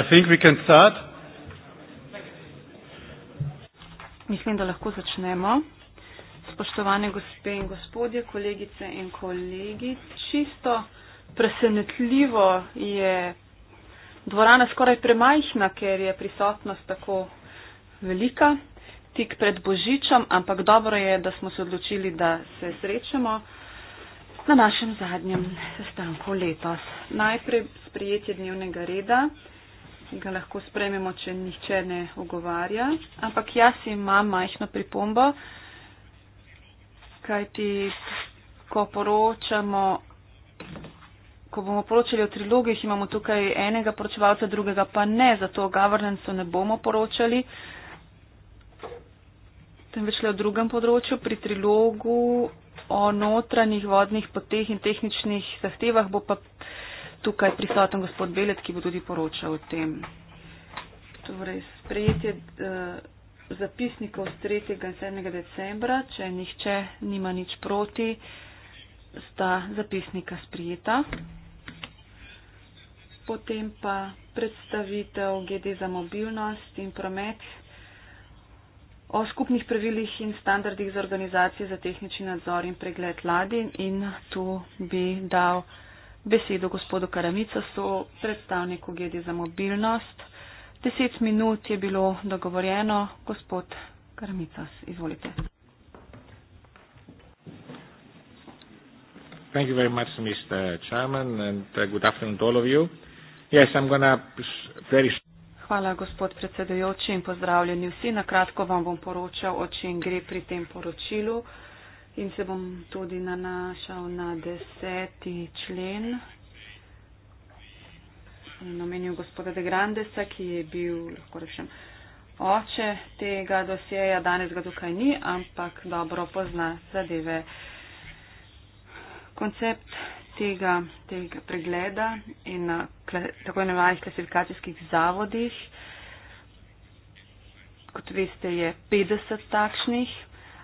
I think we can start. Mislim, da lahko začnemo. Spoštovane gospe in gospodje, kolegice in kolegi, čisto presenetljivo je dvorana skoraj premajhna, ker je prisotnost tako velika tik pred Božičem, ampak dobro je, da smo se odločili, da se srečemo na našem zadnjem sestanku letos. Najprej sprijetje dnevnega reda ga lahko sprejmemo, če nihče ne ogovarja. Ampak jaz imam majhno pripombo, kajti ko poročamo. Ko bomo poročali o trilogih, imamo tukaj enega poročevalca, drugega pa ne, zato o governancu ne bomo poročali, temveč le o drugem področju. Pri trilogu o notranjih vodnih poteh in tehničnih zahtevah bo pa tukaj prisoten gospod Belet, ki bo tudi poročal o tem. Torej, sprejetje uh, zapisnikov z 3. in 7. decembra, če nihče nima nič proti, sta zapisnika sprijeta. Potem pa predstavitev GD za mobilnost in promet o skupnih pravilih in standardih za organizacije za tehnični nadzor in pregled ladin in tu bi dal besedo gospodu Karamica, so predstavniku GEDI za mobilnost. Deset minut je bilo dogovorjeno. Gospod Karamica, izvolite. Thank you very much, Mr. Chairman, and uh, good afternoon to all of you. Yes, I'm gonna very Hvala, gospod predsedujoči, in pozdravljeni vsi. Na kratko vam bom poročal, o čem gre pri tem poročilu. Uh, in se bom tudi nanašal na deseti člen. In omenil gospoda De Grandesa, ki je bil, lahko rečem, oče tega dosjeja. Danes ga tukaj ni, ampak dobro pozna zadeve. Koncept tega, tega pregleda in na eh, tako imenovanih klasifikacijskih zavodih, kot veste, je 50 takšnih,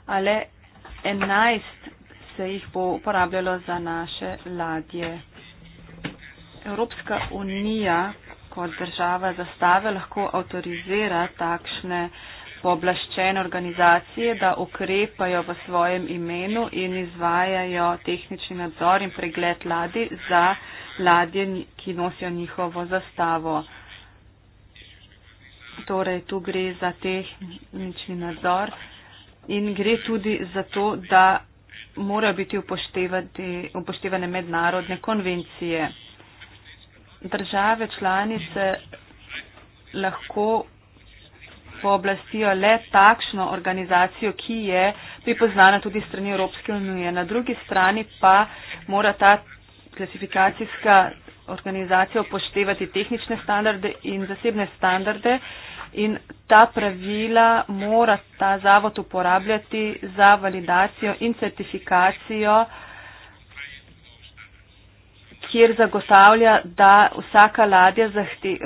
ali enajst se jih bo uporabljalo za naše ladje. Evropska unija kot država zastave lahko avtorizira takšne pooblaščene organizacije, da ukrepajo v svojem imenu in izvajajo tehnični nadzor in pregled ladi za ladje, ki nosijo njihovo zastavo. Torej, tu gre za tehnični nadzor, in gre tudi za to, da morajo biti upoštevane mednarodne konvencije. Države članice lahko pooblastijo le takšno organizacijo, ki je pripoznana tudi strani Evropske unije. Na drugi strani pa mora ta klasifikacijska organizacija upoštevati tehnične standarde in zasebne standarde, in ta pravila mora ta zavod uporabljati za validacijo in certifikacijo, kjer zagotavlja, da vsaka ladja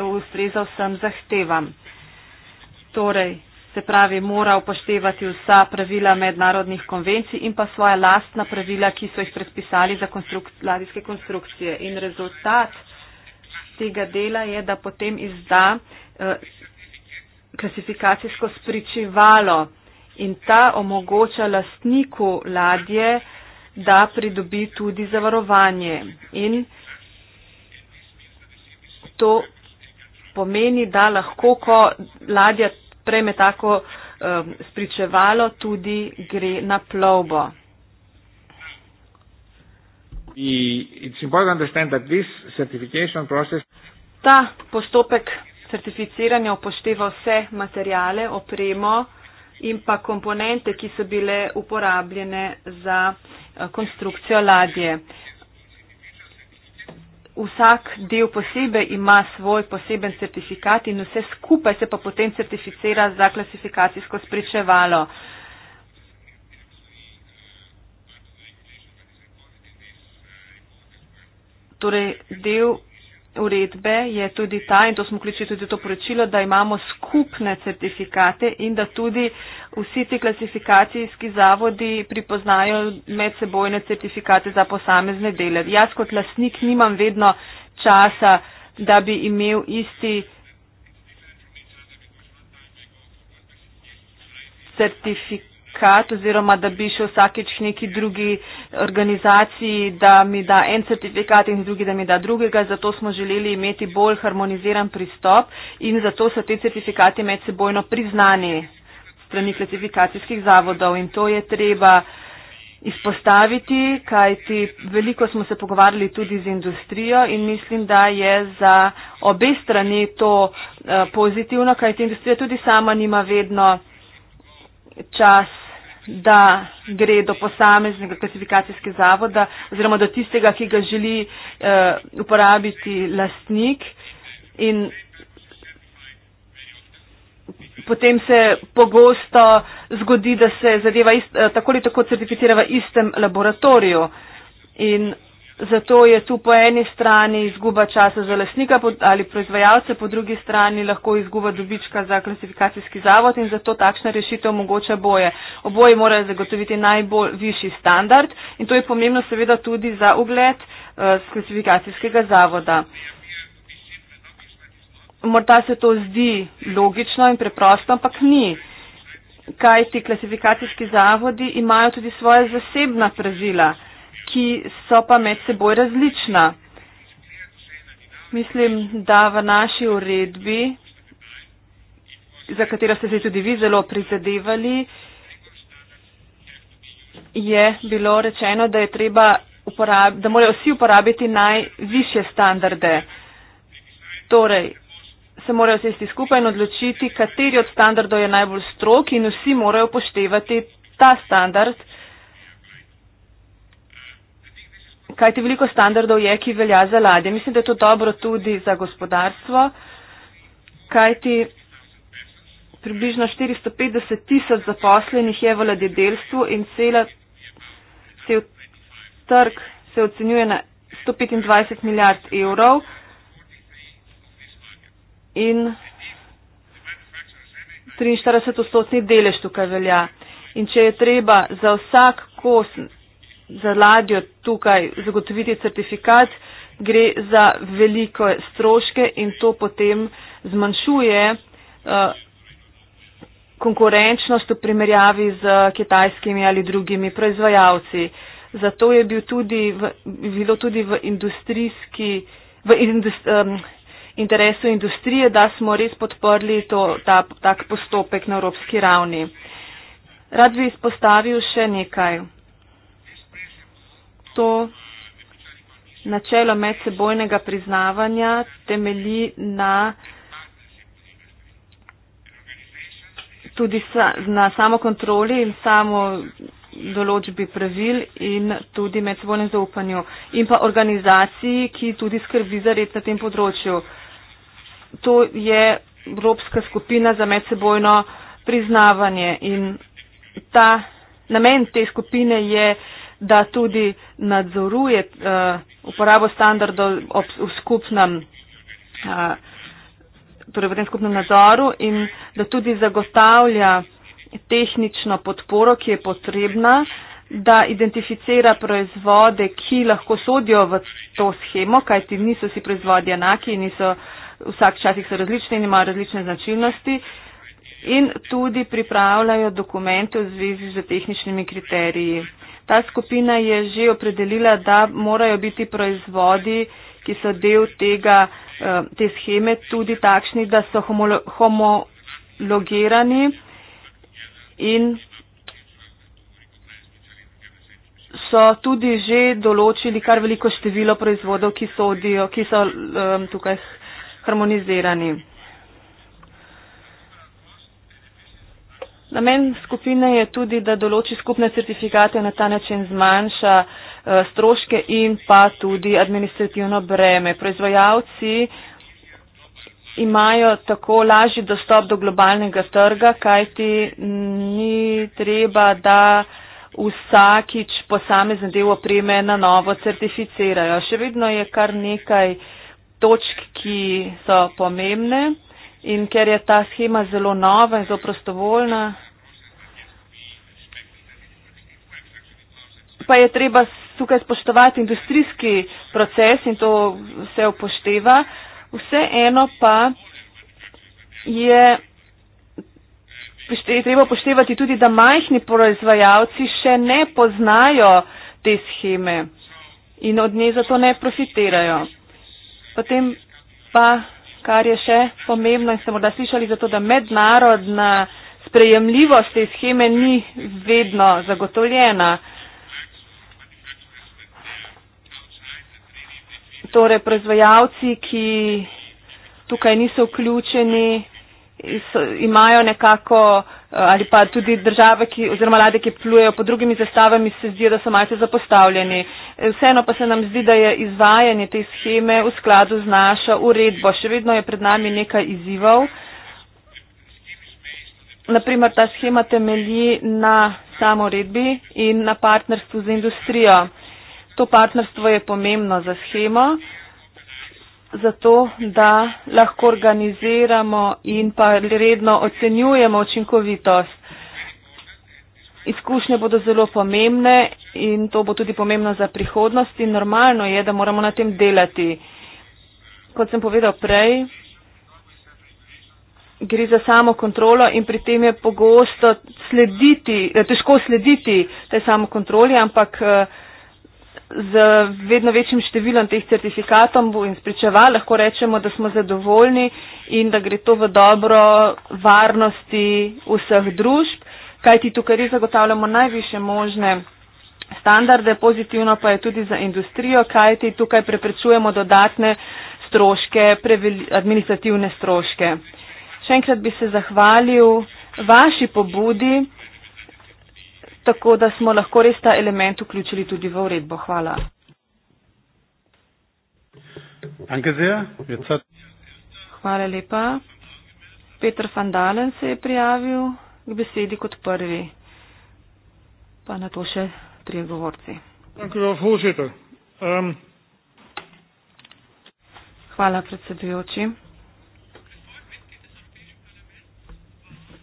ustreza vsem zahtevam. Torej, se pravi, mora upoštevati vsa pravila mednarodnih konvencij in pa svoja lastna pravila, ki so jih predpisali za konstruk ladijske konstrukcije. In rezultat tega dela je, da potem izda eh, klasifikacijsko spričevalo in ta omogoča lastniku ladje, da pridobi tudi zavarovanje. In to pomeni, da lahko, ko ladja prejme tako um, spričevalo, tudi gre na plovbo. Ta postopek certificiranja upošteva vse materijale, opremo in pa komponente, ki so bile uporabljene za eh, konstrukcijo ladje. Vsak del posebej ima svoj poseben certifikat in vse skupaj se pa potem certificira za klasifikacijsko spričevalo. Torej, del uredbe je tudi ta, in to smo vključili tudi v to poročilo, da imamo skupne certifikate in da tudi vsi ti klasifikacijski zavodi pripoznajo medsebojne certifikate za posamezne dele. Jaz kot lasnik nimam vedno časa, da bi imel isti certifikat certifikat oziroma da bi šel vsakeč neki drugi organizaciji, da mi da en certifikat in drugi, da mi da drugega. Zato smo želeli imeti bolj harmoniziran pristop in zato so te certifikati medsebojno priznani strani klasifikacijskih zavodov in to je treba izpostaviti, kajti veliko smo se pogovarjali tudi z industrijo in mislim, da je za obe strani to uh, pozitivno, kajti industrija tudi sama nima vedno čas, da gre do posameznega klasifikacijskega zavoda oziroma do tistega, ki ga želi uh, uporabiti lastnik in potem se pogosto zgodi, da se zadeva ist, uh, tako ali tako certificira v istem laboratoriju. In Zato je tu po eni strani izguba časa za lasnika ali proizvajalce, po drugi strani lahko izguba dobička za klasifikacijski zavod in zato takšna rešitev omogoča boje. Oboje morajo zagotoviti najvišji standard in to je pomembno seveda tudi za ugled uh, klasifikacijskega zavoda. Morda se to zdi logično in preprosto, ampak ni. Kaj ti klasifikacijski zavodi imajo tudi svoje zasebna pravila? ki so pa med seboj različna. Mislim, da v naši uredbi, za katero ste se tudi vi zelo prizadevali, je bilo rečeno, da, da morajo vsi uporabiti najvišje standarde. Torej, se morajo sesti skupaj in odločiti, kateri od standardov je najbolj strok in vsi morajo poštevati ta standard. kajti veliko standardov je, ki velja za ladje. Mislim, da je to dobro tudi za gospodarstvo, kajti približno 450 tisoč zaposlenih je v ladjedelstvu in cela cel trg se ocenjuje na 125 milijard evrov. In 43-odstotni delež tukaj velja. In če je treba za vsak kos za ladjo tukaj zagotoviti certifikat, gre za velike stroške in to potem zmanjšuje eh, konkurenčnost v primerjavi z kitajskimi ali drugimi proizvajalci. Zato je bil tudi v, bilo tudi v, industrijski, v indust, um, interesu industrije, da smo res podprli to, ta, tak postopek na evropski ravni. Rad bi izpostavil še nekaj to načelo medsebojnega priznavanja temelji na, tudi sa, na samokontroli in samo določbi pravil in tudi medsebojnem zaupanju in pa organizaciji, ki tudi skrbi za red na tem področju. To je Evropska skupina za medsebojno priznavanje in ta, namen te skupine je uh, da tudi nadzoruje uh, uporabo standardov ob, v skupnem, uh, torej v tem skupnem nadzoru in da tudi zagotavlja tehnično podporo, ki je potrebna, da identificira proizvode, ki lahko sodijo v to schemo, kajti niso vsi proizvodi enaki, niso vsak časih so različni in imajo različne značilnosti in tudi pripravljajo dokumente v zvezi z tehničnimi kriteriji. Ta skupina je že opredelila, da morajo biti proizvodi, ki so del tega, eh, te scheme, tudi takšni, da so homolo, homologirani in so tudi že določili kar veliko število proizvodov, ki, sodijo, ki so eh, tukaj harmonizirani. Namen skupine je tudi, da določi skupne certifikate in na ta način zmanjša eh, stroške in pa tudi administrativno breme. Proizvajalci imajo tako lažji dostop do globalnega trga, kajti ni treba, da vsakič posamezen del opreme na novo certificirajo. Še vedno je kar nekaj točk, ki so pomembne. In ker je ta schema zelo nova in zelo prostovoljna, pa je treba tukaj spoštovati industrijski proces in to vse upošteva. Vseeno pa je treba upoštevati tudi, da majhni proizvajalci še ne poznajo te scheme in od nje zato ne profitirajo. Potem pa kar je še pomembno in ste morda slišali zato, da mednarodna sprejemljivost te scheme ni vedno zagotovljena. Torej, proizvajalci, ki tukaj niso vključeni, so, imajo nekako eh, ali pa tudi države ki, oziroma vlade, ki plujejo pod drugimi zastavami, se zdi, da so malce zapostavljeni. Eh, vseeno pa se nam zdi, da je izvajanje te scheme v skladu z našo uredbo. Še vedno je pred nami nekaj izzivov. Naprimer, ta schema temelji na samo uredbi in na partnerstvu z industrijo. To partnerstvo je pomembno za schemo zato, da lahko organiziramo in pa redno ocenjujemo učinkovitost. Izkušnje bodo zelo pomembne in to bo tudi pomembno za prihodnost in normalno je, da moramo na tem delati. Kot sem povedal prej, gre za samo kontrolo in pri tem je pogosto slediti, težko slediti tej samo kontroli, ampak uh, z vedno večjim številom teh certifikatom bo in spričeval, lahko rečemo, da smo zadovoljni in da gre to v dobro varnosti vseh družb, kajti tukaj res zagotavljamo najviše možne standarde, pozitivno pa je tudi za industrijo, kajti tukaj preprečujemo dodatne stroške, administrativne stroške. Še enkrat bi se zahvalil vaši pobudi tako da smo lahko res ta element vključili tudi v uredbo. Hvala. Hvala lepa. Petr Fandalen se je prijavil k besedi kot prvi, pa na to še trije govorci. Ehm, Hvala predsedujoči.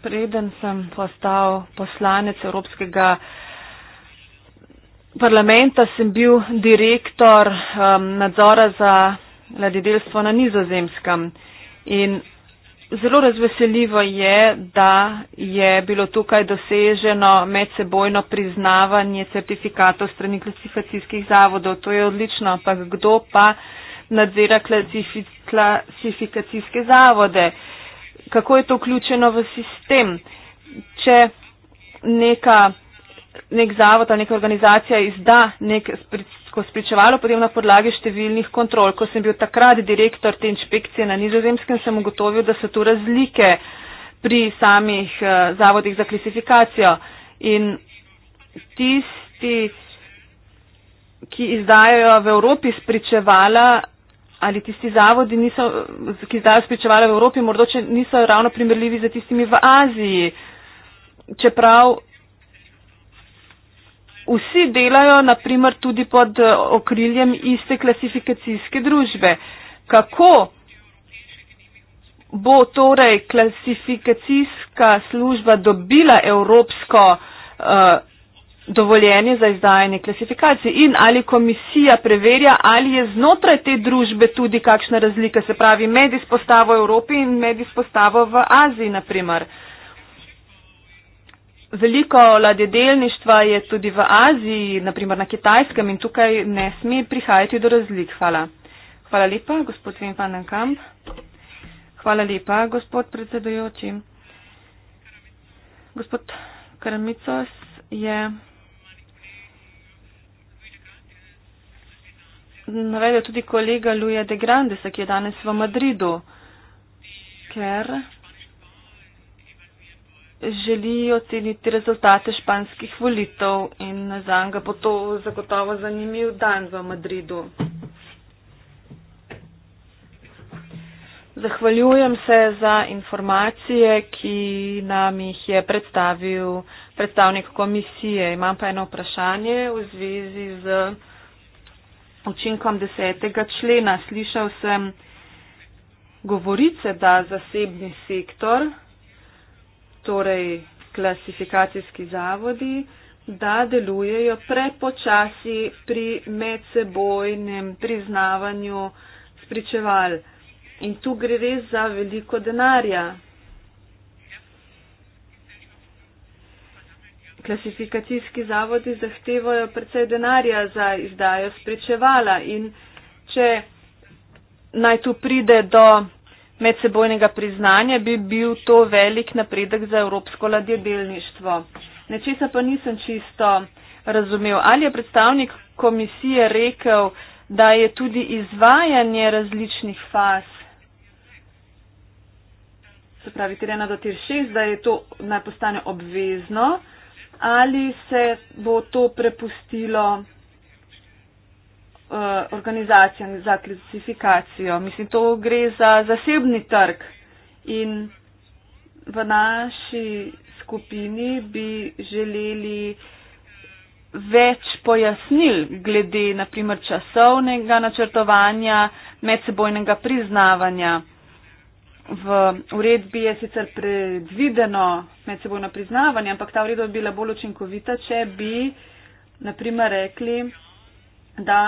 preden sem postal poslanec Evropskega parlamenta, sem bil direktor um, nadzora za ladidelstvo na nizozemskem. In zelo razveseljivo je, da je bilo tukaj doseženo medsebojno priznavanje certifikatov strani klasifikacijskih zavodov. To je odlično, ampak kdo pa nadzira klasifikacijske zavode? kako je to vključeno v sistem. Če neka, nek zavod ali neka organizacija izda neko spričevalo, potem na podlagi številnih kontrol. Ko sem bil takrat direktor te inšpekcije na nizozemskem, sem ugotovil, da so tu razlike pri samih eh, zavodih za klasifikacijo. In tisti, ki izdajajo v Evropi spričevala, ali tisti zavodi, niso, ki zdaj spričevali v Evropi, morda če niso ravno primerljivi z tistimi v Aziji. Čeprav vsi delajo, naprimer, tudi pod eh, okriljem iste klasifikacijske družbe. Kako bo torej klasifikacijska služba dobila evropsko uh, dovoljenje za izdajanje klasifikacij in ali komisija preverja, ali je znotraj te družbe tudi kakšna razlika, se pravi med izpostavo v Evropi in med izpostavo v Aziji, naprimer. Veliko ladjedelništva je tudi v Aziji, naprimer na kitajskem in tukaj ne sme prihajati do razlik. Hvala. Hvala lepa, gospod Vim van den Kamp. Hvala lepa, gospod predsedujoči. Gospod Karamicos je. Yeah. navedel tudi kolega Luja de Grandes, ki je danes v Madridu, ker želijo ceniti rezultate španskih volitev in za njega bo to zagotovo zanimiv dan v Madridu. Zahvaljujem se za informacije, ki nam jih je predstavil predstavnik komisije. Imam pa eno vprašanje v zvezi z učinkom desetega člena. Slišal sem govorice, da zasebni sektor, torej klasifikacijski zavodi, da delujejo prepočasi pri medsebojnem priznavanju spričeval. In tu gre res za veliko denarja, klasifikacijski zavodi zahtevajo precej denarja za izdajo spričevala in če naj tu pride do medsebojnega priznanja, bi bil to velik napredek za evropsko ladjedelništvo. Nečesa pa nisem čisto razumel. Ali je predstavnik komisije rekel, da je tudi izvajanje različnih faz, se pravi, tirena do tir 6, da je to naj postane obvezno, ali se bo to prepustilo uh, organizacijam za klasifikacijo. Mislim, to gre za zasebni trg in v naši skupini bi želeli več pojasnil glede naprimer časovnega načrtovanja, medsebojnega priznavanja. V uredbi je sicer predvideno medsebojno priznavanje, ampak ta uredba bi bila bolj učinkovita, če bi, naprimer, rekli, da,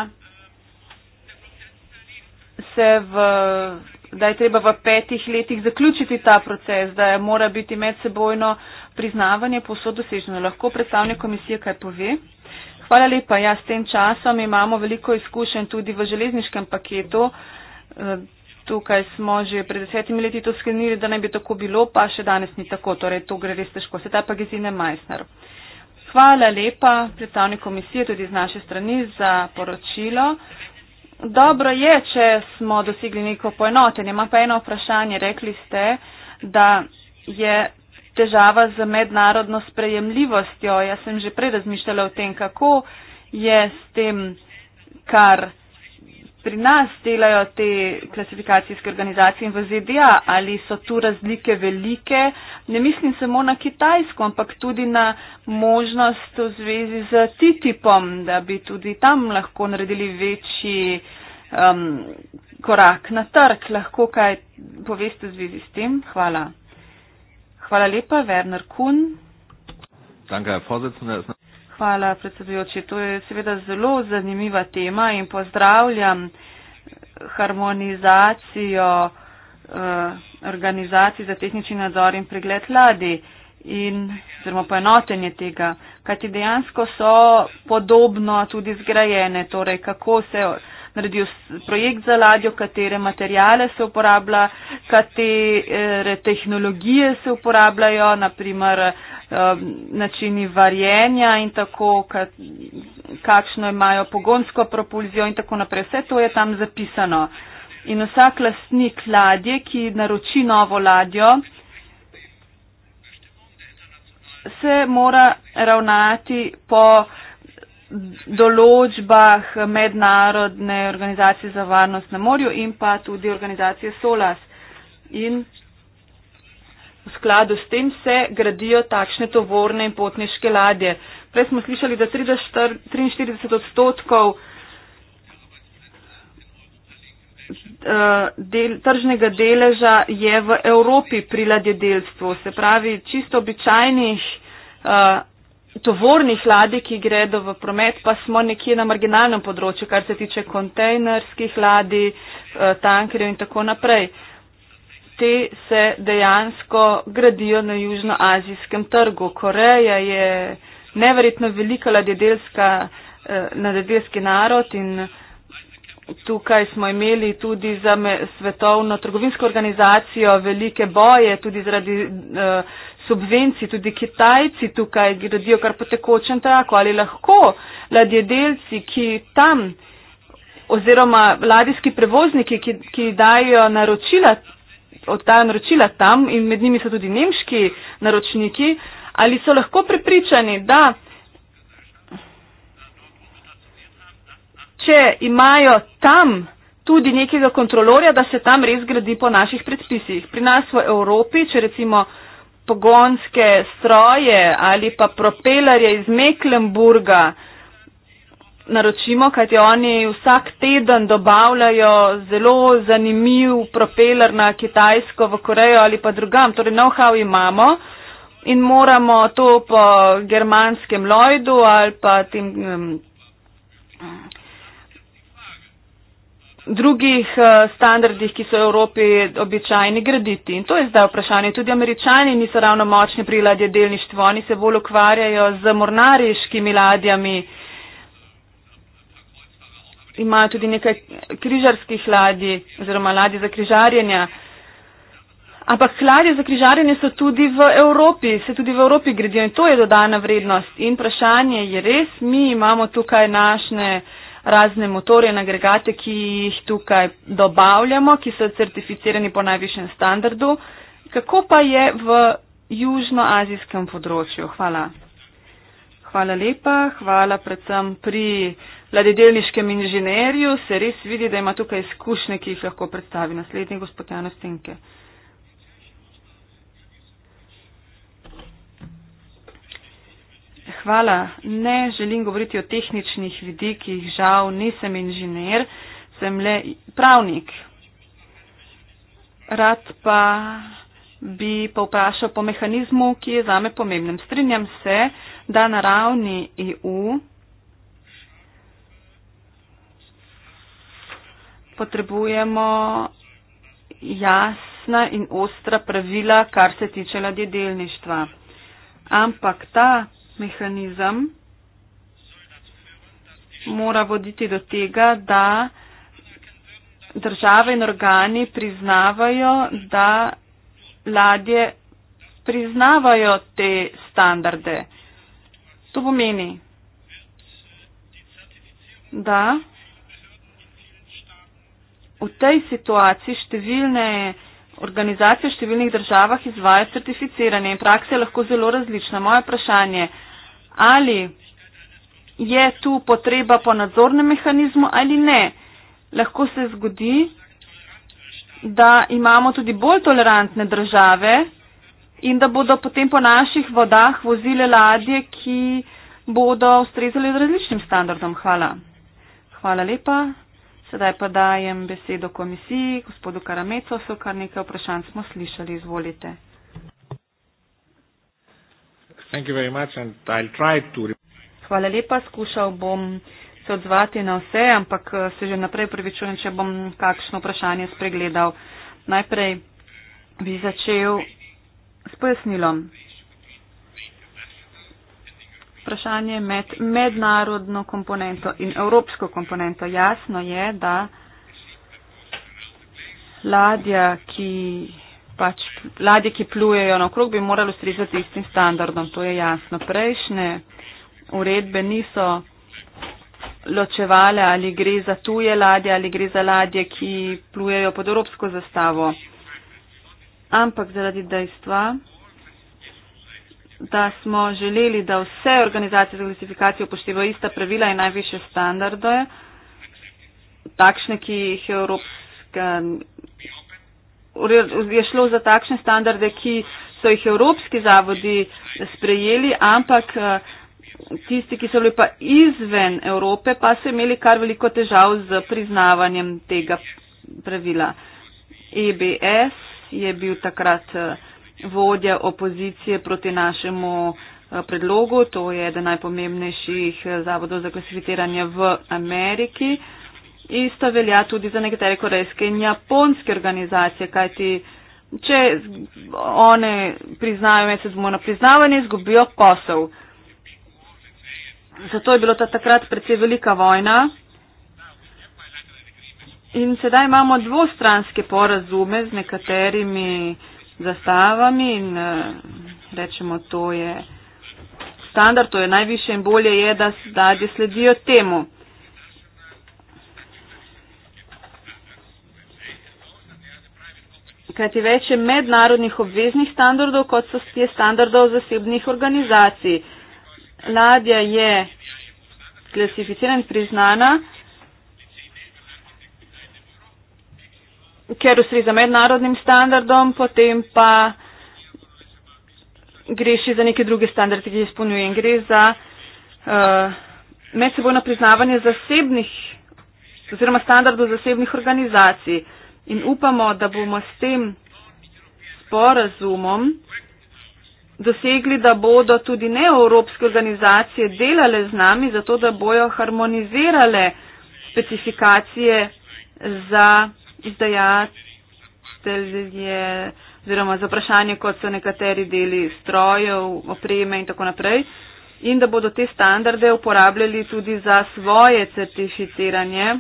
v, da je treba v petih letih zaključiti ta proces, da je mora biti medsebojno priznavanje posod doseženo. Lahko predstavnik komisije kaj pove? Hvala lepa. Ja, s tem časom imamo veliko izkušenj tudi v železniškem paketu. Eh, tukaj smo že pred desetimi leti to sklenili, da naj bi tako bilo, pa še danes ni tako, torej to gre res težko. Sedaj pa Gizine Majsner. Hvala lepa predstavnik komisije tudi z naše strani za poročilo. Dobro je, če smo dosegli neko poenotenje. Imam pa eno vprašanje. Rekli ste, da je težava z mednarodno sprejemljivostjo. Jaz sem že prej razmišljala o tem, kako je s tem, kar pri nas delajo te klasifikacijske organizacije in v ZDA, ali so tu razlike velike. Ne mislim samo na Kitajsko, ampak tudi na možnost v zvezi z TTIP-om, da bi tudi tam lahko naredili večji um, korak na trg. Lahko kaj poveste v zvezi s tem? Hvala. Hvala lepa, Werner Kuhn. Danke, Herr Vorsitzender. Hvala, predsedujoči. To je seveda zelo zanimiva tema in pozdravljam harmonizacijo eh, organizacij za tehnični nadzor in pregled ladi in oziroma poenotenje tega, kajti dejansko so podobno tudi zgrajene, torej kako se. Eh, naredijo projekt za ladjo, katere materijale se uporablja, katere tehnologije se uporabljajo, naprimer eh, načini varjenja in tako, kakšno imajo pogonsko propulzijo in tako naprej. Vse to je tam zapisano. In vsak lastnik ladje, ki naroči novo ladjo, se mora ravnati po določbah mednarodne organizacije za varnost na morju in pa tudi organizacije SOLAS. In v skladu s tem se gradijo takšne tovorne in potniške ladje. Prej smo slišali, da 43 odstotkov eh, del, tržnega deleža je v Evropi pri ladjedelstvu, se pravi čisto običajnih uh, tovornih ladij, ki gredo v promet, pa smo nekje na marginalnem področju, kar se tiče kontejnerskih ladij, eh, tankerjev in tako naprej. Te se dejansko gradijo na južnoazijskem trgu. Koreja je neverjetno velika ladjedelska, eh, ladjedelski narod in tukaj smo imeli tudi za svetovno trgovinsko organizacijo velike boje, tudi zaradi uh, subvencij, tudi Kitajci tukaj gradijo kar po tekočem traku, ali lahko ladjedelci, ki tam oziroma ladijski prevozniki, ki, ki dajo naročila, oddajo naročila tam in med njimi so tudi nemški naročniki, ali so lahko prepričani, da če imajo tam tudi nekega kontrolorja, da se tam res gradi po naših predpisih. Pri nas v Evropi, če recimo pogonske stroje ali pa propelerje iz Meklenburga naročimo, kajti oni vsak teden dobavljajo zelo zanimiv propeler na Kitajsko, v Korejo ali pa drugam. Torej, know-how imamo in moramo to po germanskem Lloydu ali pa tem. Um, drugih eh, standardih, ki so v Evropi običajni graditi. In to je zdaj vprašanje. Tudi američani niso ravno močni pri ladjedelništvu, oni se bolj ukvarjajo z mornariškimi ladjami. Imajo tudi nekaj križarskih ladji oziroma ladje za križarjenja. Ampak ladje za križarjenje so tudi v Evropi, se tudi v Evropi gradijo in to je dodana vrednost. In vprašanje je res, mi imamo tukaj našne. Uh, razne motorje in agregate, ki jih tukaj dobavljamo, ki so certificirani po najvišjem standardu. Kako pa je v južnoazijskem področju? Hvala. Hvala lepa, hvala predvsem pri vladedelniškem inženirju. Se res vidi, da ima tukaj izkušnje, ki jih lahko predstavi naslednji gospod Janus Tinke. hvala. Ne želim govoriti o tehničnih vidikih, žal nisem inženir, sem le pravnik. Rad pa bi pa vprašal po mehanizmu, ki je zame pomembnem. Strinjam se, da na ravni EU potrebujemo jasna in ostra pravila, kar se tiče ladjedelništva. Ampak ta mehanizem mora voditi do tega, da države in organi priznavajo, da ladje priznavajo te standarde. To pomeni, da v tej situaciji številne organizacije v številnih državah izvajajo certificiranje in praksa je lahko zelo različna. Moje vprašanje je, ali je tu potreba po nadzornem mehanizmu ali ne. Lahko se zgodi, da imamo tudi bolj tolerantne države in da bodo potem po naših vodah vozile ladje, ki bodo ustrezali različnim standardom. Hvala. Hvala lepa. Sedaj pa dajem besedo komisiji, gospodu Karamecosu, kar nekaj vprašanj smo slišali. Izvolite. Hvala lepa, skušal bom se odzvati na vse, ampak eh, se že naprej prevečujem, če bom kakšno vprašanje spregledal. Najprej bi začel s pojasnilom. Vprašanje med mednarodno komponento in evropsko komponento. Jasno je, da ladja, ki pač ladje, ki plujejo na okrog, bi morali ustrezati istim standardom, to je jasno. Prejšnje uredbe niso ločevale, ali gre za tuje ladje, ali gre za ladje, ki plujejo pod evropsko zastavo. Ampak zaradi dejstva, da smo želeli, da vse organizacije za klasifikacijo upoštevajo ista pravila in najviše standarde, takšne, ki jih Evropska je šlo za takšne standarde, ki so jih evropski zavodi sprejeli, ampak eh, tisti, ki so bili pa izven Evrope, pa so imeli kar veliko težav z priznavanjem tega pravila. EBS je bil takrat eh, vodja opozicije proti našemu eh, predlogu, to je eden najpomembnejših zavodov za klasificiranje v Ameriki. Isto velja tudi za nekatere korejske in japonske organizacije, kajti če one priznajo medsebojno priznavanje, izgubijo posel. Zato je bilo ta takrat predvsej velika vojna. In sedaj imamo dvostranske porazume z nekaterimi zastavami in eh, rečemo, to je standard, to je najviše in bolje je, da sedaj sledijo temu. krati več je mednarodnih obveznih standardov, kot so stje standardov zasebnih organizacij. Ladja je klasificirana in priznana, ker ustreza mednarodnim standardom, potem pa gre še za neke druge standarde, ki jih izpolnjuje in gre za uh, medsebojno priznavanje zasebnih oziroma standardov zasebnih organizacij. Uh, in upamo, da bomo s tem sporazumom dosegli, da bodo tudi neevropske organizacije delale z nami, zato da bojo harmonizirale specifikacije za izdajatelje oziroma za vprašanje, kot so nekateri deli strojev, opreme in tako naprej, in da bodo te standarde uporabljali tudi za svoje certificiranje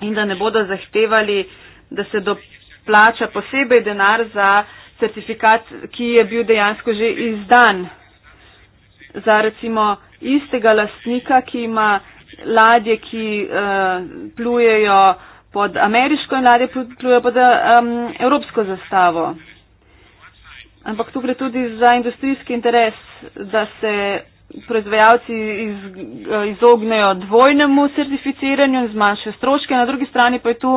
in da ne bodo zahtevali uh, da se doplača posebej denar za certifikat, ki je bil dejansko že izdan za recimo istega lastnika, ki ima ladje, ki uh, plujejo pod ameriško in ladje plujejo pod um, evropsko zastavo. Ampak tu gre tudi za industrijski interes, da se proizvajalci iz, eh, izognejo dvojnemu certificiranju in zmanjšajo stroške, na drugi strani pa je tu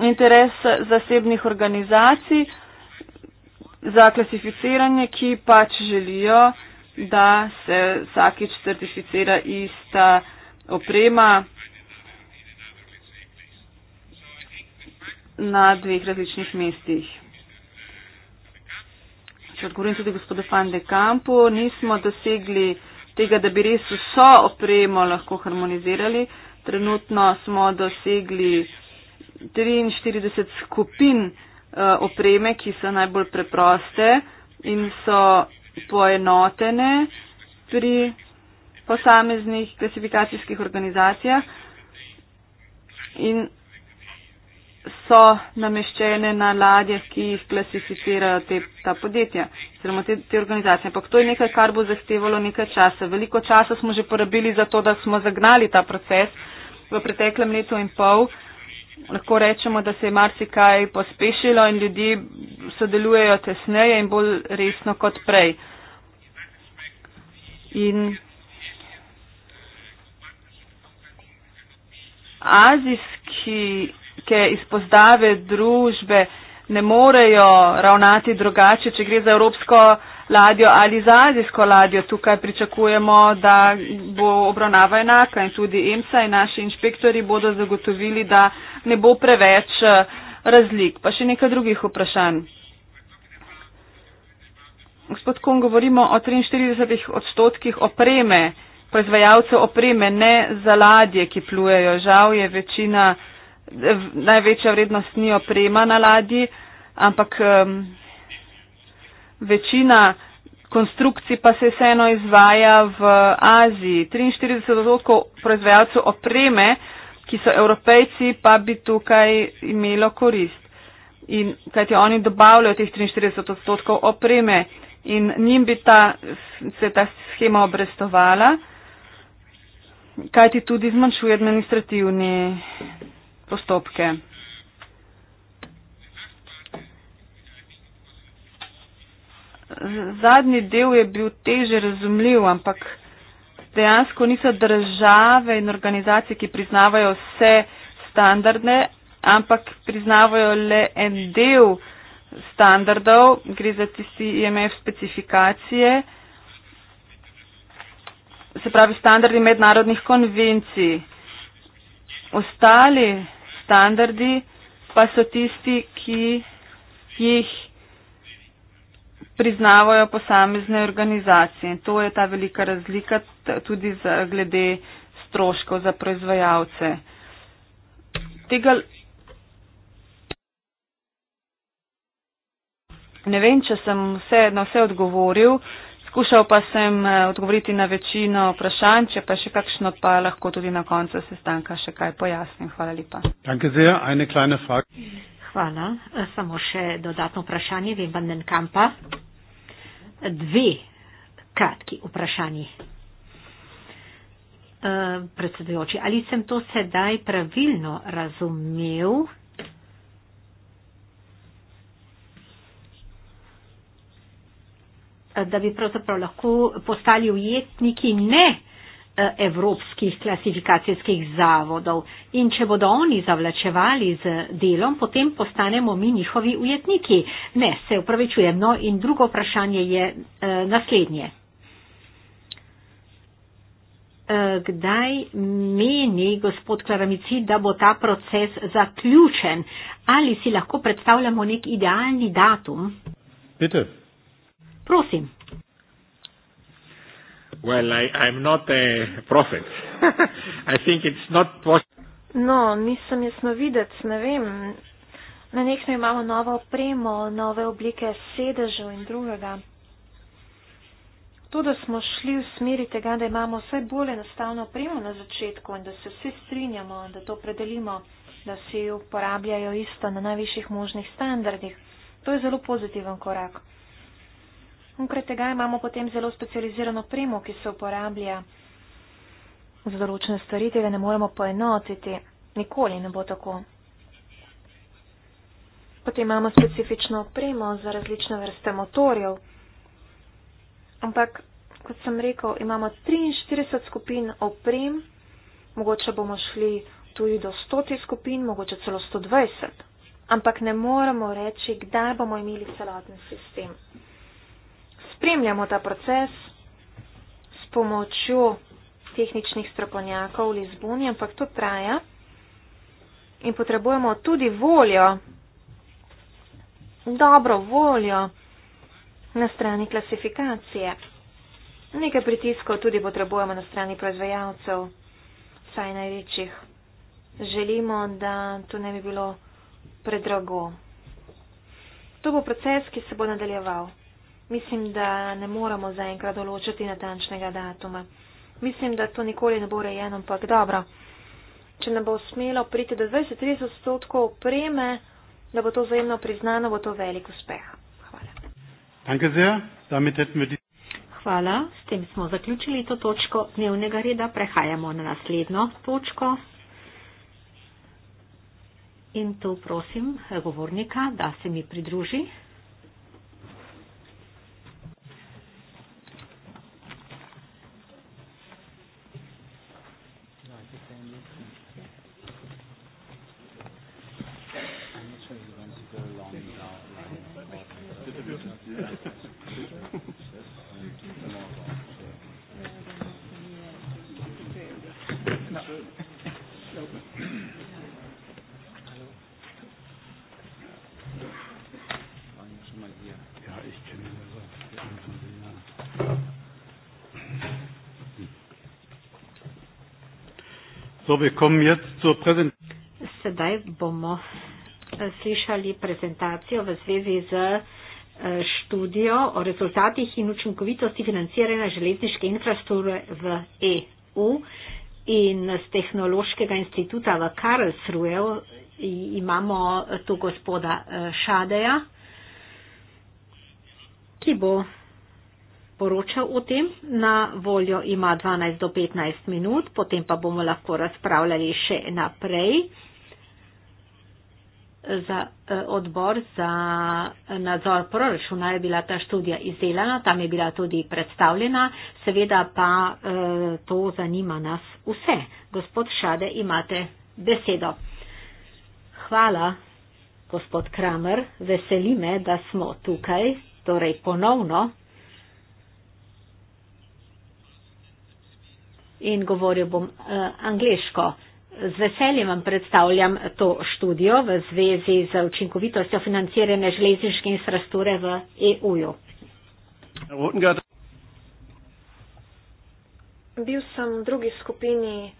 interes zasebnih organizacij za klasificiranje, ki pač želijo, da se vsakič certificira ista oprema na dveh različnih mestih. Če odgovorim tudi gospodu Van de Kampu, nismo dosegli tega, da bi res vso opremo lahko harmonizirali. Trenutno smo dosegli 43 skupin eh, opreme, ki so najbolj preproste in so poenotene pri posameznih klasifikacijskih organizacijah in so nameščene na ladjah, ki jih klasificirajo te, ta podjetja, oziroma te, te organizacije. Ampak to je nekaj, kar bo zahtevalo nekaj časa. Veliko časa smo že porabili za to, da smo zagnali ta proces v preteklem letu in pol lahko rečemo, da se je marsikaj pospešilo in ljudje sodelujejo tesneje in bolj resno kot prej. In azijske izpostave družbe ne morejo ravnati drugače, če gre za evropsko ladjo ali z azijsko ladjo. Tukaj pričakujemo, da bo obravnava enaka in tudi EMSA in naši inšpektori bodo zagotovili, da ne bo preveč eh, razlik. Pa še nekaj drugih vprašanj. Gospod Kong, govorimo o 43 odstotkih opreme, proizvajalcev opreme, ne za ladje, ki plujejo. Žal je večina, največja vrednost ni oprema na ladji, ampak. Um, večina konstrukcij pa se vseeno izvaja v Aziji. 43 odstotkov proizvajalcev opreme, ki so evropejci, pa bi tukaj imelo korist. In kajti oni dobavljajo teh 43 odstotkov opreme in njim bi ta, se ta schema obrestovala, kajti tudi zmanjšuje administrativne postopke. zadnji del je bil teže razumljiv, ampak dejansko niso države in organizacije, ki priznavajo vse standardne, ampak priznavajo le en del standardov, gre za tisti IMF e specifikacije, se pravi standardi mednarodnih konvencij. Ostali standardi pa so tisti, ki jih priznavajo posamezne organizacije. In to je ta velika razlika tudi za, glede stroškov za proizvajalce. Tega ne vem, če sem vse, na vse odgovoril. Skušal pa sem eh, odgovoriti na večino vprašanj, če pa še kakšno pa lahko tudi na koncu sestanka še kaj pojasnim. Hvala lepa. Hvala. Samo še dodatno vprašanje, vem, Bandenkampa dve kratki vprašanji. Uh, predsedujoči, ali sem to sedaj pravilno razumel? Eh, da bi pravzaprav lahko postali ujetniki? Ne, Eh, evropskih klasifikacijskih zavodov. In če bodo oni zavlačevali z delom, potem postanemo mi njihovi ujetniki. Ne, se upravičujem. No in drugo vprašanje je e, naslednje. E, kdaj meni gospod Klaramici, da bo ta proces zaključen? Ali si lahko predstavljamo nek idealni datum? Peter. Prosim. Well, I, I'm not a prophet. I think it's not possible. No, nisem jaz novidec, ne vem. Na nek način imamo novo opremo, nove oblike sedežev in drugega. To, da smo šli v smeri tega, da imamo vse bolje nastavno opremo na začetku in da se vsi strinjamo, da to predelimo, da si uporabljajo isto na najvišjih možnih standardih, to je zelo pozitiven korak. Onkraj tega imamo potem zelo specializirano premo, ki se uporablja za določene stvari, tega ne moremo poenotiti. Nikoli ne bo tako. Potem imamo specifično premo za različne vrste motorjev. Ampak, kot sem rekel, imamo 43 skupin oprem, mogoče bomo šli tudi do 100 skupin, mogoče celo 120. Ampak ne moremo reči, kdaj bomo imeli celoten sistem spremljamo ta proces s pomočjo tehničnih strokovnjakov v Lizboni, ampak to traja in potrebujemo tudi voljo, dobro voljo na strani klasifikacije. Nekaj pritiskov tudi potrebujemo na strani proizvajalcev, saj največjih. Želimo, da to ne bi bilo predrago. To bo proces, ki se bo nadaljeval mislim, da ne moramo zaenkrat določiti natančnega datuma. Mislim, da to nikoli ne bo rejeno, ampak dobro. Če ne bo smelo priti do 20-30 odstotkov opreme, da bo to vzajemno priznano, bo to velik uspeh. Hvala. Hvala. S tem smo zaključili to točko dnevnega reda. Prehajamo na naslednjo točko. In tu prosim govornika, da se mi pridruži. So, wir kommen jetzt zur Präsent Sedaj bomo eh, slišali prezentacijo v zvezi z študijo o rezultatih in učinkovitosti financiranja železniške infrastrukture v EU in z tehnološkega instituta v Karlsruhe imamo tu gospoda eh, Šadeja, ki bo poročal o tem. Na voljo ima 12 do 15 minut, potem pa bomo lahko razpravljali še naprej za, e, odbor za nadzor proračuna je bila ta študija izdelana, tam je bila tudi predstavljena, seveda pa e, to zanima nas vse. Gospod Šade, imate besedo. Hvala, gospod Kramer, veseli me, da smo tukaj, torej ponovno. In govoril bom uh, e, angliško. Z veseljem vam predstavljam to študijo v zvezi z učinkovitostjo financiranja železniške infrastrukture v EU-ju. Bil sem v drugi skupini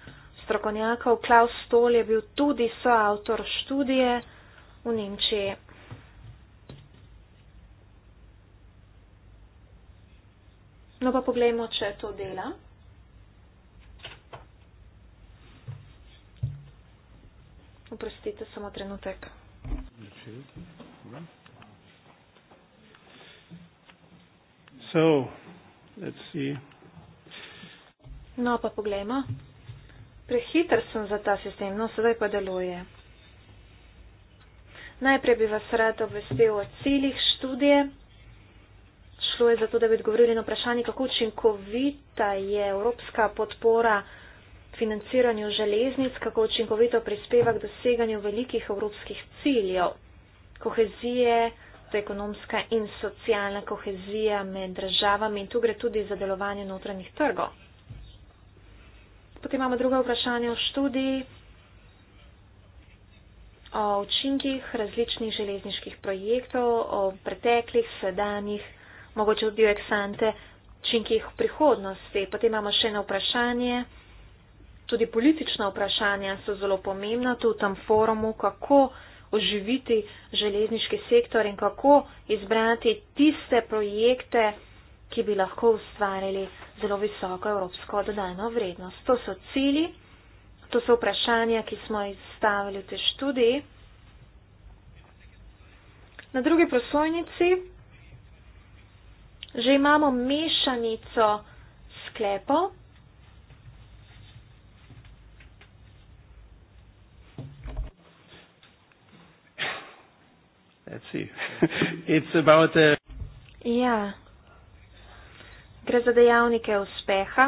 strokovnjakov. Klaus Stol je bil tudi soavtor študije v Nemčiji. No pa poglejmo, če to dela. Oprostite, samo trenutek. So, let's see. No, pa poglejmo. Prehiter sem za ta sistem, no, sedaj pa deluje. Najprej bi vas rad obvestil o ciljih študije. Šlo je za to, da bi odgovorili na vprašanje, kako učinkovita je evropska podpora financiranju železnic, kako učinkovito prispeva k doseganju velikih evropskih ciljev kohezije, to je ekonomska in socialna kohezija med državami in tu gre tudi za delovanje notranjih trgov. Potem imamo druga vprašanja v študiji o učinkih različnih železniških projektov, o preteklih, sedanjih, mogoče tudi o eksante, učinkih v prihodnosti. Potem imamo še eno vprašanje tudi politična vprašanja so zelo pomembna tu v tem forumu, kako oživiti železniški sektor in kako izbrati tiste projekte, ki bi lahko ustvarili zelo visoko evropsko dodano vrednost. To so cili, to so vprašanja, ki smo izstavili v te študiji. Na drugi prosojnici že imamo mešanico sklepov, let's see. it's about the. Uh, yeah. Ja. Gre za dejavnike uspeha,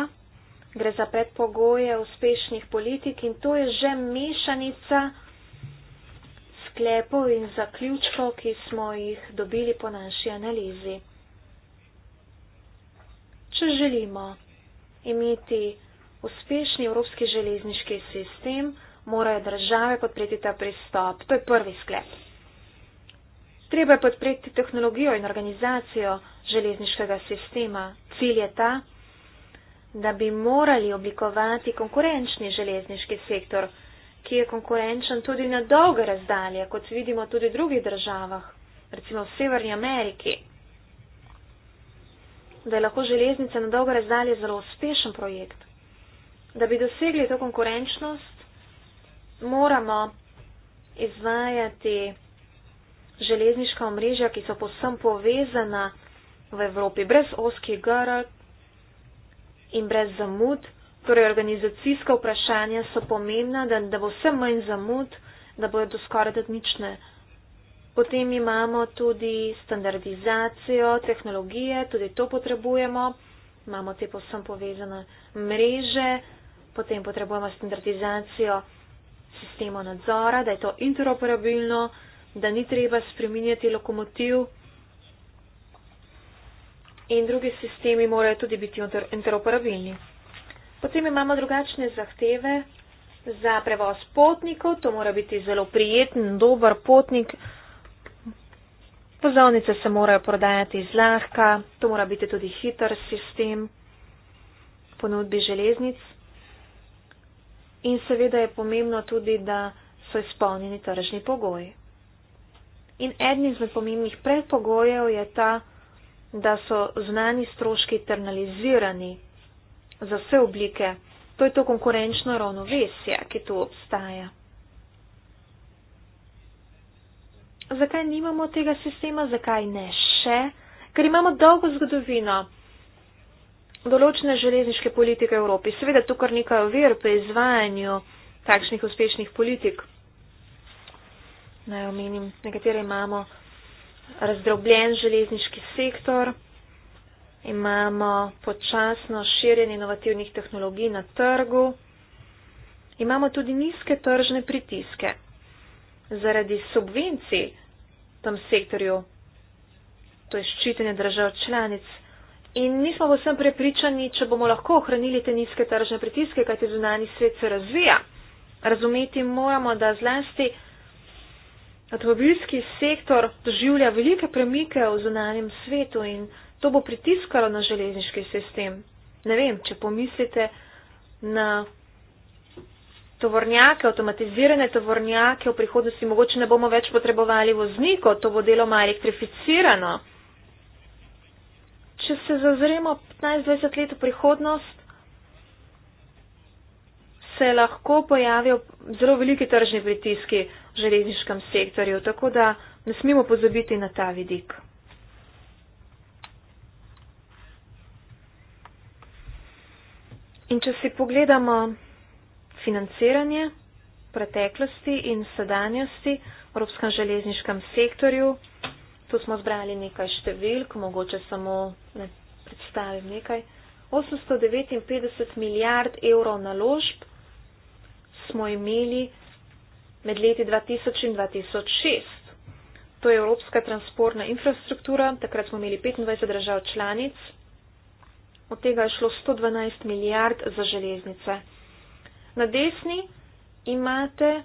gre za predpogoje uspešnih politik in to je že mešanica sklepov in zaključkov, ki smo jih dobili po naši analizi. Če želimo imeti uspešni evropski železniški sistem, morajo države podpreti ta pristop. To je prvi sklep. Treba je podpreti tehnologijo in organizacijo železniškega sistema. Cilj je ta, da bi morali oblikovati konkurenčni železniški sektor, ki je konkurenčen tudi na dolge razdalje, kot vidimo tudi v drugih državah, recimo v Severni Ameriki. Da je lahko železnica na dolge razdalje zelo uspešen projekt. Da bi dosegli to konkurenčnost, moramo izvajati železniška omrežja, ki so posem povezana v Evropi, brez oskih grl in brez zamud. Torej, organizacijska vprašanja so pomembna, da, da bo vse manj zamud, da bojo do skoraj da nične. Potem imamo tudi standardizacijo tehnologije, tudi to potrebujemo. Imamo te posem povezane mreže, potem potrebujemo standardizacijo sistema nadzora, da je to interoperabilno, da ni treba spreminjati lokomotiv in drugi sistemi morajo tudi biti interoperabilni. Potem imamo drugačne zahteve za prevoz potnikov, to mora biti zelo prijeten, dober potnik. Pozovnice se morajo prodajati zlahka, to mora biti tudi hiter sistem ponudbi železnic. In seveda je pomembno tudi, da so izpolnjeni tržni pogoji. In eden izmed pomembnih predpogojev je ta, da so znani stroški internalizirani za vse oblike. To je to konkurenčno ravnovesje, ki tu obstaja. Zakaj nimamo tega sistema, zakaj ne še? Ker imamo dolgo zgodovino določene železniške politike v Evropi. Seveda tu kar nekaj ovir pri izvajanju takšnih uspešnih politik. Naj omenim, nekatere imamo razdrobljen železniški sektor, imamo počasno širjenje inovativnih tehnologij na trgu, imamo tudi nizke tržne pritiske zaradi subvencij v tem sektorju, to je ščitenje držav članic. In nismo vsem prepričani, če bomo lajko ohranili te nizke tržne pritiske, kajti zunani svet se razvija. Razumeti moramo, da zlasti Avtomobilski sektor doživlja velike premike v zunanjem svetu in to bo pritiskalo na železniški sistem. Ne vem, če pomislite na tovornjake, avtomatizirane tovornjake, v prihodnosti mogoče ne bomo več potrebovali voznikov, to bo deloma elektrificirano. Če se zazremo 15-20 let v prihodnost, se lahko pojavijo zelo veliki tržni pritiski v železniškem sektorju, tako da ne smemo pozabiti na ta vidik. In če si pogledamo financiranje preteklosti in sedanjosti v Evropskem železniškem sektorju, tu smo zbrali nekaj številk, mogoče samo ne, predstavim nekaj. 859 milijard evrov naložb smo imeli med leti 2000 in 2006. To je evropska transportna infrastruktura, takrat smo imeli 25 držav članic, od tega je šlo 112 milijard za železnice. Na desni imate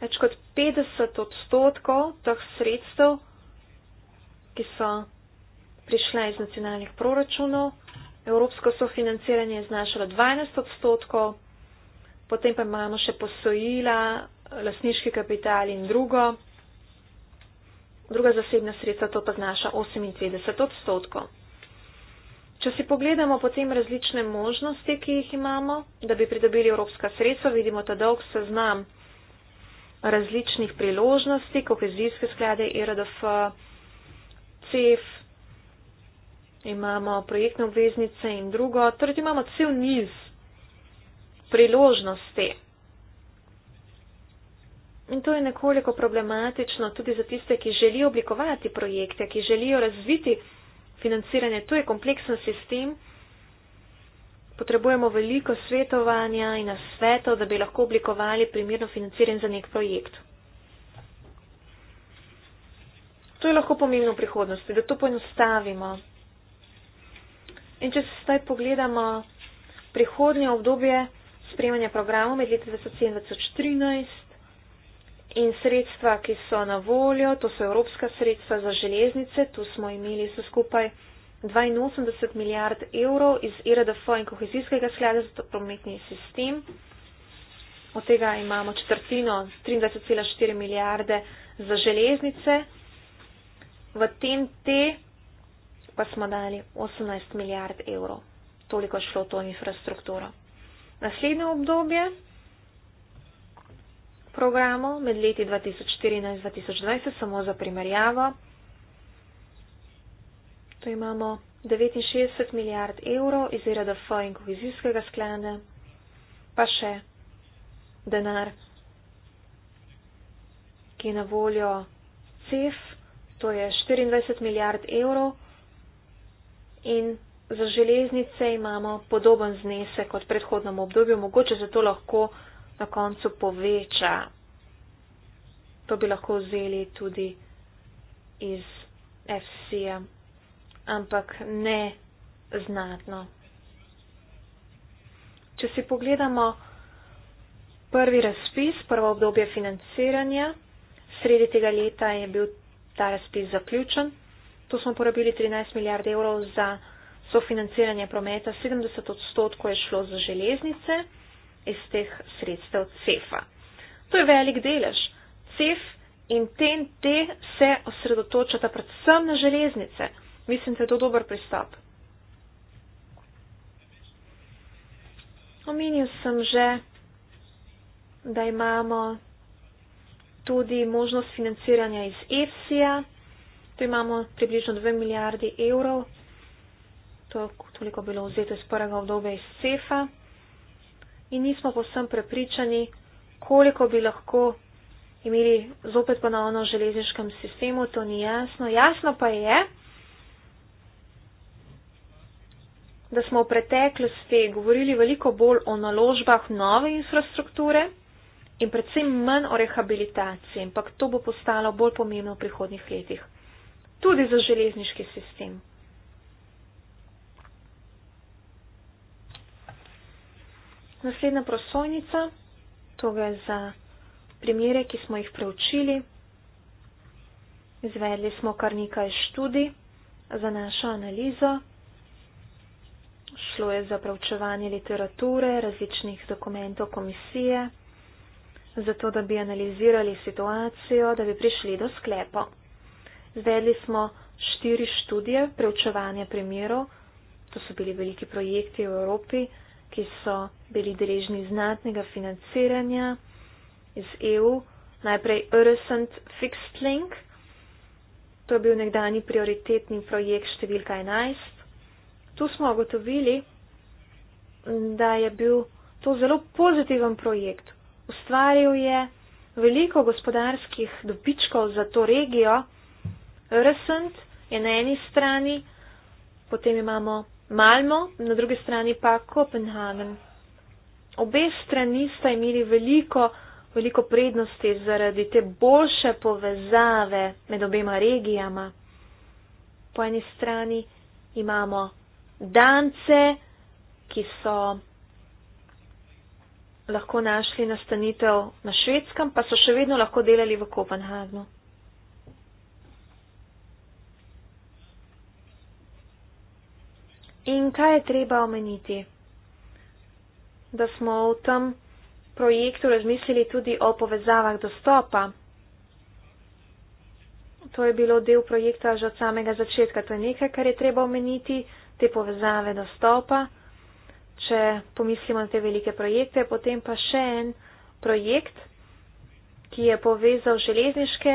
več kot 50 odstotkov teh sredstev, ki so prišla iz nacionalnih proračunov. Evropsko sofinanciranje je znašalo 12 odstotkov, potem pa imamo še posojila lasniški kapital in drugo, druga zasebna sredstva, to pa znaša 58 odstotkov. Če si pogledamo potem različne možnosti, ki jih imamo, da bi pridobili evropska sredstva, vidimo ta dolg seznam različnih priložnosti, kohezijske sklade, IRDF, e CEF, imamo projektne obveznice in drugo. Torej imamo cel niz priložnosti. In to je nekoliko problematično tudi za tiste, ki želijo oblikovati projekte, ki želijo razviti financiranje. To je kompleksen sistem. Potrebujemo veliko svetovanja in nasvetov, da bi lahko oblikovali primerno financiranje za nek projekt. To je lahko pomembno v prihodnosti, da to poenostavimo. In če se zdaj pogledamo prihodnje obdobje sprejemanja programov med leti 2007 in 2013, in sredstva, ki so na voljo, to so evropska sredstva za železnice, tu smo imeli vse skupaj 82 milijard evrov iz IRDF in kohezijskega sklada za prometni sistem. Od tega imamo četrtino, 23,4 milijarde za železnice. V tem te pa smo dali 18 milijard evrov. Toliko je šlo v to infrastrukturo. Naslednje obdobje, programov med leti 2014-2020, samo za primerjavo. To imamo 69 milijard evrov iz RDF in kohezijskega sklada, pa še denar, ki je na voljo CEF, to je 24 milijard evrov in za železnice imamo podoben znesek kot predhodnem obdobju, mogoče zato lahko na koncu poveča. To bi lahko vzeli tudi iz FC-ja, ampak ne znatno. Če si pogledamo prvi razpis, prvo obdobje financiranja, sredi tega leta je bil ta razpis zaključen. Tu smo porabili 13 milijard evrov za sofinanciranje prometa, 70 odstotkov je šlo za železnice iz teh sredstev CEF-a. To je velik delež. CEF in TNT se osredotočata predvsem na železnice. Mislim, da je to dober pristop. Omenil sem že, da imamo tudi možnost financiranja iz EFSI-ja. Tu imamo približno 2 milijardi evrov. To je toliko bilo vzeto iz prvega obdobja iz CEF-a in nismo povsem prepričani, koliko bi lahko imeli zopet ponovno v železniškem sistemu, to ni jasno. Jasno pa je, da smo v preteklosti govorili veliko bolj o naložbah nove infrastrukture in predvsem manj o rehabilitaciji, ampak to bo postalo bolj pomembno v prihodnjih letih. Tudi za železniški sistem. Naslednja prosojnica, to gre za primere, ki smo jih preučili. Izvedli smo kar nekaj študij za našo analizo. Šlo je za preučevanje literature, različnih dokumentov komisije, zato da bi analizirali situacijo, da bi prišli do sklepa. Izvedli smo štiri študije preučevanja primerov, to so bili veliki projekti v Evropi, ki so bili drežni znatnega financiranja iz EU, najprej Urescent Fixed Link, to je bil nekdani prioritetni projekt številka 11. Tu smo ugotovili, da je bil to zelo pozitiven projekt. Ustvaril je veliko gospodarskih dobičkov za to regijo. Urescent je na eni strani, potem imamo Malmo, na drugi strani pa Kopenhagen. Obe strani sta imeli veliko, veliko prednosti zaradi te boljše povezave med obema regijama. Po eni strani imamo Dance, ki so lahko našli nastanitev na švedskem, pa so še vedno lahko delali v Kopenhagnu. In kaj je treba omeniti? Da smo v tem projektu razmislili tudi o povezavah dostopa. To je bilo del projekta že od samega začetka. To je nekaj, kar je treba omeniti, te povezave dostopa. Če pomislimo na te velike projekte, potem pa še en projekt, ki je povezal železniške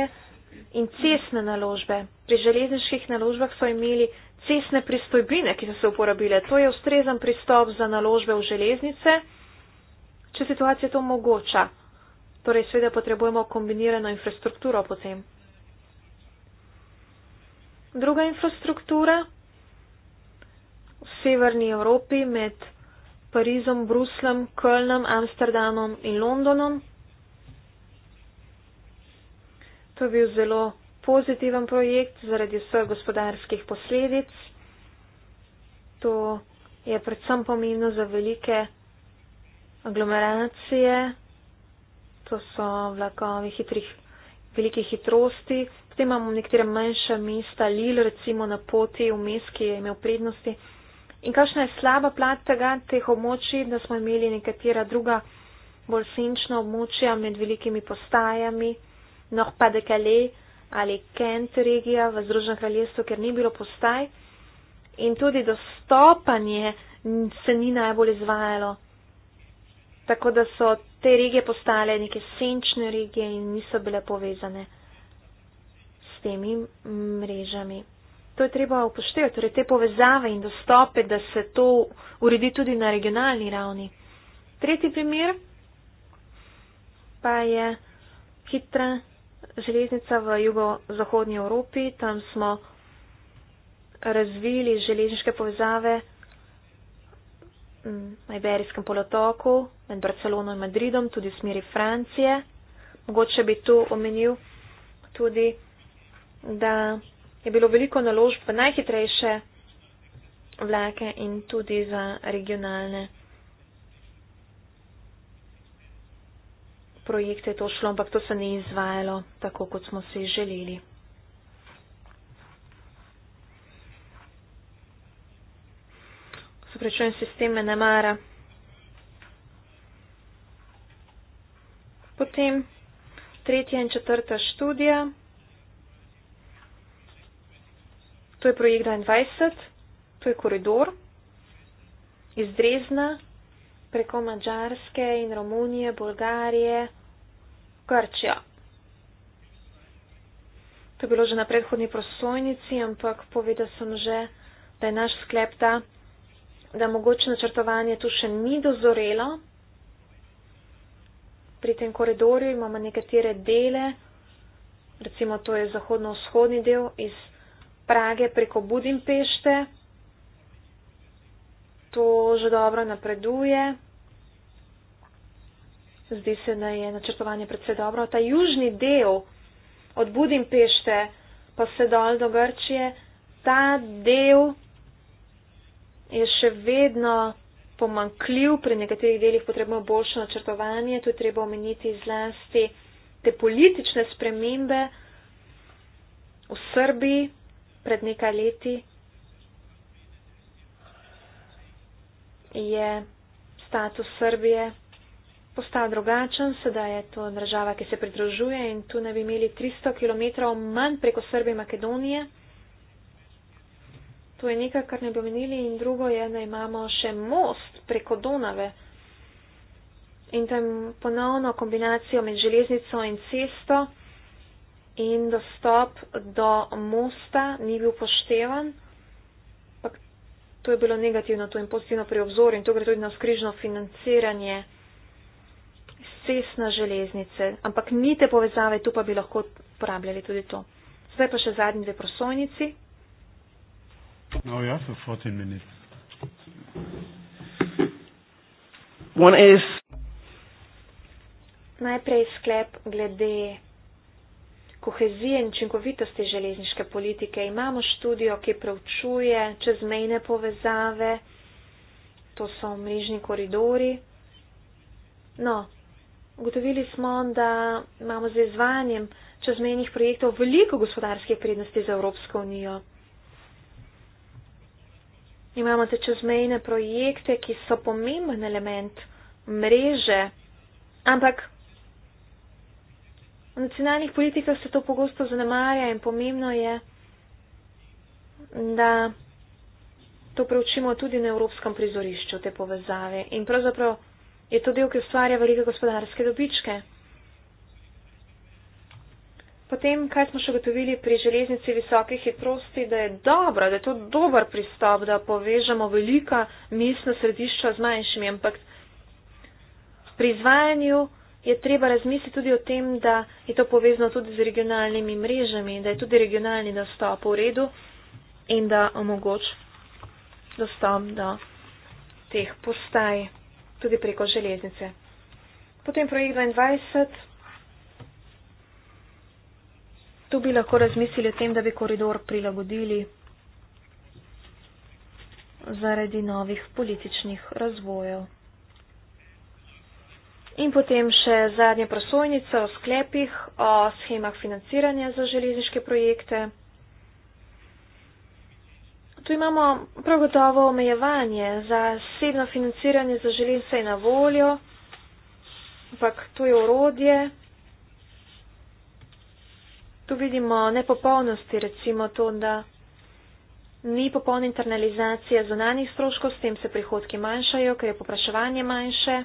in cesne naložbe. Pri železniških naložbah so imeli cestne pristojbine, ki so se uporabile. To je ustrezen pristop za naložbe v železnice, če situacija to omogoča. Torej, seveda potrebujemo kombinirano infrastrukturo potem. Druga infrastruktura v severni Evropi med Parizom, Bruslem, Kölnom, Amsterdamom in Londonom. To je bil zelo pozitiven projekt zaradi svojih gospodarskih posledic. To je predvsem pomembno za velike aglomeracije, to so vlakovi hitrih, velike hitrosti. Potem imamo nekatera manjša mesta, Lil, recimo na poti v mest, ki je imel prednosti. In kakšna je slaba plat tega, teh območij, da smo imeli nekatera druga bolj senčna območja med velikimi postajami, noh pa de Calais, ali Kent regija v Združenem kraljestvu, ker ni bilo postaj in tudi dostopanje se ni najbolj izvajalo. Tako da so te regije postale neke senčne regije in niso bile povezane s temi mrežami. To je treba upoštevati, torej te povezave in dostope, da se to uredi tudi na regionalni ravni. Tretji primer pa je hitra železnica v jugozahodnji Evropi, tam smo razvili železniške povezave na Iberijskem polotoku med Barcelono in Madridom, tudi v smeri Francije. Mogoče bi tu omenil tudi, da je bilo veliko naložb v najhitrejše vlake in tudi za regionalne. projekte je to šlo, ampak to se ni izvajalo tako, kot smo si želeli. Soprečujem, sistem me ne mara. Potem tretja in četrta študija. To je projekt 21, to je koridor iz Drezna preko Mačarske in Romunije, Bolgarije, Grčijo. To je bilo že na predhodni prosojnici, ampak povedal sem že, da je naš sklep ta, da mogoče načrtovanje tu še ni dozorelo. Pri tem koridorju imamo nekatere dele, recimo to je zahodno-vzhodni del iz Prage preko Budimpešte. To že dobro napreduje zdi se, da je načrtovanje predvsej dobro. Ta južni del od Budimpešte pa se dol do Grčije, ta del je še vedno pomankljiv, pri nekaterih delih potrebno boljše načrtovanje, tu treba omeniti zlasti te politične spremembe v Srbiji pred nekaj leti. Je status Srbije postal drugačen, sedaj je to država, ki se pridružuje in tu ne bi imeli 300 km manj preko Srbije in Makedonije. To je nekaj, kar ne bi omenili in drugo je, da imamo še most preko Donave in tam ponovno kombinacijo med železnico in cesto in dostop do mosta ni bil poštevan. To je bilo negativno, to je pozitivno pri obzoru in to gre tudi na skrižno financiranje cestna železnice, ampak ni te povezave, tu pa bi lahko uporabljali tudi to. Zdaj pa še zadnji dve prosojnici. No, ja, so fotin minut. Najprej sklep glede kohezije in učinkovitosti železniške politike. Imamo študijo, ki preučuje čezmejne povezave, to so mrežni koridori. No, Ugotovili smo, da imamo z izvanjem čezmenih projektov veliko gospodarske prednosti za Evropsko unijo. Imamo te čezmejne projekte, ki so pomemben element mreže, ampak v nacionalnih politikah se to pogosto zanemarja in pomembno je, da to preučimo tudi na evropskem prizorišču, te povezave. In pravzaprav je to del, ki ustvarja velike gospodarske dobičke. Potem, kaj smo še gotovili pri železnici visoke hitrosti, da je dobro, da je to dober pristop, da povežemo velika mestna središča z manjšimi, ampak pri izvajanju je treba razmisliti tudi o tem, da je to povezano tudi z regionalnimi mrežami, da je tudi regionalni dostop v redu in da omogoč dostop do teh postaj tudi preko železnice. Potem projekt 22. Tu bi lahko razmislili o tem, da bi koridor prilagodili zaradi novih političnih razvojev. In potem še zadnje prosojnice o sklepih, o schemah financiranja za železniške projekte tu imamo prav gotovo omejevanje za sedno financiranje, za želim vse na voljo, ampak tu je urodje. Tu vidimo nepopolnosti, recimo to, da ni popolna internalizacija zunanjih stroškov, s tem se prihodki manjšajo, ker je popraševanje manjše.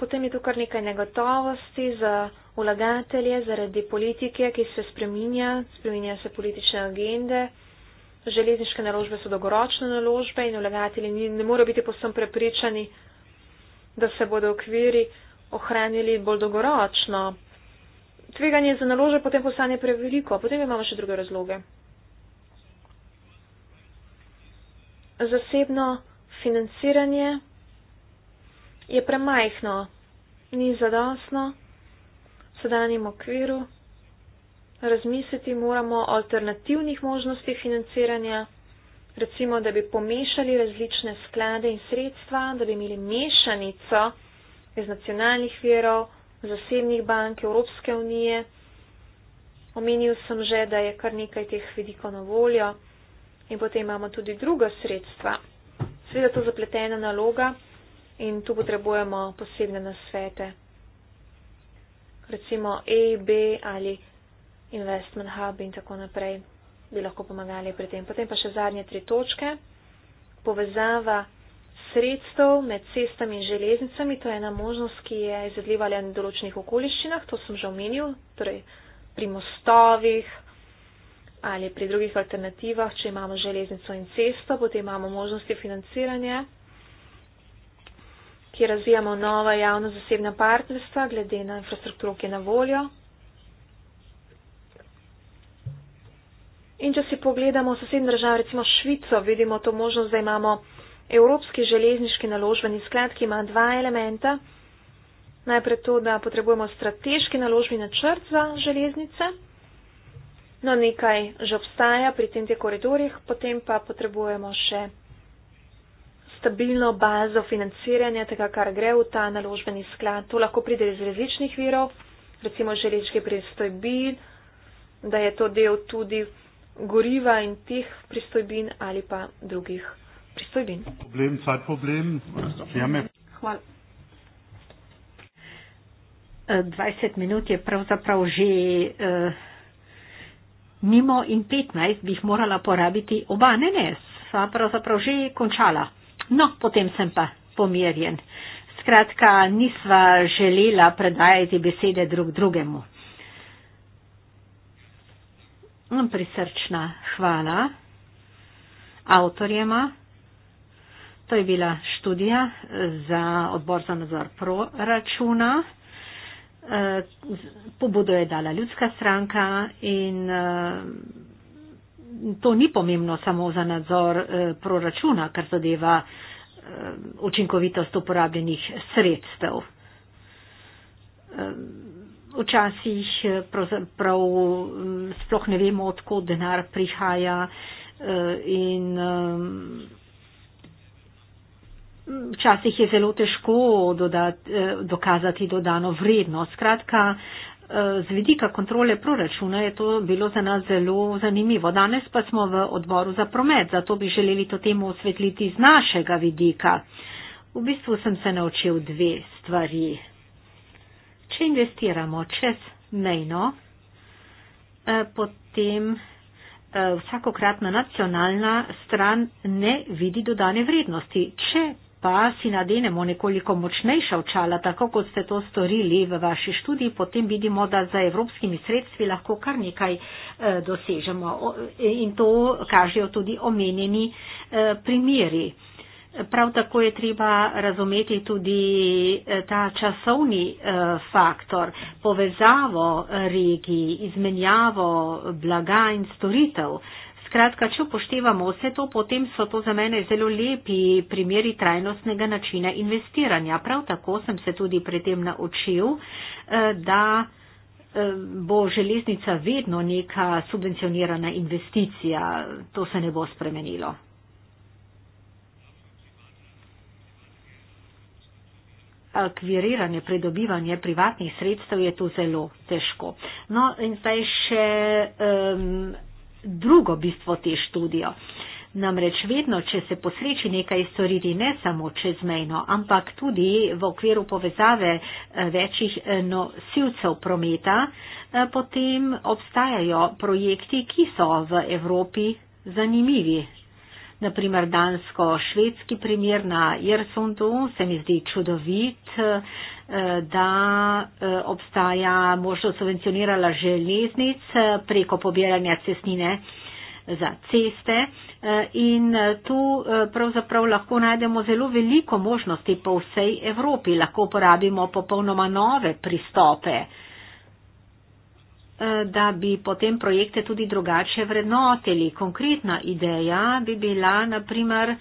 Potem je tu kar nekaj negotovosti za vlagatelje zaradi politike, ki se spreminja, spreminja se politične agende. Železniške naložbe so dolgoročne naložbe in vlagatelji ne morejo biti posem prepričani, da se bodo okviri ohranili bolj dolgoročno. Tveganje za naložbe potem postane preveliko, potem imamo še druge razloge. Zasebno financiranje je premajhno, ni zadostno v sedanjem okviru razmisliti moramo o alternativnih možnostih financiranja, recimo, da bi pomešali različne sklade in sredstva, da bi imeli mešanico iz nacionalnih verov, zasebnih bank Evropske unije. Omenil sem že, da je kar nekaj teh vidikov na voljo in potem imamo tudi druga sredstva. Seveda to zapletena naloga in tu potrebujemo posebne nasvete. Recimo EIB ali investment hub in tako naprej bi lahko pomagali pri tem. Potem pa še zadnje tri točke. Povezava sredstev med cestami in železnicami, to je ena možnost, ki je izvedljiva le na določenih okoliščinah, to sem že omenil, torej pri mostovih ali pri drugih alternativah, če imamo železnico in cesto, potem imamo možnosti financiranja, ki razvijamo nova javno-zasebna partnerstva glede na infrastrukturo, ki je na voljo, In če si pogledamo sosednje države, recimo Švico, vidimo to možnost, da imamo Evropski železniški naložbeni sklad, ki ima dva elementa. Najprej to, da potrebujemo strateški naložbeni načrt za železnice. No, nekaj že obstaja pri tem teh koridorjih, potem pa potrebujemo še stabilno bazo financiranja tega, kar gre v ta naložbeni sklad. To lahko pride iz različnih virov, recimo železniški pristojbi, da je to del tudi goriva in teh pristojbin ali pa drugih pristojbin. Problem, sad problem, firme. Ja, Hvala. 20 eh, minut je pravzaprav že uh, mimo in 15 bi jih morala porabiti oba, ne ne, sva pravzaprav že končala. No, potem sem pa pomirjen. Skratka, nisva želela predajati besede drug drugemu in mm, prisrčna hvala avtorjema. To je bila študija eh, za odbor za nadzor proračuna. Eh, pobudo je dala ljudska stranka in eh, to ni pomembno samo za nadzor proračuna, kar zadeva učinkovitost uporabljenih sredstev včasih eh, pravzaprav eh, sploh ne vemo, odkot denar prihaja eh, in ehm, včasih je zelo težko dodati, dokazati dodano vrednost. Skratka, z vidika kontrole proračuna je to bilo za nas zelo zanimivo. Danes pa smo v odboru za promet, zato bi želeli to temo osvetliti z našega vidika. V bistvu sem se naučil dve stvari če investiramo čez mejno, eh, potem eh, vsakokratna nacionalna stran ne vidi dodane vrednosti. Če pa si nadenemo nekoliko močnejša očala, tako kot ste to storili v vaši študiji, potem vidimo, da za evropskimi sredstvi lahko kar nekaj eh, dosežemo. In to kažejo tudi omenjeni primeri. Prav tako je treba razumeti tudi eh, ta časovni eh, faktor, povezavo eh, regij, izmenjavo blaga in storitev. Skratka, če upoštevamo vse to, potem so to za mene zelo lepi primeri trajnostnega načina investiranja. Prav tako sem se tudi pri tem naučil, da bo železnica vedno neka subvencionirana investicija. To se ne bo spremenilo. akviriranje, pridobivanje privatnih sredstev je tu zelo težko. No in zdaj še um, drugo bistvo te študijo. Namreč vedno, če se posreči nekaj storiti, ne samo čezmejno, ampak tudi v okviru povezave eh, večjih eh, nosilcev prometa, eh, potem obstajajo projekti, ki so v Evropi zanimivi naprimer dansko-švedski primer na Jersundu, se mi zdi čudovit, eh, da eh, obstaja možnost subvencionirala železnic eh, preko pobiranja cestnine za ceste in tu pravzaprav lahko najdemo zelo veliko možnosti po vsej Evropi, lahko uporabimo popolnoma nove pristope. Eh, da bi potem projekte tudi drugače vrednotili. Konkretna ideja bi bila, na primer,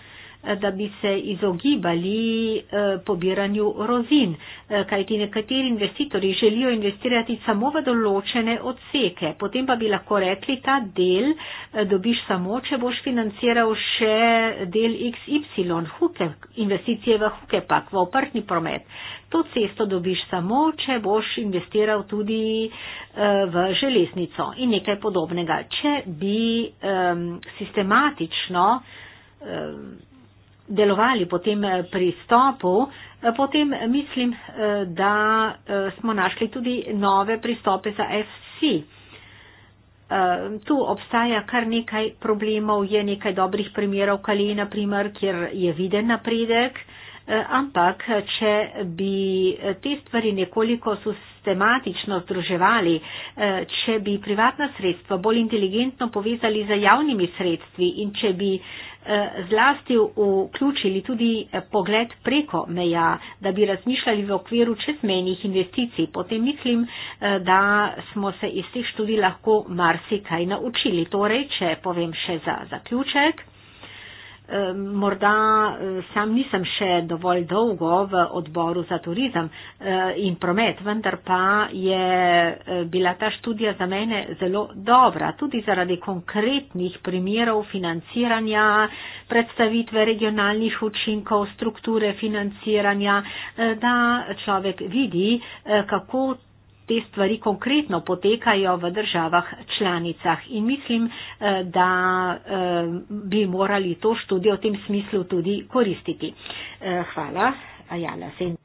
da bi se izogibali eh, pobiranju rozin, eh, kajti nekateri investitorji želijo investirati samo v določene odseke, potem pa bi lahko rekli, ta del eh, dobiš samo, če boš financiral še del XY, huke, investicije v huke pak, v oprtni promet. To cesto dobiš samo, če boš investiral tudi v železnico in nekaj podobnega. Če bi um, sistematično um, delovali po tem eh, pristopu, eh, potem eh, mislim, da smo našli tudi nove pristope za FC. Tu obstaja kar nekaj problemov, je nekaj dobrih primerov Kali, naprimer, kjer je viden napredek, Eh, ampak če bi te stvari nekoliko sistematično združevali, eh, če bi privatna sredstva bolj inteligentno povezali z javnimi sredstvi in če bi eh, zlasti vključili tudi pogled preko meja, da bi razmišljali v okviru čezmenjih investicij, potem mislim, da smo se iz teh študij lahko marsikaj naučili. Torej, če povem še za zaključek. Morda e, sam nisem še dovolj dolgo v odboru za turizem e, in promet, vendar pa je e, bila ta študija za mene zelo dobra, tudi zaradi konkretnih primerov financiranja, predstavitve regionalnih učinkov, strukture financiranja, da človek vidi, kako te stvari konkretno potekajo v državah članicah in mislim, eh, da eh, bi morali to študijo v tem smislu tudi koristiti. Eh, hvala. Ajala, sen.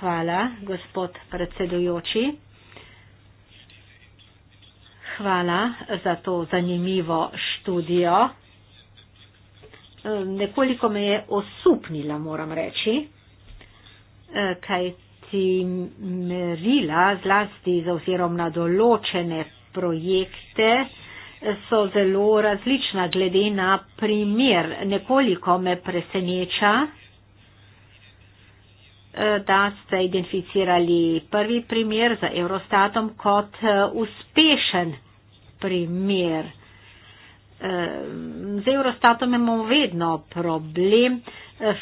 Hvala, gospod predsedujoči. Hvala za to zanimivo študijo. Nekoliko me je osupnila, moram reči kaj ti merila zlasti za oziroma na določene projekte so zelo različna glede na primer. Nekoliko me preseneča, eh, da ste identificirali prvi primer za Eurostatom kot eh, uspešen primer. Eh, z Eurostatom imamo vedno problem,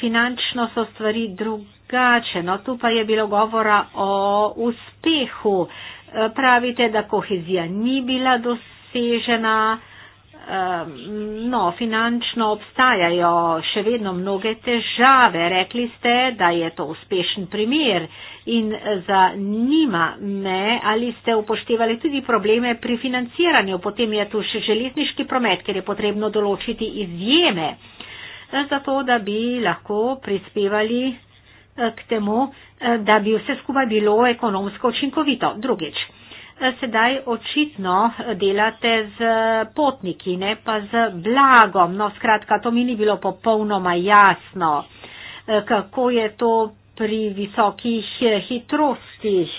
finančno so stvari drugačne drugače. No, tu pa je bilo govora o uspehu. E, pravite, da kohezija ni bila dosežena. E, no, finančno obstajajo še vedno mnoge težave. Rekli ste, da je to uspešen primer in zanima me, ali ste upoštevali tudi probleme pri financiranju. Potem je tu še železniški promet, ker je potrebno določiti izjeme, zato da bi lahko prispevali Eh, k temu, eh, da bi vse skupaj bilo ekonomsko učinkovito. Drugič, eh, sedaj očitno delate z potniki, ne pa z blagom. No, skratka, to mi ni bilo popolnoma jasno, kako je to pri visokih hitrostih.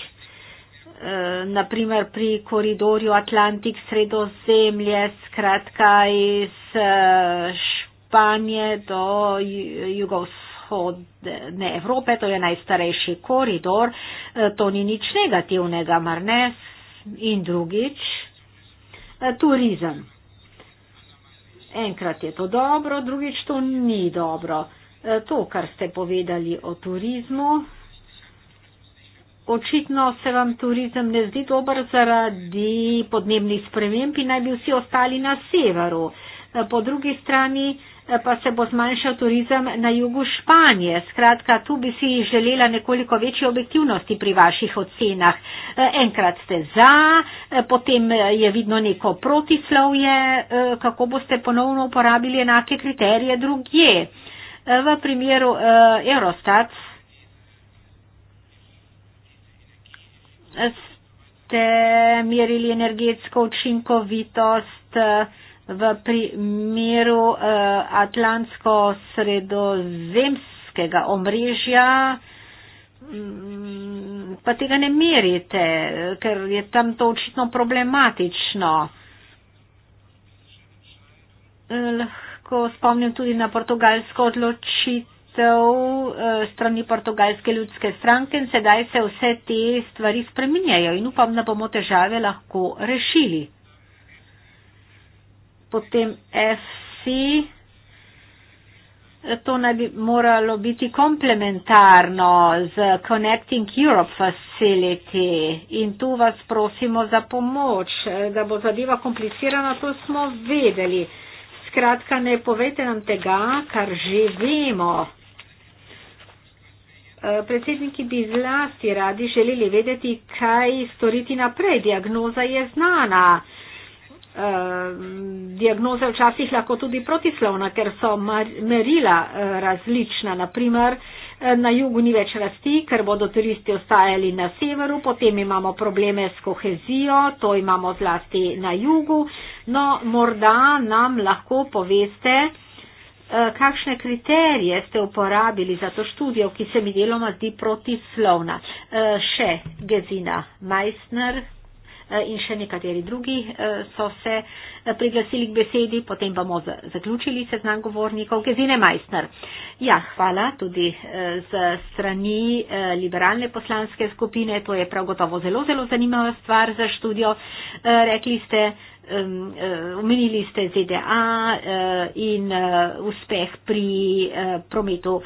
Naprimer pri koridorju Atlantik sredozemlje, skratka iz Španije do jugovstva od ne, Evrope, to je najstarejši koridor, e, to ni nič negativnega, mar ne. In drugič, e, turizem. Enkrat je to dobro, drugič to ni dobro. E, to, kar ste povedali o turizmu, očitno se vam turizem ne zdi dober zaradi podnebnih sprememb in naj bi vsi ostali na severu. Po drugi strani, Eh, pa se bo zmanjšal turizem na jugu Španije. Skratka, tu bi si želela nekoliko večje objektivnosti pri vaših ocenah. Eh, enkrat ste za, eh, potem je vidno neko protislovje, kako boste ponovno uporabili enake kriterije drugje. V primeru Eurostat ste merili energetsko učinkovitost v primeru uh, atlantsko-sredozemskega omrežja, mm, pa tega ne merite, ker je tam to očitno problematično. Eh, lahko spomnim tudi na portugalsko odločitev uh, strani portugalske ljudske stranke in sedaj se vse te stvari spreminjajo in upam, da bomo težave lahko rešili potem FC, to naj bi moralo biti komplementarno z Connecting Europe Facility in tu vas prosimo za pomoč, da bo zadeva komplicirana, to smo vedeli. Skratka, ne povete nam tega, kar že vemo. E, predsedniki bi zlasti radi želeli vedeti, kaj storiti naprej. Diagnoza je znana. Ehm, diagnoze včasih lahko tudi protislovna, ker so merila eh, različna. Naprimer, eh, na jugu ni več rasti, ker bodo turisti ostajali na severu, potem imamo probleme s kohezijo, to imamo zlasti na jugu. No, morda nam lahko poveste, eh, kakšne kriterije ste uporabili za to študijo, ki se mi deloma zdi protislovna. Še Gezina Meissner, Eh, in še nekateri drugi eh, so se eh, priglasili k besedi, potem bomo zaključili seznam govornikov. Gezine Majstner. Ja, hvala tudi z strani liberalne poslanske skupine, to je prav gotovo zelo, zelo zanimiva stvar za študijo. Rekli ste, omenili ste ZDA in uspeh pri prometu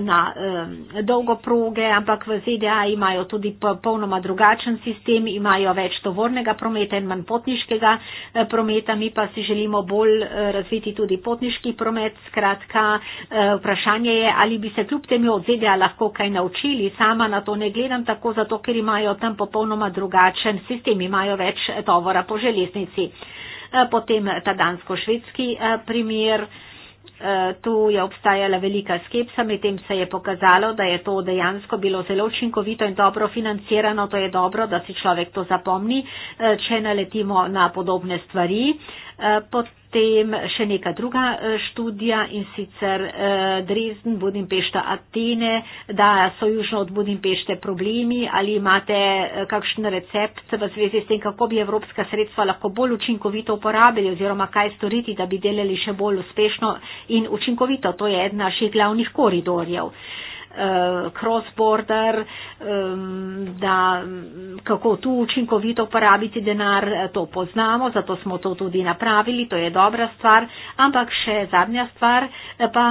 na um, dolgo proge, ampak v ZDA imajo tudi popolnoma drugačen sistem, imajo več tovornega prometa in manj potniškega eh, prometa, mi pa si želimo bolj eh, razviti tudi potniški promet. Skratka, eh, vprašanje je, ali bi se kljub temu od ZDA lahko kaj naučili. Sama na to ne gledam tako, zato ker imajo tam popolnoma drugačen sistem, imajo več tovora po železnici. Potem ta dansko-švedski primer. Eh, tu je obstajala velika skepsa, medtem se je pokazalo, da je to dejansko bilo zelo učinkovito in dobro financirano, to je dobro, da si človek to zapomni, eh, če naletimo na podobne stvari. Eh, pot potem še neka druga eh, študija in sicer eh, Dresden, Budimpešta, Atene, da so južno od Budimpešte problemi ali imate eh, kakšen recept v zvezi s tem, kako bi evropska sredstva lahko bolj učinkovito uporabili oziroma kaj storiti, da bi delali še bolj uspešno in učinkovito. To je eden naših glavnih koridorjev. Eh, cross border, da kako tu učinkovito uporabiti denar, eh, to poznamo, zato smo to tudi napravili, to je dobra stvar, ampak še zadnja stvar eh, pa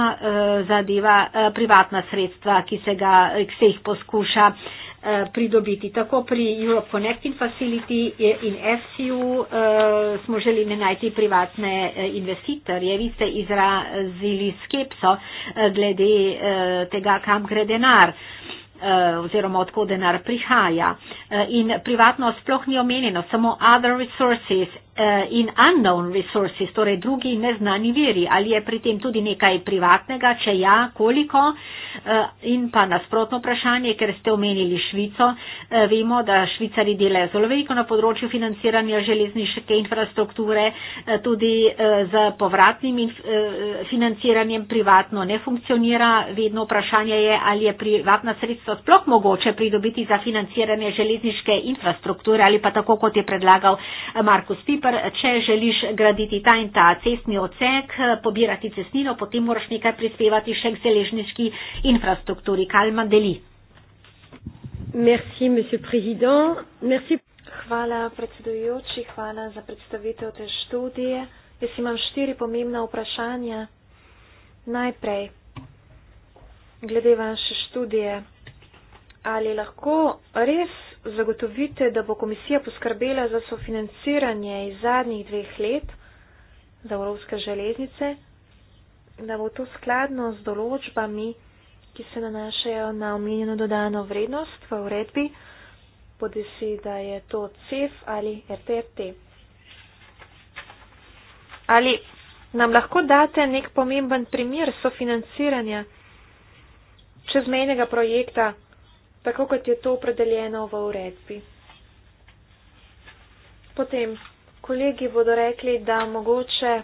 zadeva privatna sredstva, ki se, ga, ki se jih poskuša Eh, pridobiti. Tako pri Europe Connecting Facility in FCU eh, smo želeli najti privatne eh, investitorje. Vi ste izrazili skepso glede tega, kam gre denar oziroma odkud denar prihaja. In privatno sploh ni omenjeno, samo other resources, Eh, in unknown resources, torej drugi neznani veri, ali je pri tem tudi nekaj privatnega, če ja, koliko eh, in pa nasprotno vprašanje, ker ste omenili Švico, eh, vemo, da Švicari delajo zelo veliko na področju financiranja železniške infrastrukture, tudi z povratnim financiranjem privatno ne funkcionira, vedno vprašanje je, ali je privatna sredstva sploh mogoče pridobiti za financiranje železniške infrastrukture ali pa tako, kot je predlagal Markus Piper naprimer, če želiš graditi ta in ta cestni odsek, pobirati cestnino, potem moraš nekaj prispevati še k seležniški infrastrukturi. Kalma deli. Merci, monsieur président. Merci. Hvala predsedujoči, hvala za predstavitev te študije. Jaz imam štiri pomembna vprašanja. Najprej, glede vaše študije, ali lahko res zagotovite, da bo komisija poskrbela za sofinanciranje iz zadnjih dveh let za evropske železnice, da bo to skladno z določbami, ki se nanašajo na omenjeno dodano vrednost v uredbi, bodi si, da je to CEF ali RTRT. Ali nam lahko date nek pomemben primer sofinanciranja čezmejnega projekta? tako kot je to opredeljeno v uredbi. Potem, kolegi bodo rekli, da mogoče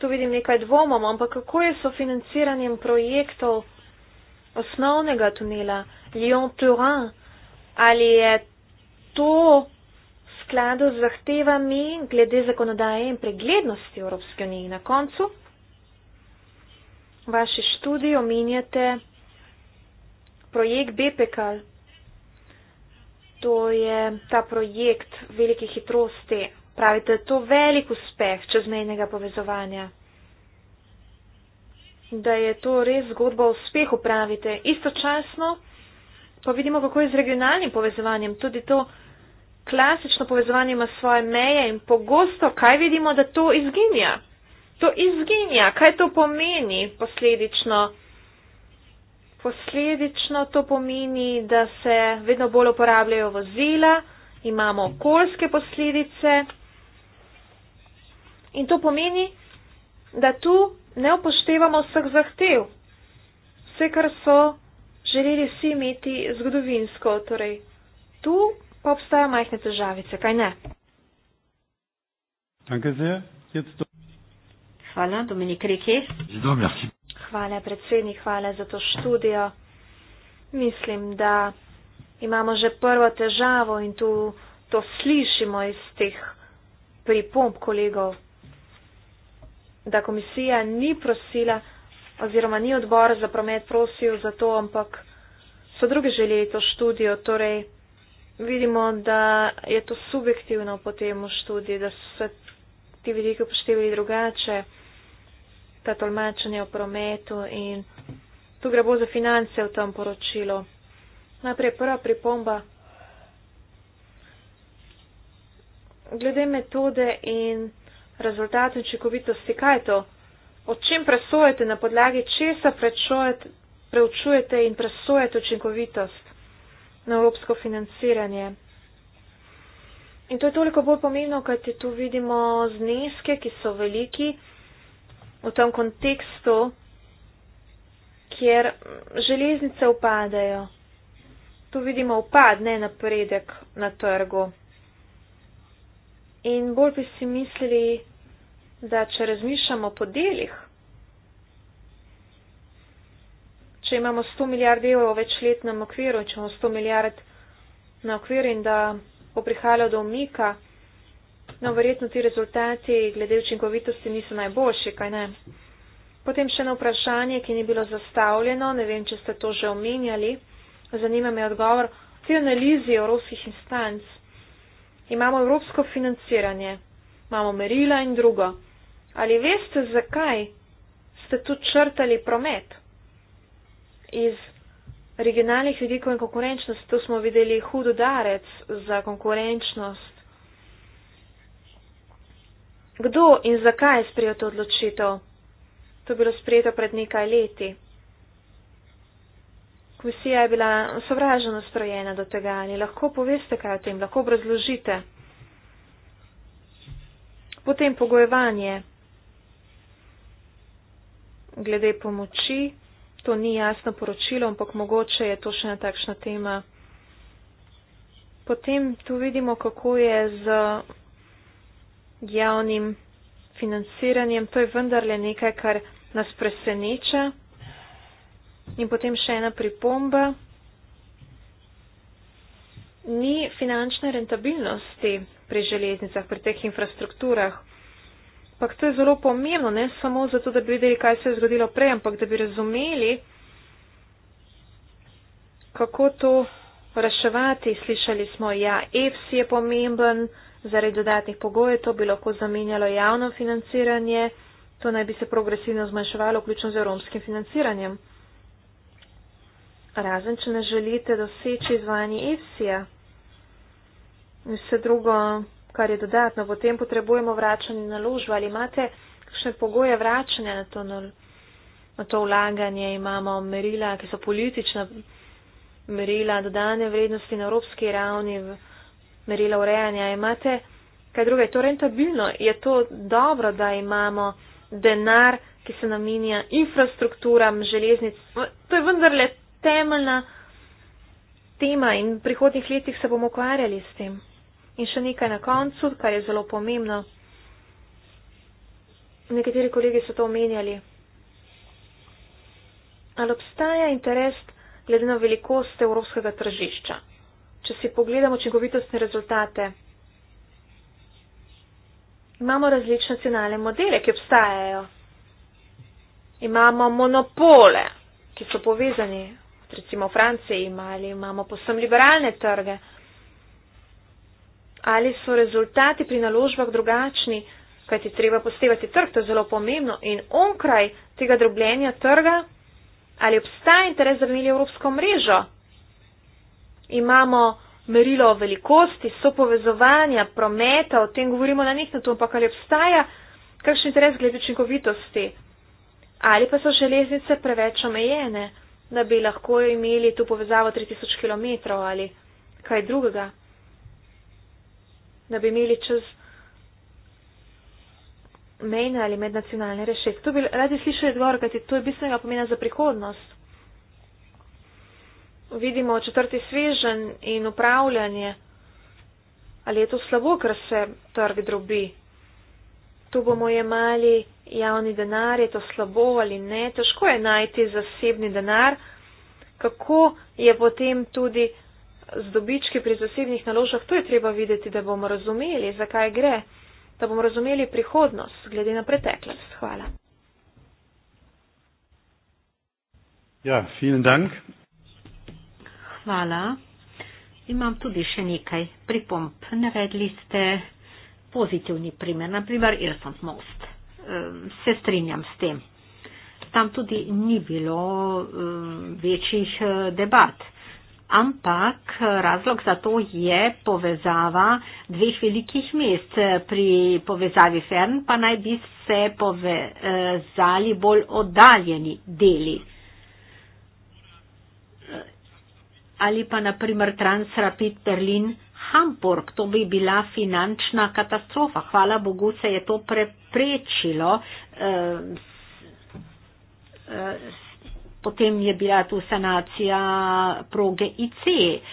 tu vidim nekaj dvomov, ampak kako je so financiranjem projektov osnovnega tunela Lyon-Turin? Ali je to skladu z zahtevami glede zakonodaje in preglednosti Evropske unije na koncu? Vaši študiji omenjate projekt BPKL. To je ta projekt velike hitrosti. Pravite, to je velik uspeh čezmejnega povezovanja. Da je to res zgodba o uspehu, pravite. Istočasno pa vidimo, kako je z regionalnim povezovanjem. Tudi to klasično povezovanje ima svoje meje in pogosto, kaj vidimo, da to izginja. To izginja. Kaj to pomeni posledično? Posledično to pomeni, da se vedno bolj uporabljajo vozila, imamo okoljske posledice in to pomeni, da tu ne upoštevamo vseh zahtev, vse kar so želeli vsi imeti zgodovinsko, torej tu pa obstajajo majhne težavice, kaj ne? Hvala, Dominik Riki. Hvala, predsednik, hvala za to študijo. Mislim, da imamo že prvo težavo in tu to slišimo iz teh pripomp kolegov, da komisija ni prosila oziroma ni odbor za promet prosil za to, ampak so drugi želeli to študijo. Torej, vidimo, da je to subjektivno potem v študiji, da so se ti vidiki upoštevali drugače ta tolmačenje o prometu in tu gre bo za finance v tem poročilu. Najprej prva pripomba. Glede metode in rezultate učinkovitosti, kaj je to? O čem presojete na podlagi, česa preučujete in presojete učinkovitost na evropsko financiranje? In to je toliko bolj pomembno, kajti tu vidimo zneske, ki so veliki, v tem kontekstu, kjer železnice upadajo. Tu vidimo upad, ne napredek na trgu. In bolj bi si mislili, da če razmišljamo po delih, če imamo 100 milijard evrov v večletnem okviru, če imamo 100 milijard na okviru in da bo prihajalo do omika, No, verjetno ti rezultati glede učinkovitosti niso najboljši, kaj ne? Potem še eno vprašanje, ki ni bilo zastavljeno, ne vem, če ste to že omenjali. Zanima me odgovor. Te analizi evropskih instanc. Imamo evropsko financiranje, imamo merila in drugo. Ali veste, zakaj ste tu črtali promet? Iz regionalnih vidikov in konkurenčnosti, tu smo videli hud udarec za konkurenčnost kdo in zakaj je sprejel to odločitev. To je bilo sprejeto pred nekaj leti. Komisija je bila sovraženo sprejena do tega ali lahko poveste kaj o tem, lahko obrazložite. Potem pogojevanje glede pomoči, to ni jasno poročilo, ampak mogoče je to še ena takšna tema. Potem tu vidimo, kako je z javnim financiranjem. To je vendarle nekaj, kar nas preseneča. In potem še ena pripomba. Ni finančne rentabilnosti pri železnicah, pri teh infrastrukturah. Pak to je zelo pomembno, ne samo zato, da bi videli, kaj se je zgodilo prej, ampak da bi razumeli, kako to reševati. Slišali smo, ja, EFSI je pomemben, Zaradi dodatnih pogojev to bi lahko zamenjalo javno financiranje, to naj bi se progresivno zmanjševalo, vključno z evropskim financiranjem. Razen, če ne želite doseči izvajanje EFSI-ja. Vse drugo, kar je dodatno, potem potrebujemo vračanje naložb. Ali imate kakšne pogoje vračanja na to, na to vlaganje? Imamo merila, ki so politična merila, dodane vrednosti na evropski ravni. V, merila urejanja imate, kaj druga je to rentabilno, je to dobro, da imamo denar, ki se namenja infrastrukturam, železnic. To je vendarle temeljna tema in v prihodnih letih se bomo ukvarjali s tem. In še nekaj na koncu, kar je zelo pomembno. Nekateri kolegi so to omenjali. Ali obstaja interes glede na velikost evropskega tržišča? če si pogledamo učinkovitostne rezultate. Imamo različne nacionalne modele, ki obstajajo. Imamo monopole, ki so povezani, recimo v Franciji imali, imamo posebno liberalne trge. Ali so rezultati pri naložbah drugačni, kajti treba postevati trg, to je zelo pomembno. In onkraj tega drobljenja trga, ali obstaja interes za imeli evropsko mrežo? imamo merilo velikosti, sopovezovanja, prometa, o tem govorimo na njih, na to pa ali obstaja kakšen interes glede učinkovitosti. Ali pa so železnice preveč omejene, da bi lahko imeli tu povezavo 3000 km ali kaj drugega, da bi imeli čez mejne ali mednacionalne rešitve. To bi radi slišali odgovor, kajti to je bistvenega pomena za prihodnost vidimo četrti svežen in upravljanje. Ali je to slabo, ker se trg drobi? Tu bomo jemali javni denar, je to slabo ali ne? Težko je najti zasebni denar. Kako je potem tudi z dobički pri zasebnih naložbah? To je treba videti, da bomo razumeli, zakaj gre. Da bomo razumeli prihodnost, glede na preteklost. Hvala. Ja, vielen Dank hvala. Imam tudi še nekaj pripomp. Navedli ste pozitivni primer, naprimer Irsons most. Ehm, se strinjam s tem. Tam tudi ni bilo ehm, večjih eh, debat. Ampak eh, razlog za to je povezava dveh velikih mest. Pri povezavi Fern pa naj bi se povezali bolj oddaljeni deli ali pa naprimer Transrapid Berlin Hamburg. To bi bila finančna katastrofa. Hvala Bogu se je to preprečilo. Eh, eh, potem je bila tu sanacija proge IC. Eh,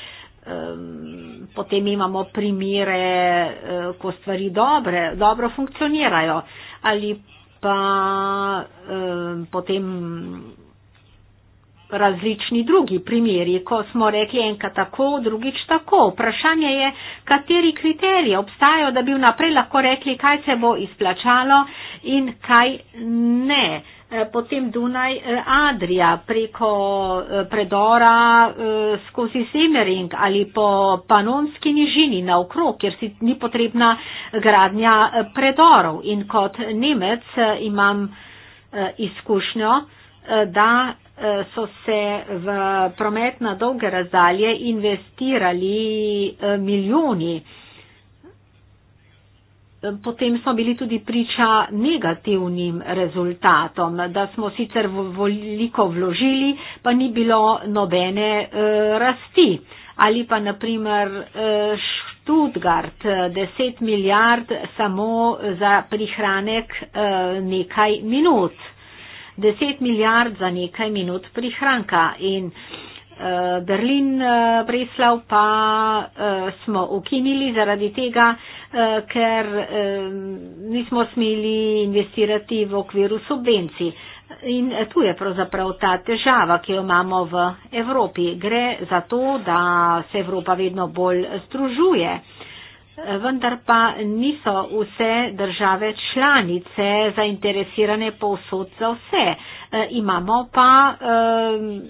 potem imamo primire, ko stvari dobre, dobro funkcionirajo. Ali pa potem različni drugi primeri, ko smo rekli enkrat tako, drugič tako. Vprašanje je, kateri kriteriji obstajajo, da bi vnaprej lahko rekli, kaj se bo izplačalo in kaj ne. E, potem Dunaj e, Adria preko e, predora skozi Semering ali po Panonski nižini na okrog, kjer si ni potrebna gradnja predorov. In kot Nemec imam izkušnjo, da Eh, so se v promet na dolge razdalje investirali eh, milijoni. Eh, potem smo bili tudi priča negativnim rezultatom, da smo sicer veliko vložili, pa ni bilo nobene rasti. Ali pa naprimer Stuttgart, 10 milijard samo za prihranek nekaj minut deset milijard za nekaj minut prihranka in uh, Berlin uh, eh, Breslav pa uh, smo ukinili zaradi tega, uh, ker uh, nismo smeli investirati v okviru subvencij. In tu je pravzaprav ta težava, ki jo imamo v Evropi. Gre za to, da se Evropa vedno bolj združuje. Uh, vendar pa niso vse države članice zainteresirane povsod za vse. E, imamo pa e,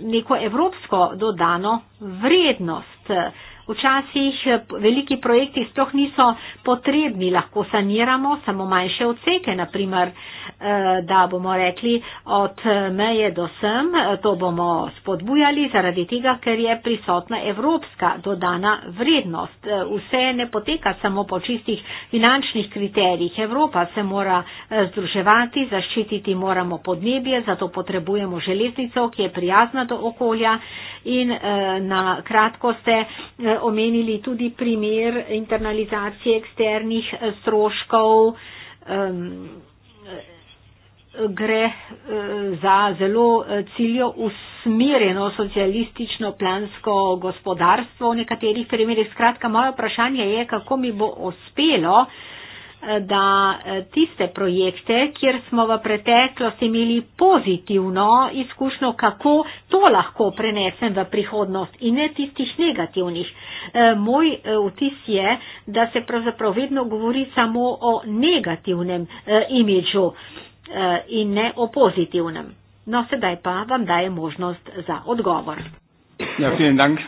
neko evropsko dodano vrednost. E, Včasih eh, veliki projekti sploh niso potrebni, lahko saniramo samo manjše odseke, naprimer, eh, da bomo rekli od eh, meje do sem, to bomo spodbujali zaradi tega, ker je prisotna evropska dodana vrednost. Vse ne poteka samo po čistih finančnih kriterijih. Evropa se mora združevati, zaščititi moramo podnebje, zato potrebujemo železnico, ki je prijazna do okolja in na kratko ste omenili tudi primer internalizacije eksternih eh, stroškov. Um, gre eh, za zelo ciljo usmirjeno socialistično plansko gospodarstvo v nekaterih primerih. Skratka, moje vprašanje je, kako mi bo uspelo uh, da eh, tiste projekte, kjer smo v preteklosti imeli pozitivno izkušnjo, kako to lahko prenesem v prihodnost in ne tistih negativnih. Eh, moj eh, vtis je, da se pravzaprav vedno govori samo o negativnem imidžu in ne o pozitivnem. No, sedaj pa vam daje možnost za odgovor. Ja, dank,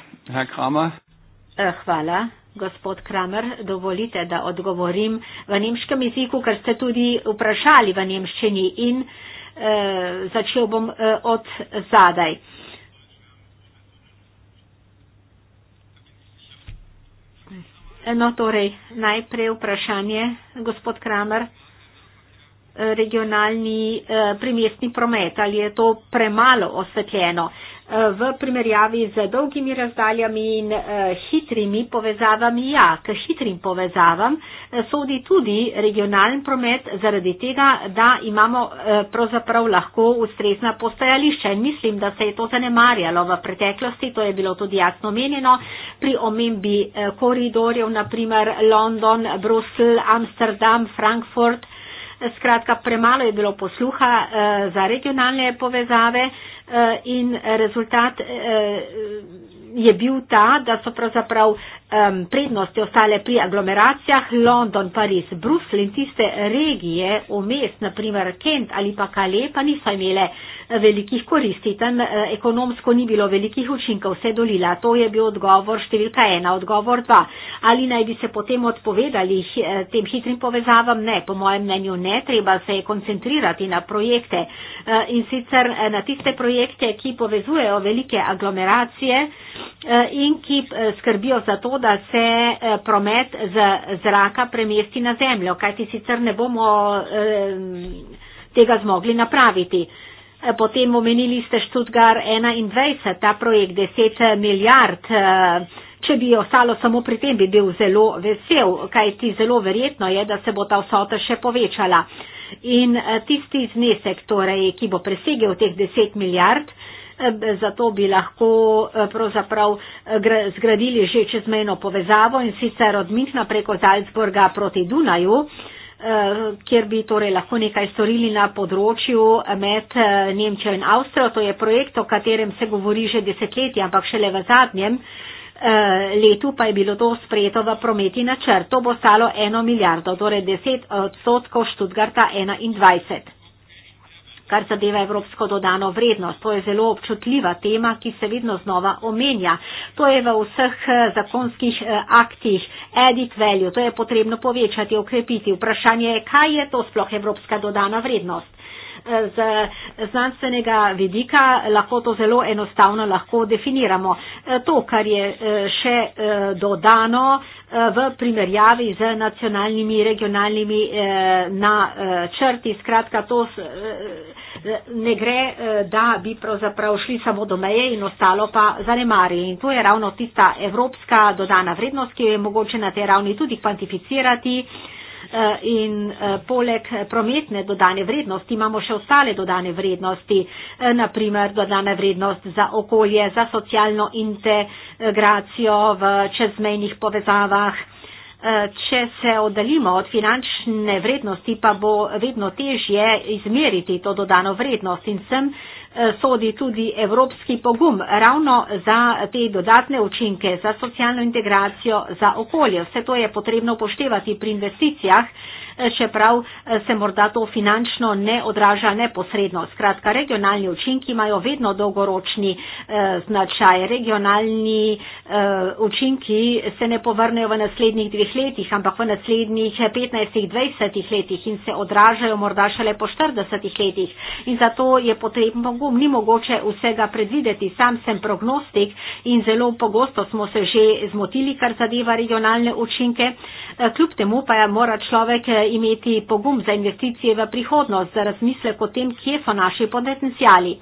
Hvala. Gospod Kramer, dovolite, da odgovorim v nemškem jeziku, ker ste tudi vprašali v nemščini in eh, začel bom eh, od zadaj. No, torej, najprej vprašanje, gospod Kramer, regionalni eh, primestni promet, ali je to premalo osvetljeno? Eh, Eh, v primerjavi z dolgimi razdaljami in eh, hitrimi povezavami. Ja, k hitrim povezavam eh, sodi tudi regionalen promet zaradi tega, da imamo pravzaprav lahko ustrezna postajališča in mislim, da se je to zanemarjalo v preteklosti, to je bilo tudi jasno menjeno pri omembi koridorjev, naprimer London, Brusel, Amsterdam, Frankfurt, skratka, premalo je bilo posluha eh, za regionalne povezave eh, in rezultat eh, je bil ta, da so pravzaprav um, prednosti ostale pri aglomeracijah London, Pariz, Bruselj in tiste regije, omes, naprimer Kent ali pa Calais, pa niso imele eh, velikih koristi, tam eh, ekonomsko ni bilo velikih učinkov, vse dolila. To je bil odgovor številka ena, odgovor dva. Ali naj bi se potem odpovedali eh, tem hitrim povezavam? Ne, po mojem mnenju ne, treba se je koncentrirati na projekte in sicer na tiste projekte, ki povezujejo velike aglomeracije in ki skrbijo za to, da se eh, promet z zraka premesti na zemljo, kajti sicer ne bomo eh, tega zmogli napraviti. Eh, potem omenili ste Študgar 21, ta projekt 10 milijard. Če bi ostalo samo pri tem, bi bil zelo vesel, kajti zelo verjetno je, da se bo ta vsota še povečala. In tisti znesek, torej, ki bo presegel teh 10 milijard, eh, zato bi lahko eh, pravzaprav eh, zgradili že čezmejno povezavo in sicer od Minhna preko Salzburga proti Dunaju, eh, kjer bi torej lahko nekaj storili na področju med Nemčijo in Avstrijo. To je projekt, o katerem se govori že desetletja, ampak šele v zadnjem letu pa je bilo to sprejeto v prometi načrt. To bo stalo eno milijardo, torej 10 odstotkov Študgarta 21 kar zadeva evropsko dodano vrednost. To je zelo občutljiva tema, ki se vedno znova omenja. To je v vseh eh, zakonskih eh, aktih edit value, to je potrebno povečati, okrepiti. Vprašanje je, kaj je to sploh evropska dodana vrednost. Eh, z znanstvenega vidika lahko to zelo enostavno lahko definiramo. To, kar je še dodano, Eh, v primerjavi z nacionalnimi, regionalnimi eh, na eh, črti. Skratka, to ne gre, da bi pravzaprav šli samo do meje in ostalo pa zanemari. In to je ravno tista evropska dodana vrednost, ki jo je mogoče na tej ravni tudi kvantificirati. Eh, in eh, poleg prometne dodane vrednosti imamo še ostale dodane vrednosti, eh, naprimer dodana vrednost za okolje, za socialno integracijo v čezmejnih povezavah. Če se oddaljimo od finančne vrednosti, pa bo vedno težje izmeriti to dodano vrednost in sem Eh, sodi tudi evropski pogum ravno za te dodatne učinke, za socialno integracijo, za okolje. Vse to je potrebno upoštevati pri investicijah čeprav eh, se morda to finančno ne odraža neposredno. Skratka, regionalni učinki imajo vedno dolgoročni eh, značaj. Regionalni eh, učinki se ne povrnejo v naslednjih dveh letih, ampak v naslednjih 15-20 letih in se odražajo morda šele po 40 letih. In zato je potrebno, ni mogoče vsega predvideti. Sam sem prognostik in zelo pogosto smo se že zmotili, kar zadeva regionalne učinke. Eh, kljub temu pa je mora človek eh, imeti pogum za investicije v prihodnost, za razmislek o tem, kje so naši potencijali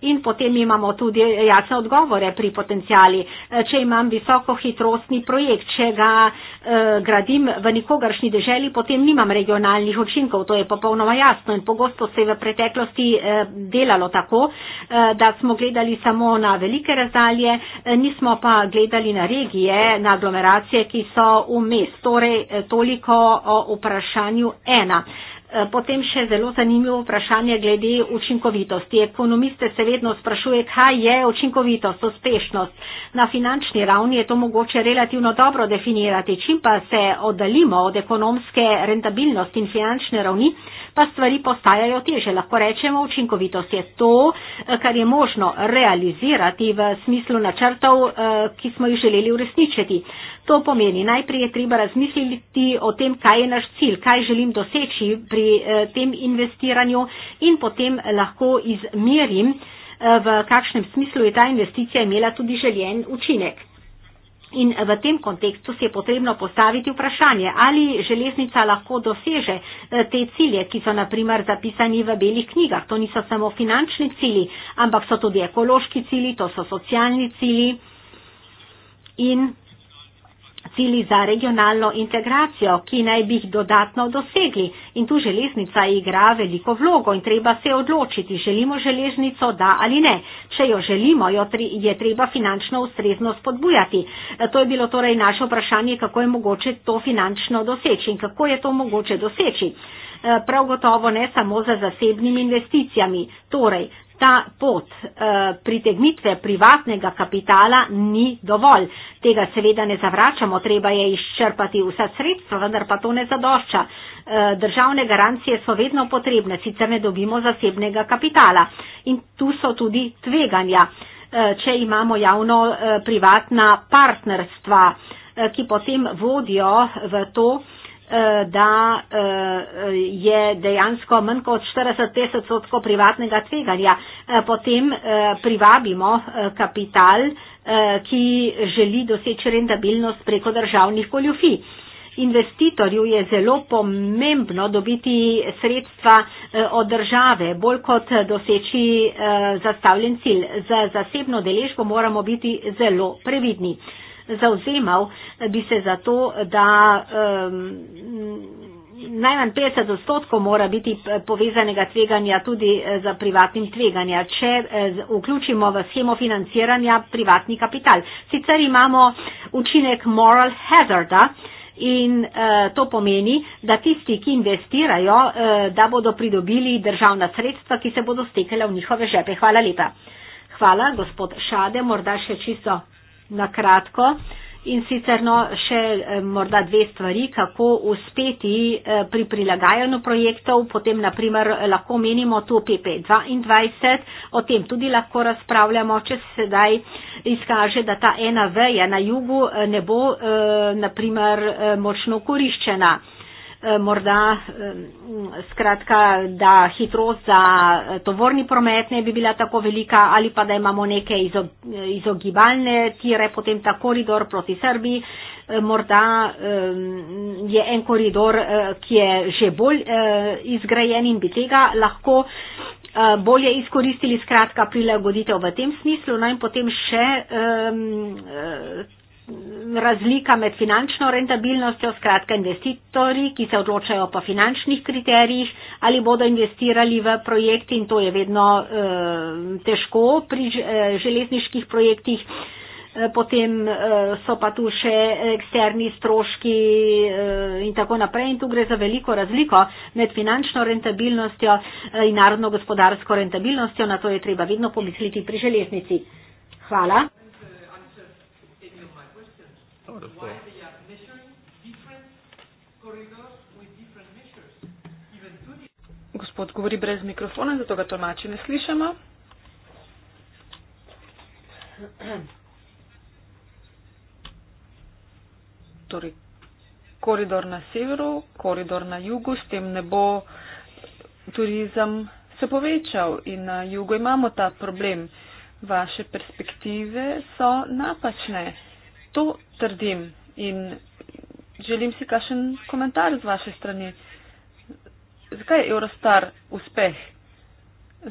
in potem imamo tudi jasne odgovore pri potencijali. Eh, če imam visoko hitrostni projekt, če ga eh, gradim v nikogaršnji deželi, potem nimam regionalnih učinkov, to je popolnoma jasno in pogosto se je v preteklosti eh, delalo tako, eh, da smo gledali samo na velike razdalje, eh, nismo pa gledali na regije, na aglomeracije, ki so vmes. Torej, eh, toliko o vprašanju ena. Eh, Eh, potem še zelo zanimivo vprašanje glede učinkovitosti. Ekonomiste se vedno sprašuje, kaj je učinkovitost, uspešnost. Na finančni ravni je to mogoče relativno dobro definirati. Čim pa se oddalimo od ekonomske rentabilnosti in finančne ravni, pa stvari postajajo teže. Lahko rečemo, učinkovitost je to, eh, kar je možno realizirati v smislu načrtov, eh, ki smo jih želeli uresničiti. To pomeni, najprej je treba razmisliti o tem, kaj je naš cilj, kaj želim doseči pri eh, tem investiranju in potem lahko izmerim, v kakšnem smislu je ta investicija imela tudi željen učinek. In v tem kontekstu se je potrebno postaviti vprašanje, ali železnica lahko doseže eh, te cilje, ki so naprimer zapisani v belih knjigah. To niso samo finančni cilji, ampak so tudi ekološki cilji, to so socialni cilji. In občutili za regionalno integracijo, ki naj bi jih dodatno dosegli. In tu železnica igra veliko vlogo in treba se odločiti, želimo železnico, da ali ne. Če jo želimo, jo tri, je treba finančno ustrezno spodbujati. E, to je bilo torej naše vprašanje, kako je mogoče to finančno doseči in kako je to mogoče doseči. E, prav gotovo ne samo za zasebnimi investicijami. Torej, ta pot uh, pritegnitve privatnega kapitala ni dovolj. Tega seveda ne zavračamo, treba je izčrpati vsa sredstva, vendar pa to ne zadošča. Eh, državne garancije so vedno potrebne, sicer ne dobimo zasebnega kapitala. In tu so tudi tveganja, eh, če imamo javno-privatna partnerstva, ki potem vodijo v to, Eh, da eh, je dejansko manj kot 40-50 odstotkov privatnega tveganja. Eh, potem privabimo kapital, ki želi doseči rentabilnost preko državnih koljufij. Investitorju je zelo pomembno dobiti sredstva od države, bolj kot doseči zastavljen cilj. Za zasebno deležbo moramo biti zelo previdni zauzemal bi se za to, da um, najmanj 50 odstotkov mora biti eh, povezanega tveganja tudi eh, za privatnim tveganja, če eh, vključimo v schemo financiranja privatni kapital. Sicer imamo učinek moral hazarda. In uh, to pomeni, da tisti, ki investirajo, uh, da bodo pridobili državna sredstva, ki se bodo stekala v njihove žepe. Hvala lepa. Hvala, gospod Šade, morda še čisto na kratko. In sicer no, še eh, morda dve stvari, kako uspeti eh, pri prilagajanju projektov, potem naprimer lahko menimo tu PP22, o tem tudi lahko razpravljamo, če se sedaj izkaže, da ta ena veja na jugu eh, ne bo naprimer močno koriščena. Eh, morda eh, skratka, da hitrost za eh, tovorni promet ne bi bila tako velika ali pa da imamo neke izogibalne tire, potem ta koridor proti Srbiji. Morda je en koridor, ki je že bolj izgrajen in bi tega lahko bolje izkoristili, skratka, prilagoditev v tem smislu. No in potem še razlika med finančno rentabilnostjo, skratka investitorji, ki se odločajo po finančnih kriterijih, ali bodo investirali v projekt in to je vedno e, težko pri e, železniških projektih. E, potem e, so pa tu še eksterni stroški e, in tako naprej in tu gre za veliko razliko med finančno rentabilnostjo in narodno gospodarsko rentabilnostjo, na to je treba vedno pomisliti pri železnici. Hvala esto. Gospod govori brez mikrofona, zato ga tolmači ne slišamo. Torej, koridor na severu, koridor na jugu, s tem ne bo turizem se povečal in na jugu imamo ta problem. Vaše perspektive so napačne. To trdim in želim si kakšen komentar z vaše strani. Zakaj je Eurostar uspeh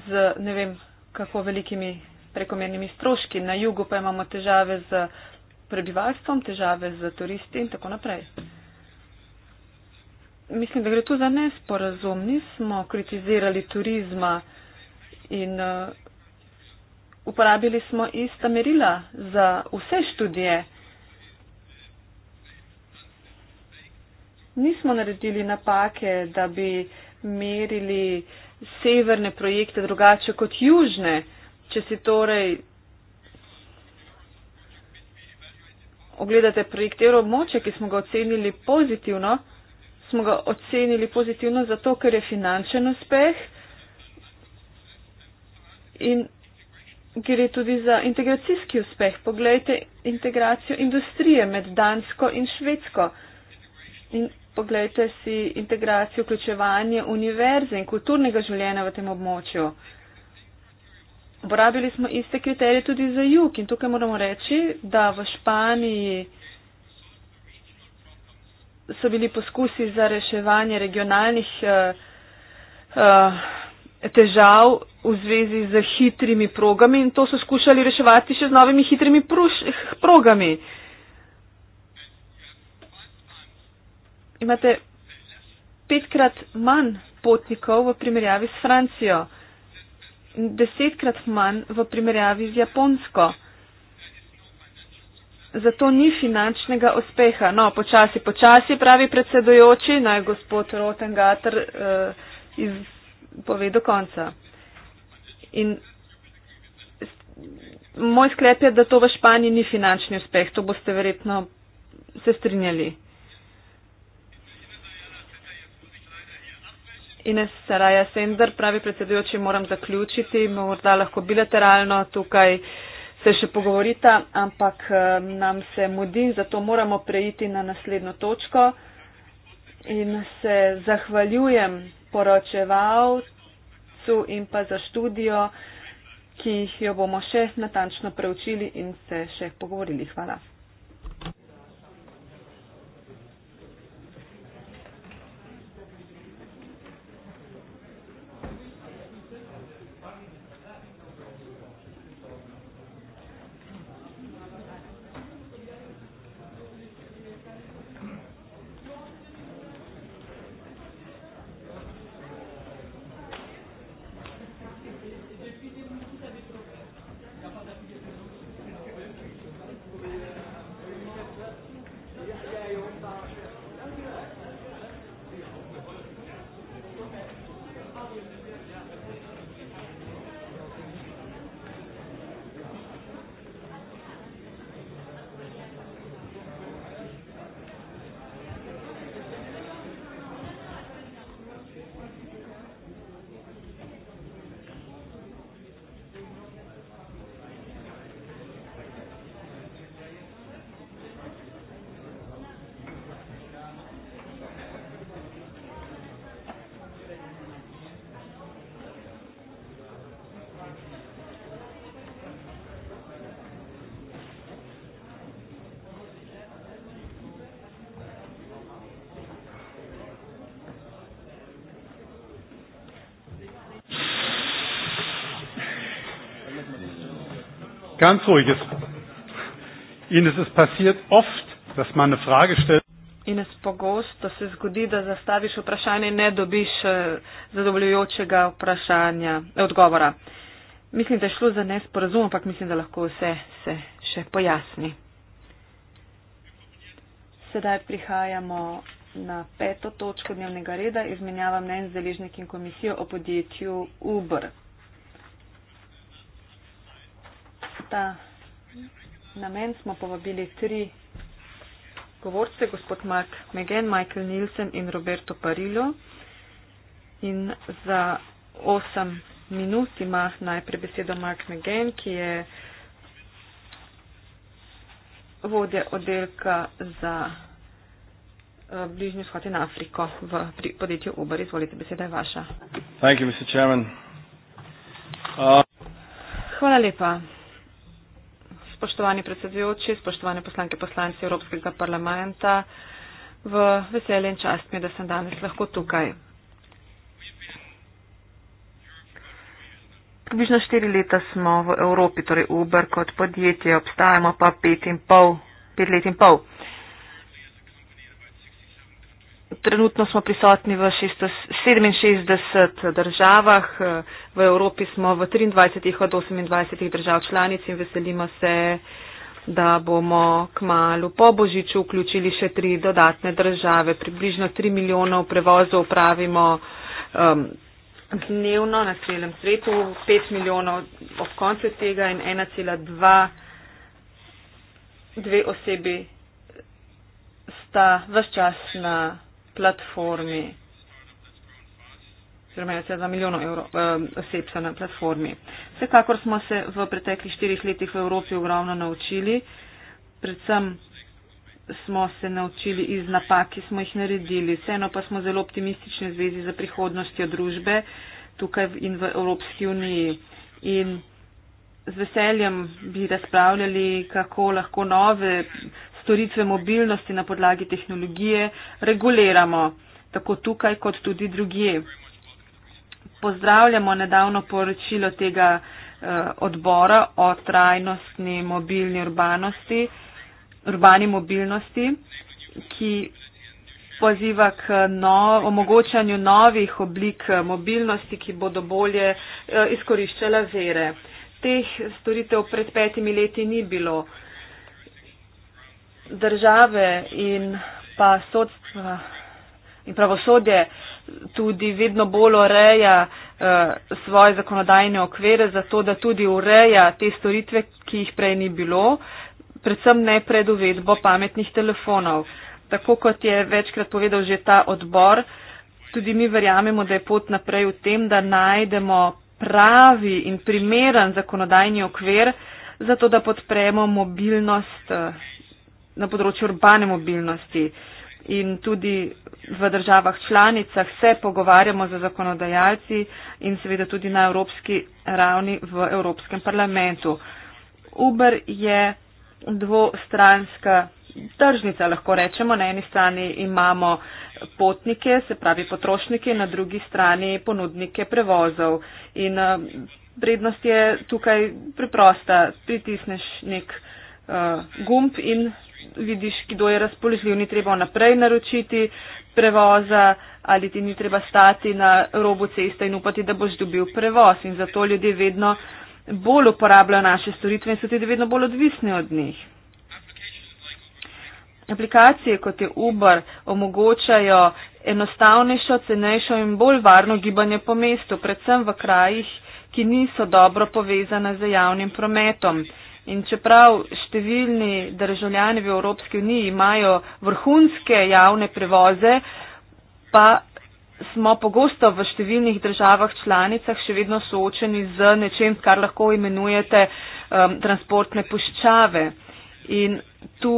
z ne vem kako velikimi prekomernimi stroški? Na jugu pa imamo težave z prebivalstvom, težave z turisti in tako naprej. Mislim, da gre tu za nesporazum. Nismo kritizirali turizma in uh, uporabili smo ista merila za vse študije. nismo naredili napake, da bi merili severne projekte drugače kot južne, če si torej ogledate projekt Evroobmoče, ki smo ga ocenili pozitivno, smo ga ocenili pozitivno zato, ker je finančen uspeh in gre tudi za integracijski uspeh. Poglejte integracijo industrije med Dansko in Švedsko. In poglejte si integracijo, vključevanje univerze in kulturnega življenja v tem območju. Uporabili smo iste kriterije tudi za jug in tukaj moramo reči, da v Španiji so bili poskusi za reševanje regionalnih uh, težav v zvezi z hitrimi progami in to so skušali reševati še z novimi hitrimi prož, eh, progami. Uh, imate petkrat manj potnikov v primerjavi s Francijo, desetkrat manj v primerjavi z Japonsko. Zato ni finančnega uspeha. No, počasi, počasi, pravi predsedojoči, naj gospod Rotengater eh, iz, pove do konca. In moj sklep je, da to v Španiji ni finančni uspeh, to boste verjetno se strinjali. Ines Saraja Sender, pravi predsedujoči, moram zaključiti, morda lahko bilateralno tukaj se še pogovorita, ampak eh, nam se mudi, zato moramo preiti na naslednjo točko in se zahvaljujem poročevalcu in pa za študijo, ki jo bomo še natančno preučili in se še pogovorili. Hvala. ganz ruhig ist. Ihnen ist es passiert oft, dass man eine Frage stellt. In es pogosto se zgodi, da zastaviš vprašanje in ne dobiš eh, zadovoljujočega vprašanja, odgovora. Mislim, da je šlo za nesporazum, ampak mislim, da lahko vse se še pojasni. Sedaj prihajamo na peto točko dnevnega reda, izmenjava mnen z deležnikom komisijo o podjetju Uber. ta namen smo povabili tri govorce, gospod Mark Megen, Michael Nielsen in Roberto Parillo. In za osem minut ima najprej besedo Mark Megen, ki je vodja oddelka za eh, bližnji vzhod in Afriko v podjetju Uber. Izvolite, beseda je vaša. Hvala lepa spoštovani predsedujoči, spoštovane poslanke poslanci Evropskega parlamenta, v veselje in čast mi, da sem danes lahko tukaj. Približno štiri leta smo v Evropi, torej Uber kot podjetje, obstajamo pa pet in pol, pet let in pol. Trenutno smo prisotni v 67 državah, v Evropi smo v 23 od 28 držav članic in veselimo se, da bomo k malu po Božiču vključili še tri dodatne države. Približno 3 milijonov prevozov upravimo um, dnevno na celem svetu, 5 milijonov ob koncu tega in 1,2 osebi sta vse čas na platformi. Oziroma, je za milijon oseb se na platformi. Vsekakor smo se v preteklih štirih letih v Evropi ogromno naučili. Predvsem smo se naučili iz napak, ki smo jih naredili. Vseeno pa smo zelo optimistični v zvezi za prihodnostjo družbe tukaj in v Evropski uniji. In z veseljem bi razpravljali, kako lahko nove storitve mobilnosti na podlagi tehnologije reguliramo, tako tukaj kot tudi drugje. Pozdravljamo nedavno poročilo tega eh, odbora o trajnostni mobilni urbanosti, urbani mobilnosti, ki poziva k no, omogočanju novih oblik eh, mobilnosti, ki bodo bolje eh, izkoriščala vere. Teh storitev pred petimi leti ni bilo države in pa sodstva in pravosodje tudi vedno bolj ureja eh, svoje zakonodajne okvere, zato da tudi ureja te storitve, ki jih prej ni bilo, predvsem ne pred uvedbo pametnih telefonov. Tako kot je večkrat povedal že ta odbor, tudi mi verjamemo, da je pot naprej v tem, da najdemo pravi in primeren zakonodajni okvir, zato da podpremo mobilnost. Eh, na področju urbane mobilnosti in tudi v državah članicah se pogovarjamo z zakonodajalci in seveda tudi na evropski ravni v Evropskem parlamentu. Uber je dvostranska tržnica, lahko rečemo. Na eni strani imamo potnike, se pravi potrošnike, na drugi strani ponudnike prevozov. In prednost eh, je tukaj preprosta. Pritisneš nek uh, gumb in vidiš, kdo je razpoložljiv, ni treba naprej naročiti prevoza ali ti ni treba stati na robu ceste in upati, da boš dobil prevoz. In zato ljudje vedno bolj uporabljajo naše storitve in so tudi vedno bolj odvisni od njih. Aplikacije kot je Uber omogočajo enostavnejšo, cenejšo in bolj varno gibanje po mestu, predvsem v krajih, ki niso dobro povezane z javnim prometom. In čeprav številni državljani v Evropski uniji imajo vrhunske javne prevoze, pa smo pogosto v številnih državah članicah še vedno soočeni z nečem, kar lahko imenujete um, transportne puščave. In tu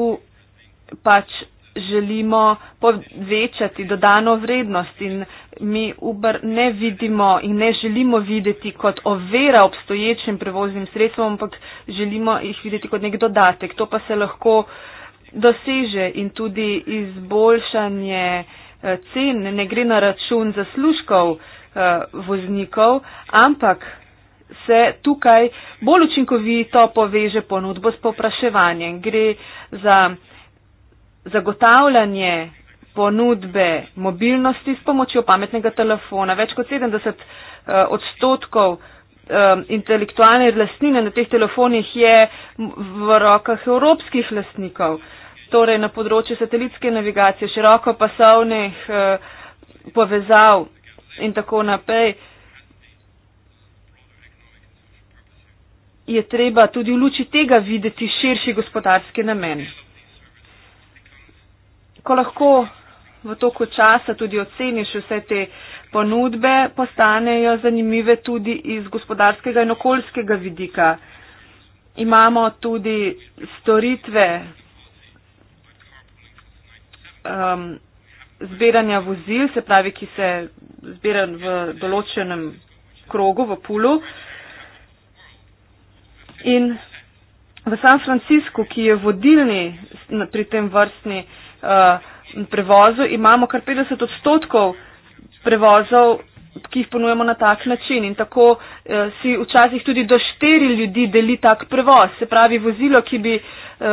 pač želimo povečati dodano vrednost in mi Uber ne vidimo in ne želimo videti kot ovira obstoječim prevoznim sredstvom, ampak želimo jih videti kot nek dodatek. To pa se lahko doseže in tudi izboljšanje eh, cen ne gre na račun zaslužkov eh, voznikov, ampak se tukaj bolj učinkovito poveže ponudbo s popraševanjem. Gre za zagotavljanje ponudbe mobilnosti s pomočjo pametnega telefona. Več kot 70 eh, odstotkov eh, intelektualne lastnine na teh telefonih je v rokah evropskih lastnikov, torej na področju satelitske navigacije, široko pasovnih eh, povezav in tako naprej. Je treba tudi v luči tega videti širši gospodarski namen ko lahko v toku časa tudi oceniš vse te ponudbe, postanejo zanimive tudi iz gospodarskega in okoljskega vidika. Imamo tudi storitve um, zbiranja vozil, se pravi, ki se zbira v določenem krogu, v pulu. In v San Francisco, ki je vodilni pri tem vrstni uh, Eh, prevozu imamo kar 50 odstotkov prevozov, ki jih ponujemo na tak način in tako uh, si včasih tudi do štiri ljudi deli tak prevoz. Se pravi, vozilo, ki bi uh,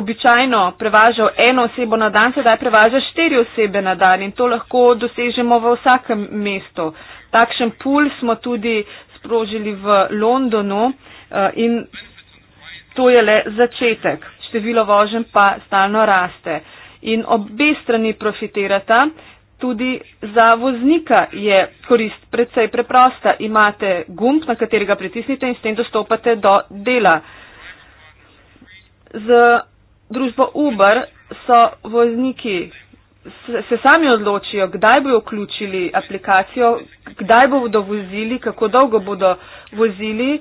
običajno prevažal eno osebo na dan, sedaj prevaža štiri osebe na dan in to lahko dosežemo v vsakem mestu. Takšen pul smo tudi sprožili v Londonu uh, in to je le začetek. Število vožen pa stalno raste. Uh, in obe strani profitirata. Tudi za voznika je korist predvsej preprosta. Imate gumb, na katerega pritisnite in s tem dostopate do dela. Z družbo Uber so vozniki se sami odločijo, kdaj bodo vključili aplikacijo, kdaj bodo vozili, kako dolgo bodo vozili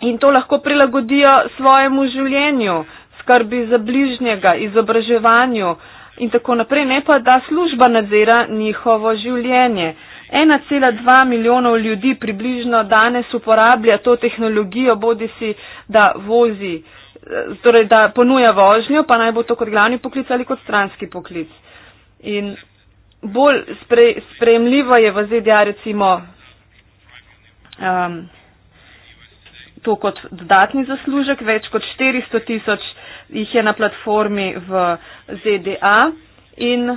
in to lahko prilagodijo svojemu življenju skrbi za bližnjega, izobraževanju in tako naprej, ne pa da služba nadzira njihovo življenje. 1,2 milijonov ljudi približno danes uporablja to tehnologijo, bodi si, da vozi, torej da ponuja vožnjo, pa naj bo to kot glavni poklic ali kot stranski poklic. In bolj sprejemljivo je v ZDA recimo. Um, to kot dodatni zaslužek. Več kot 400 tisoč jih je na platformi v ZDA in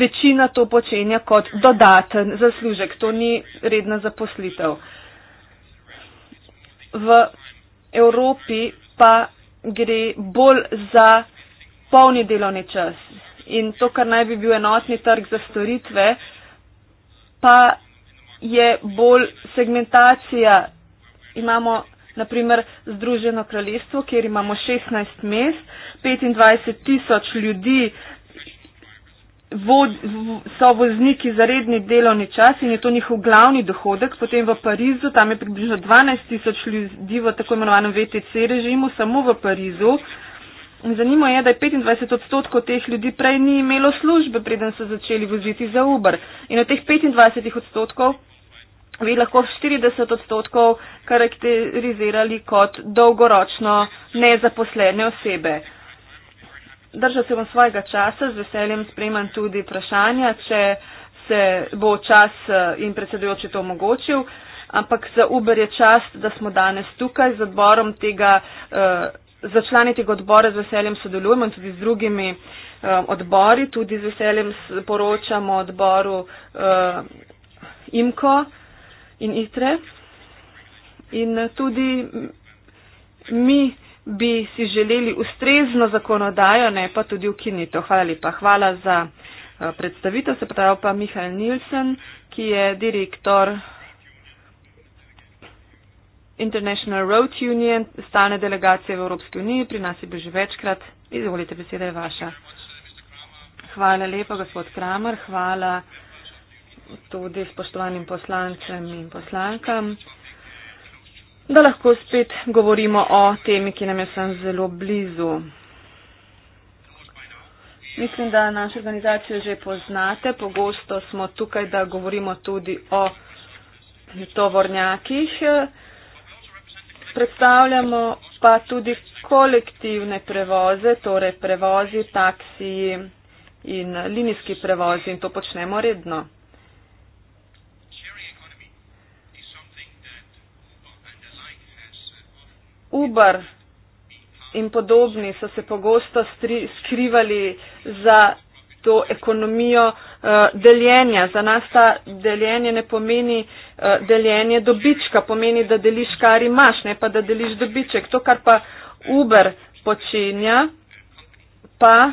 večina to počenja kot dodaten zaslužek. To ni redna zaposlitev. V Evropi pa gre bolj za polni delovni čas. In to, kar naj bi bil enotni trg za storitve, pa je bolj segmentacija imamo naprimer Združeno kraljestvo, kjer imamo 16 mest, 25 tisoč ljudi vod, so vozniki za redni delovni čas in je to njihov glavni dohodek. Potem v Parizu, tam je približno 12 tisoč ljudi v tako imenovanem VTC režimu, samo v Parizu. Zanimivo je, da je 25 odstotkov teh ljudi prej ni imelo službe, preden so začeli voziti za Uber. In od teh 25 odstotkov bi lahko 40 odstotkov karakterizirali kot dolgoročno nezaposlene osebe. Držal se bom svojega časa, z veseljem spremem tudi vprašanja, če se bo čas eh, in predsedujoči to omogočil, ampak za Uber je čast, da smo danes tukaj z odborom tega, eh, za člani tega odbora z veseljem sodelujemo in tudi z drugimi eh, odbori, tudi z veseljem poročamo odboru IMKO in Itre. In eh, tudi mi bi si želeli ustrezno zakonodajo, ne pa tudi ukinito. Hvala lepa. Hvala za eh, predstavitev, se pravi pa Mihajl Nilsen, ki je direktor International Road Union, stalne delegacije v Evropski uniji, pri nas je bil že večkrat. Izvolite, beseda je vaša. Hvala lepa, gospod Kramer. Hvala tudi spoštovanim poslancem in poslankam, da lahko spet govorimo o temi, ki nam je sem zelo blizu. Mislim, da našo organizacijo že poznate, pogosto smo tukaj, da govorimo tudi o tovornjakih. Predstavljamo pa tudi kolektivne prevoze, torej prevozi, taksiji in linijski prevozi in to počnemo redno. Uber in podobni so se pogosto skrivali za to ekonomijo uh, deljenja. Za nas ta deljenje ne pomeni uh, deljenje dobička, pomeni, da deliš, kar imaš, ne pa, da deliš dobiček. To, kar pa Uber počenja, pa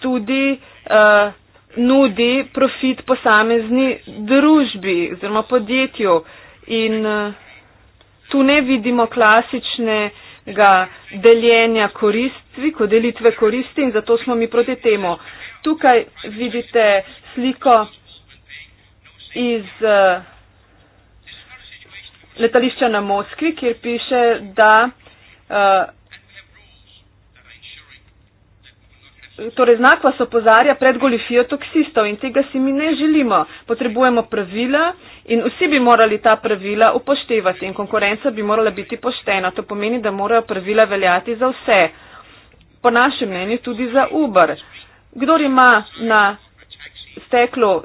tudi uh, nudi profit posamezni družbi oziroma podjetju. In, uh, tu ne vidimo klasičnega deljenja koristi, ko delitve koristi in zato smo mi proti temu. Tukaj vidite sliko iz uh, letališča na Moskvi, kjer piše, da uh, torej znak vas opozarja pred golifijo toksistov in tega si mi ne želimo. Potrebujemo pravila in vsi bi morali ta pravila upoštevati in konkurenca bi morala biti poštena. To pomeni, da morajo pravila veljati za vse. Po našem mnenju tudi za Uber. Kdor ima na steklu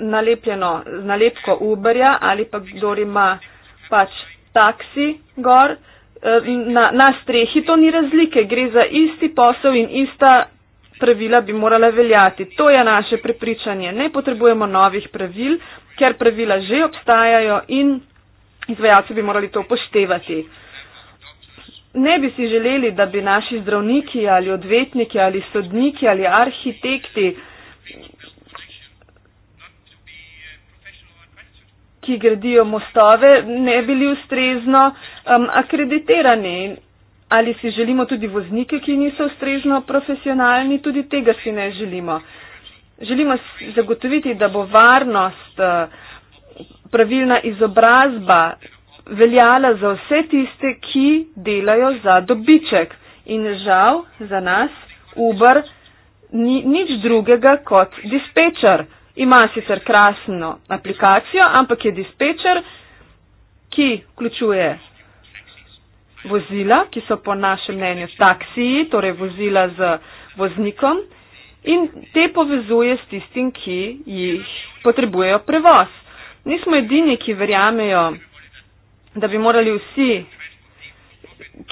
nalepljeno nalepko Uberja ali pa kdo ima pač taksi gor, eh, na, na strehi, to ni razlike, gre za isti posel in ista pravila bi morala veljati. To je naše prepričanje. Ne potrebujemo novih pravil, ker pravila že obstajajo in izvajalci bi morali to poštevati. Ne bi si želeli, da bi naši zdravniki ali odvetniki ali sodniki ali arhitekti, ki gradijo mostove, ne bili ustrezno um, akreditirani ali si želimo tudi voznike, ki niso ustrežno profesionalni, tudi tega si ne želimo. Želimo zagotoviti, da bo varnost, eh, pravilna izobrazba veljala za vse tiste, ki delajo za dobiček. In žal za nas Uber ni nič drugega kot dispečer. Ima sicer krasno aplikacijo, ampak je dispečer, ki vključuje vozila, ki so po našem mnenju taksiji, torej vozila z voznikom in te povezuje s tistim, ki jih potrebujejo prevoz. Nismo edini, ki verjamejo, da bi morali vsi,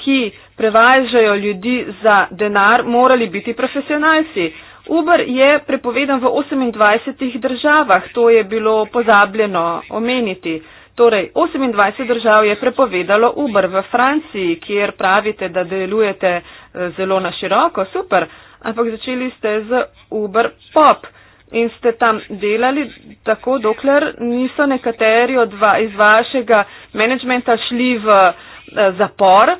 ki prevažajo ljudi za denar, morali biti profesionalci. Uber je prepovedan v 28 državah, to je bilo pozabljeno omeniti. Torej, 28 držav je prepovedalo Uber v Franciji, kjer pravite, da delujete eh, zelo na široko, super, ampak začeli ste z Uber Pop in ste tam delali tako, dokler niso nekateri od va, iz vašega menedžmenta šli v eh, zapor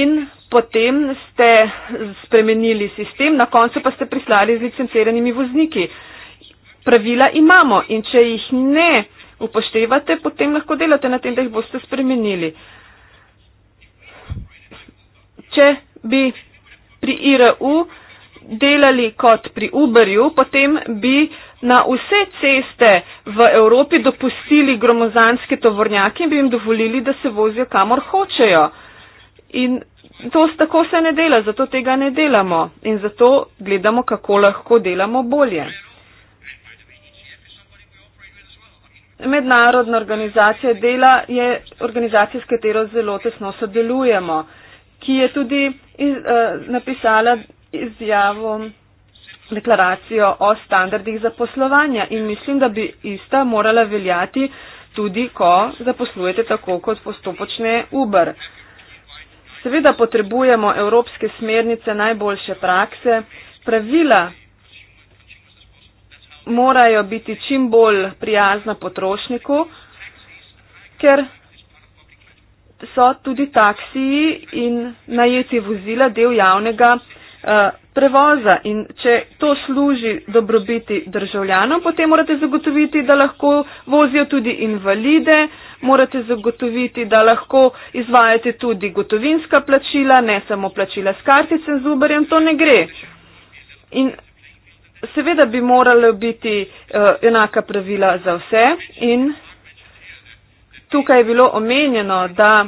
in potem ste spremenili sistem, na koncu pa ste prislali z licenciranimi vozniki. Pravila imamo in če jih ne upoštevate, potem lahko delate na tem, da jih boste spremenili. Če bi pri IRU delali kot pri Uberju, potem bi na vse ceste v Evropi dopustili gromozanske tovornjake in bi jim dovolili, da se vozijo kamor hočejo. In to tako se ne dela, zato tega ne delamo in zato gledamo, kako lahko delamo bolje. Mednarodna organizacija dela je organizacija, s katero zelo tesno sodelujemo, ki je tudi iz, uh, napisala izjavo deklaracijo o standardih zaposlovanja in mislim, da bi ista morala veljati tudi, ko zaposlujete tako, kot postopočne Uber. Seveda potrebujemo evropske smernice, najboljše prakse, pravila morajo biti čim bolj prijazna potrošniku, ker so tudi taksiji in najeti vozila del javnega eh, prevoza. In če to služi dobrobiti državljanom, potem morate zagotoviti, da lahko vozijo tudi invalide, morate zagotoviti, da lahko izvajate tudi gotovinska plačila, ne samo plačila s kartice z Uberjem, to ne gre. In seveda bi morale biti uh, enaka pravila za vse in tukaj je bilo omenjeno, da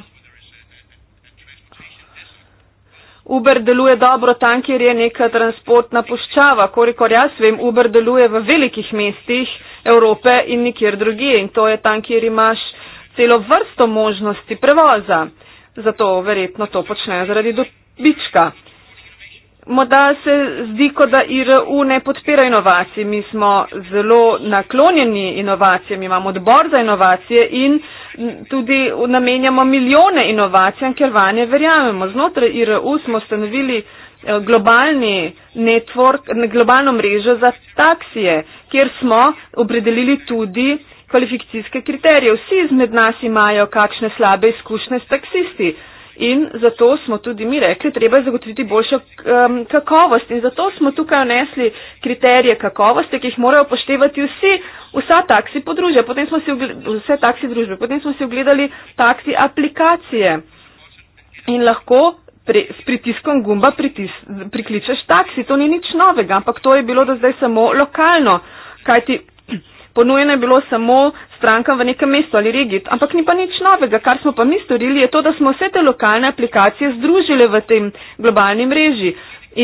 Uber deluje dobro tam, kjer je neka transportna puščava. Kolikor jaz vem, Uber deluje v velikih mestih Evrope in nikjer drugje in to je tam, kjer imaš celo vrsto možnosti prevoza. Zato verjetno to počnejo zaradi dobička. Morda se zdi, kot da IRU ne podpira inovacij. Mi smo zelo naklonjeni inovacijam, imamo odbor za inovacije in tudi namenjamo milijone inovacijam, ker vanje verjamemo. Znotraj IRU smo ustanovili eh, globalni network, globalno mrežo za taksije, kjer smo opredelili tudi kvalifikacijske kriterije. Vsi izmed nas imajo kakšne slabe izkušnje s taksisti. In zato smo tudi mi rekli, treba je zagotoviti boljšo um, kakovost. In zato smo tukaj vnesli kriterije kakovosti, ki jih morajo poštevati vsi, vsa taksi podružja, potem smo si ogledali, vse taksi družbe, potem smo si ogledali taksi aplikacije. In lahko pri, s pritiskom gumba pritis, prikličeš taksi. To ni nič novega, ampak to je bilo do zdaj samo lokalno. Kajti ponujeno je bilo samo strankam v nekem mestu ali regiji. Ampak ni pa nič novega. Kar smo pa mi storili, je to, da smo vse te lokalne aplikacije združili v tem globalni mreži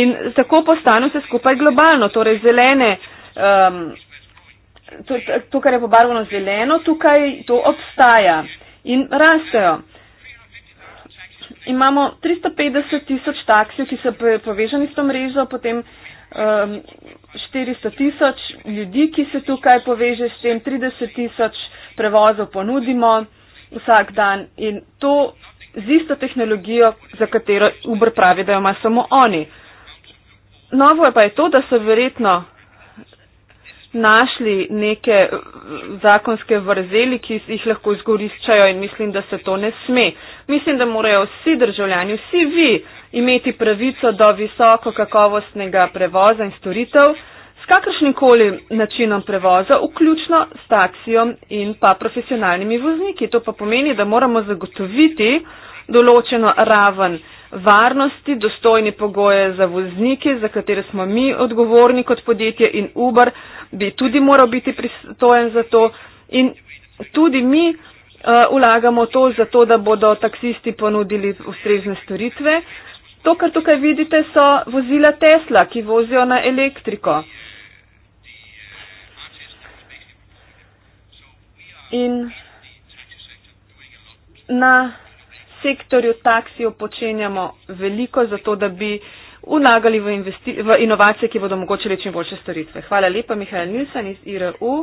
in tako postane vse skupaj globalno, torej zelene. Um, Tukaj je pobarvano zeleno, tukaj to obstaja in rastejo. Imamo 350 tisoč taksijev, ki so povezani s to mrežo, potem um, 400 tisoč ljudi, ki se tukaj poveže s tem, 30 tisoč prevozov ponudimo vsak dan in to z isto tehnologijo, za katero Uber pravi, da jo ima samo oni. Novo je pa je to, da so verjetno našli neke zakonske vrzeli, ki jih lahko izkoriščajo in mislim, da se to ne sme. Mislim, da morajo vsi državljani, vsi vi, imeti pravico do visoko kakovostnega prevoza in storitev s kakršnikoli načinom prevoza, vključno s taksijom in pa profesionalnimi vozniki. To pa pomeni, da moramo zagotoviti določeno raven varnosti, dostojni pogoje za voznike, za katere smo mi odgovorni kot podjetje in Uber bi tudi moral biti pristojen za to in tudi mi uh, eh, ulagamo to za to, da bodo taksisti ponudili ustrezne storitve. Uh, To, kar tukaj vidite, so vozila Tesla, ki vozijo na elektriko. In na sektorju taksijo počenjamo veliko za to, da bi vlagali v, v inovacije, ki bodo omogočili čim boljše storitve. Hvala lepa, Mihajl Nilsen iz IRU.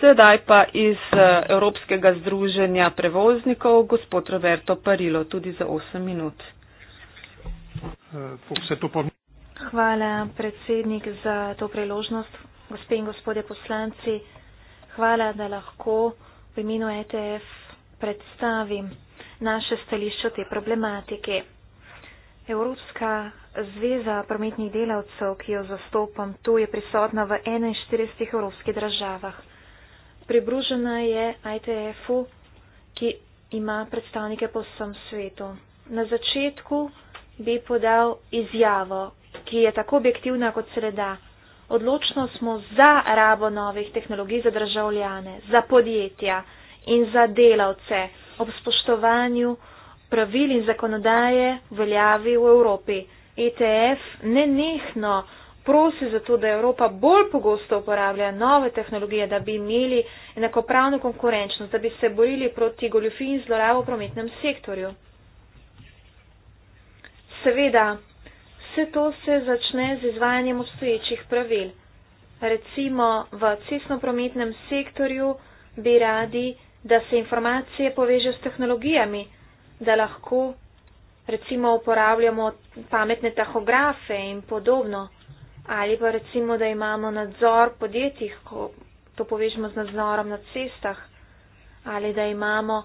Sedaj pa iz eh, Evropskega združenja prevoznikov, gospod Roberto Parilo, tudi za 8 minut pour cette Hvala, predsednik, za to priložnost. Gospe in gospodje poslanci, hvala, da lahko v imenu ETF predstavim naše stališče te problematike. Evropska zveza prometnih delavcev, ki jo zastopam, tu je prisotna v 41 evropskih državah. Pribružena je ITF-u, ki ima predstavnike po vsem svetu. Na začetku bi podal izjavo, ki je tako objektivna kot sreda. Odločno smo za rabo novih tehnologij za državljane, za podjetja in za delavce ob spoštovanju pravil in zakonodaje veljavi v Evropi. ETF ne nehno prosi za to, da Evropa bolj pogosto uporablja nove tehnologije, da bi imeli enakopravno konkurenčnost, da bi se borili proti goljufi in zlorabo v prometnem sektorju. Seveda, vse to se začne z izvajanjem obstoječih pravil. Recimo v cestnoprometnem sektorju bi radi, da se informacije poveže s tehnologijami, da lahko recimo uporabljamo pametne tahografe in podobno. Ali pa recimo, da imamo nadzor podjetjih, ko to povežemo z nadzorom na cestah. Ali da imamo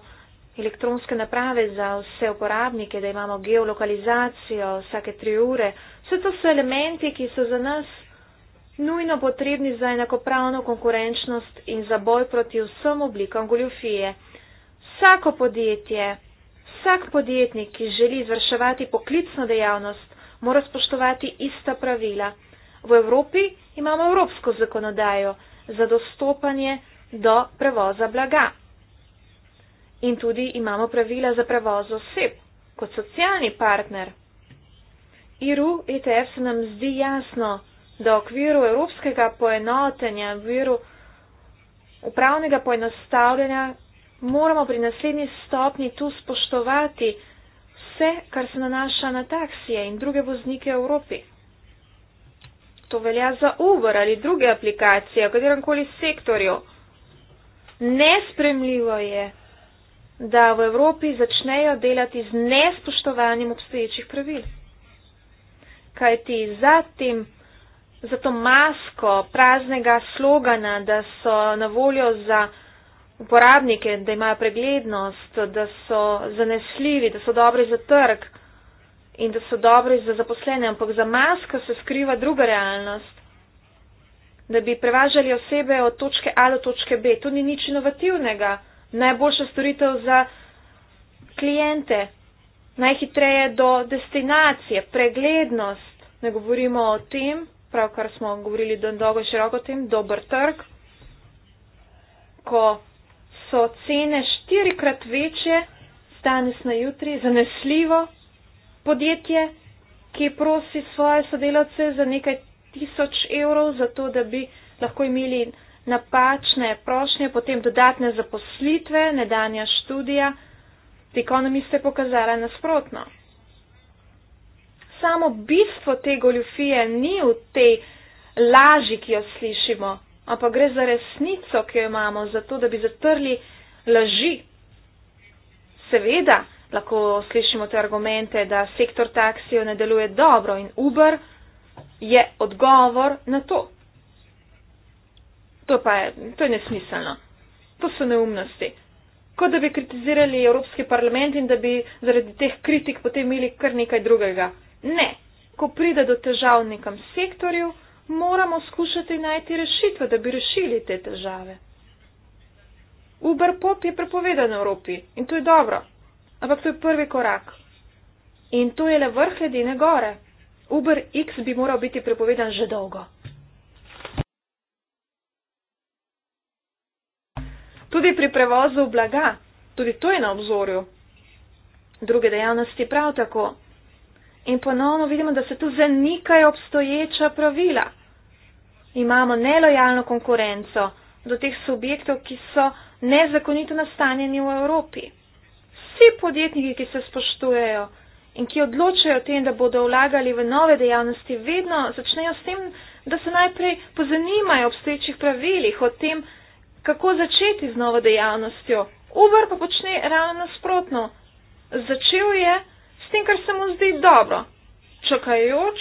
elektronske naprave za vse uporabnike, da imamo geolokalizacijo vsake tri ure. Vse to so elementi, ki so za nas nujno potrebni za enakopravno konkurenčnost in za boj proti vsem oblikam goljufije. Vsako podjetje, vsak podjetnik, ki želi izvrševati poklicno dejavnost, mora spoštovati ista pravila. V Evropi imamo evropsko zakonodajo za dostopanje do prevoza blaga in tudi imamo pravila za prevoz oseb kot socialni partner. IRU ETF se nam zdi jasno, da v okviru evropskega poenotenja, v okviru upravnega poenostavljanja moramo pri naslednji stopni tu spoštovati vse, kar se nanaša na taksije in druge voznike v Evropi. To velja za Uber ali druge aplikacije v kateremkoli sektorju. Nespremljivo je, da v Evropi začnejo delati z nespoštovanjem obstoječih pravil. Kaj ti za tem, za to masko praznega slogana, da so na voljo za uporabnike, da imajo preglednost, da so zanesljivi, da so dobri za trg in da so dobri za zaposlene, ampak za masko se skriva druga realnost, da bi prevažali osebe od točke A do točke B. To ni nič inovativnega najboljša storitev za klijente, najhitreje do destinacije, preglednost. Ne govorimo o tem, pravkar smo govorili dolgo in široko o tem, dober trg, ko so cene štirikrat večje, danes na jutri, zanesljivo podjetje, ki prosi svoje sodelavce za nekaj tisoč evrov, zato da bi lahko imeli napačne prošnje, potem dodatne zaposlitve, nedanja študija, tekono mi ste pokazali nasprotno. Samo bistvo te goljufije ni v tej laži, ki jo slišimo, ampak gre za resnico, ki jo imamo, za to, da bi zatrli laži. Seveda lahko slišimo te argumente, da sektor taksijo ne deluje dobro in Uber je odgovor na to. To pa je, to je nesmiselno. To so neumnosti. Kot da bi kritizirali Evropski parlament in da bi zaradi teh kritik potem imeli kar nekaj drugega. Ne. Ko pride do težav v nekem sektorju, moramo skušati najti rešitve, da bi rešili te težave. Uber pop je prepovedan v Evropi in to je dobro. Ampak to je prvi korak. In to je le vrh ledene gore. Uber X bi moral biti prepovedan že dolgo. tudi pri prevozu blaga, tudi to je na obzorju. Druge dejavnosti prav tako. In ponovno vidimo, da se tu zanikajo obstoječa pravila. Imamo nelojalno konkurenco do teh subjektov, ki so nezakonito nastanjeni v Evropi. Vsi podjetniki, ki se spoštujejo in ki odločajo o tem, da bodo vlagali v nove dejavnosti, vedno začnejo s tem, da se najprej pozanimajo obstoječih pravilih o tem, kako začeti z novo dejavnostjo. Uber pa počne ravno nasprotno. Začel je s tem, kar se mu zdi dobro, čakajoč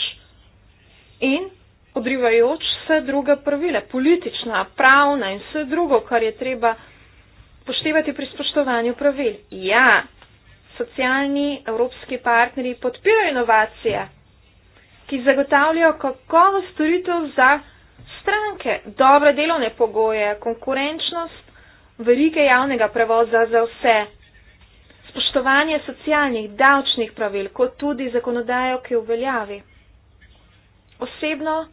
in odrivajoč vse druga pravila, politična, pravna in vse drugo, kar je treba poštevati pri spoštovanju pravil. Ja, socialni evropski partnerji podpirajo inovacije, ki zagotavljajo kakovost storitev za stranke, dobre delovne pogoje, konkurenčnost, verige javnega prevoza za vse, spoštovanje socialnih, davčnih pravil, kot tudi zakonodajo, ki jo veljavi. Osebno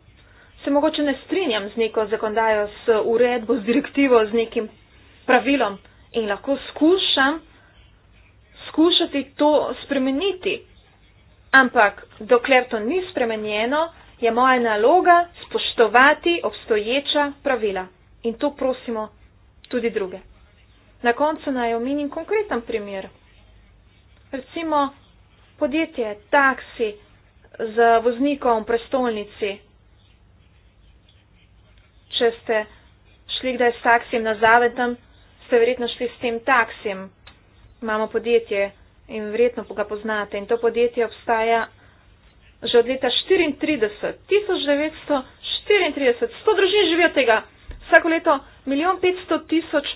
se mogoče ne strinjam z neko zakonodajo, s uredbo, z direktivo, z nekim pravilom in lahko skušam skušati to spremeniti. Ampak dokler to ni spremenjeno, je moja naloga spoštovati obstoječa pravila in to prosimo tudi druge. Na koncu naj omenim konkreten primer. Recimo podjetje, taksi z voznikom v prestolnici. Če ste šli kdaj s taksijem na zavetem, ste verjetno šli s tem taksijem. Imamo podjetje in verjetno ga poznate. In to podjetje obstaja že od leta 34, 1934, 100 družin živi od tega, vsako leto milijon 500 tisoč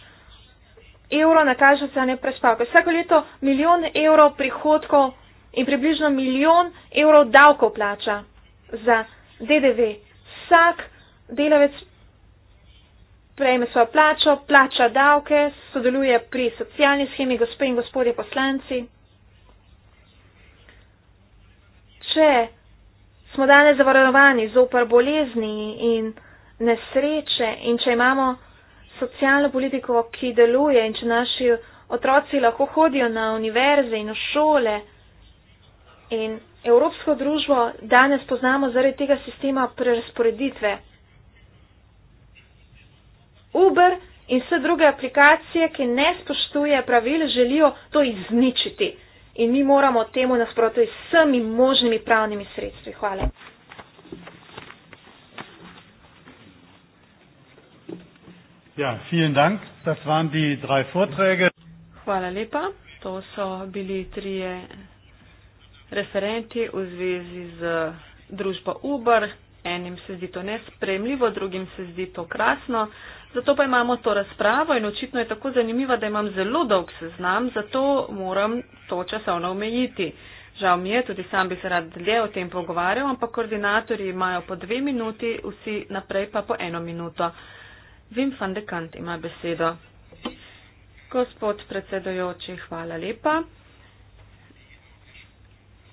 evrov nakaže za ne prespavke, vsako leto milijon evrov prihodkov in približno milijon evrov davkov plača za DDV. Vsak delavec prejme svojo plačo, plača davke, sodeluje pri socialni schemi, gospe in gospodje poslanci. če smo danes zavarovani zopr bolezni in nesreče in če imamo socialno politiko, ki deluje in če naši otroci lahko hodijo na univerze in v šole in evropsko družbo danes poznamo zaradi tega sistema prerasporeditve. Uber in vse druge aplikacije, ki ne spoštuje pravil, želijo to izničiti in mi moramo temu nasprotiti s vsemi možnimi pravnimi sredstvi. Hvala. Ja, vielen Dank. Das waren die drei Vorträge. Hvala lepa. To so bili trije referenti v zvezi z družbo Uber. Enim se zdi to nespremljivo, drugim se zdi to krasno. Zato pa imamo to razpravo in očitno je tako zanimiva, da imam zelo dolg seznam, zato moram to časovno omejiti. Žal mi je, tudi sam bi se rad dlje o tem pogovarjal, ampak koordinatorji imajo po dve minuti, vsi naprej pa po eno minuto. Vim van de Kant ima besedo. Gospod predsedojoči, hvala lepa.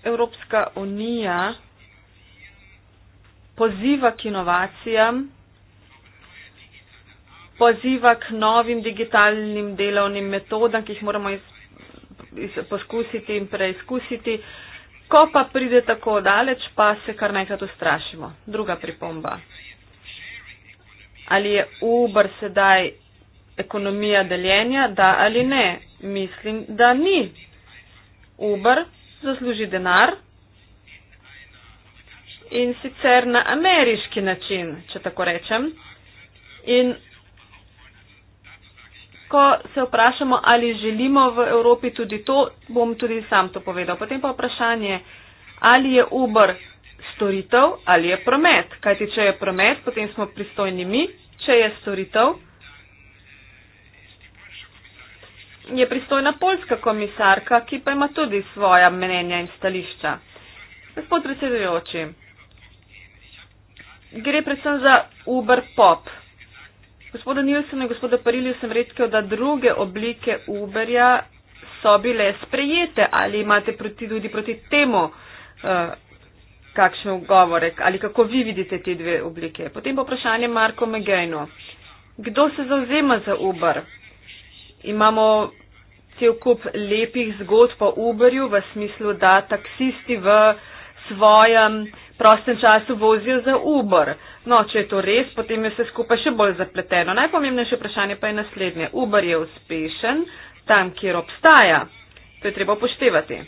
Evropska unija poziva k inovacijam poziva k novim digitalnim delovnim metodam, ki jih moramo iz, iz, poskusiti in preizkusiti. Ko pa pride tako daleč, pa se kar nekrat ustrašimo. Druga pripomba. Ali je Uber sedaj ekonomija deljenja, da ali ne? Mislim, da ni. Uber zasluži denar in sicer na ameriški način, če tako rečem. In ko se vprašamo, ali želimo v Evropi tudi to, bom tudi sam to povedal. Potem pa vprašanje, ali je Uber storitev ali je promet. Kajti, če je promet, potem smo pristojni mi, če je storitev. Je pristojna polska komisarka, ki pa ima tudi svoja mnenja in stališča. Gospod predsedujoči, gre predvsem za Uber Pop. Gospoda Nilsona in gospoda Parilju sem rekel, da druge oblike Uberja so bile sprejete. Ali imate proti, tudi proti temu uh, kakšen govorek ali kako vi vidite te dve oblike? Potem pa vprašanje Marko Megajno. Kdo se zauzema za Uber? Imamo cel kup lepih zgodb o Uberju v smislu, da taksisti v svojem uh, prostem času vozijo za Uber. No, če je to res, potem je vse skupaj še bolj zapleteno. Najpomembnejše vprašanje pa je naslednje. Uber je uspešen tam, kjer obstaja. To je treba upoštevati.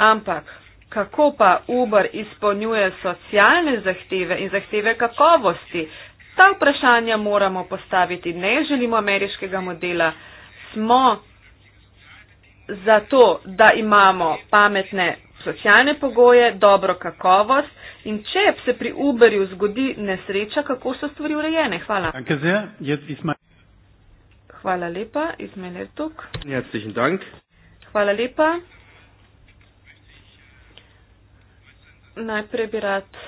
Ampak kako pa Uber izpolnjuje socialne zahteve in zahteve kakovosti? Ta vprašanja moramo postaviti. Ne želimo ameriškega modela. Smo za to, da imamo pametne socialne pogoje, dobro kakovost, In če se pri Uberju zgodi nesreča, kako so stvari urejene? Hvala. Hvala lepa, izmele tok. Hvala lepa. Najprej bi rad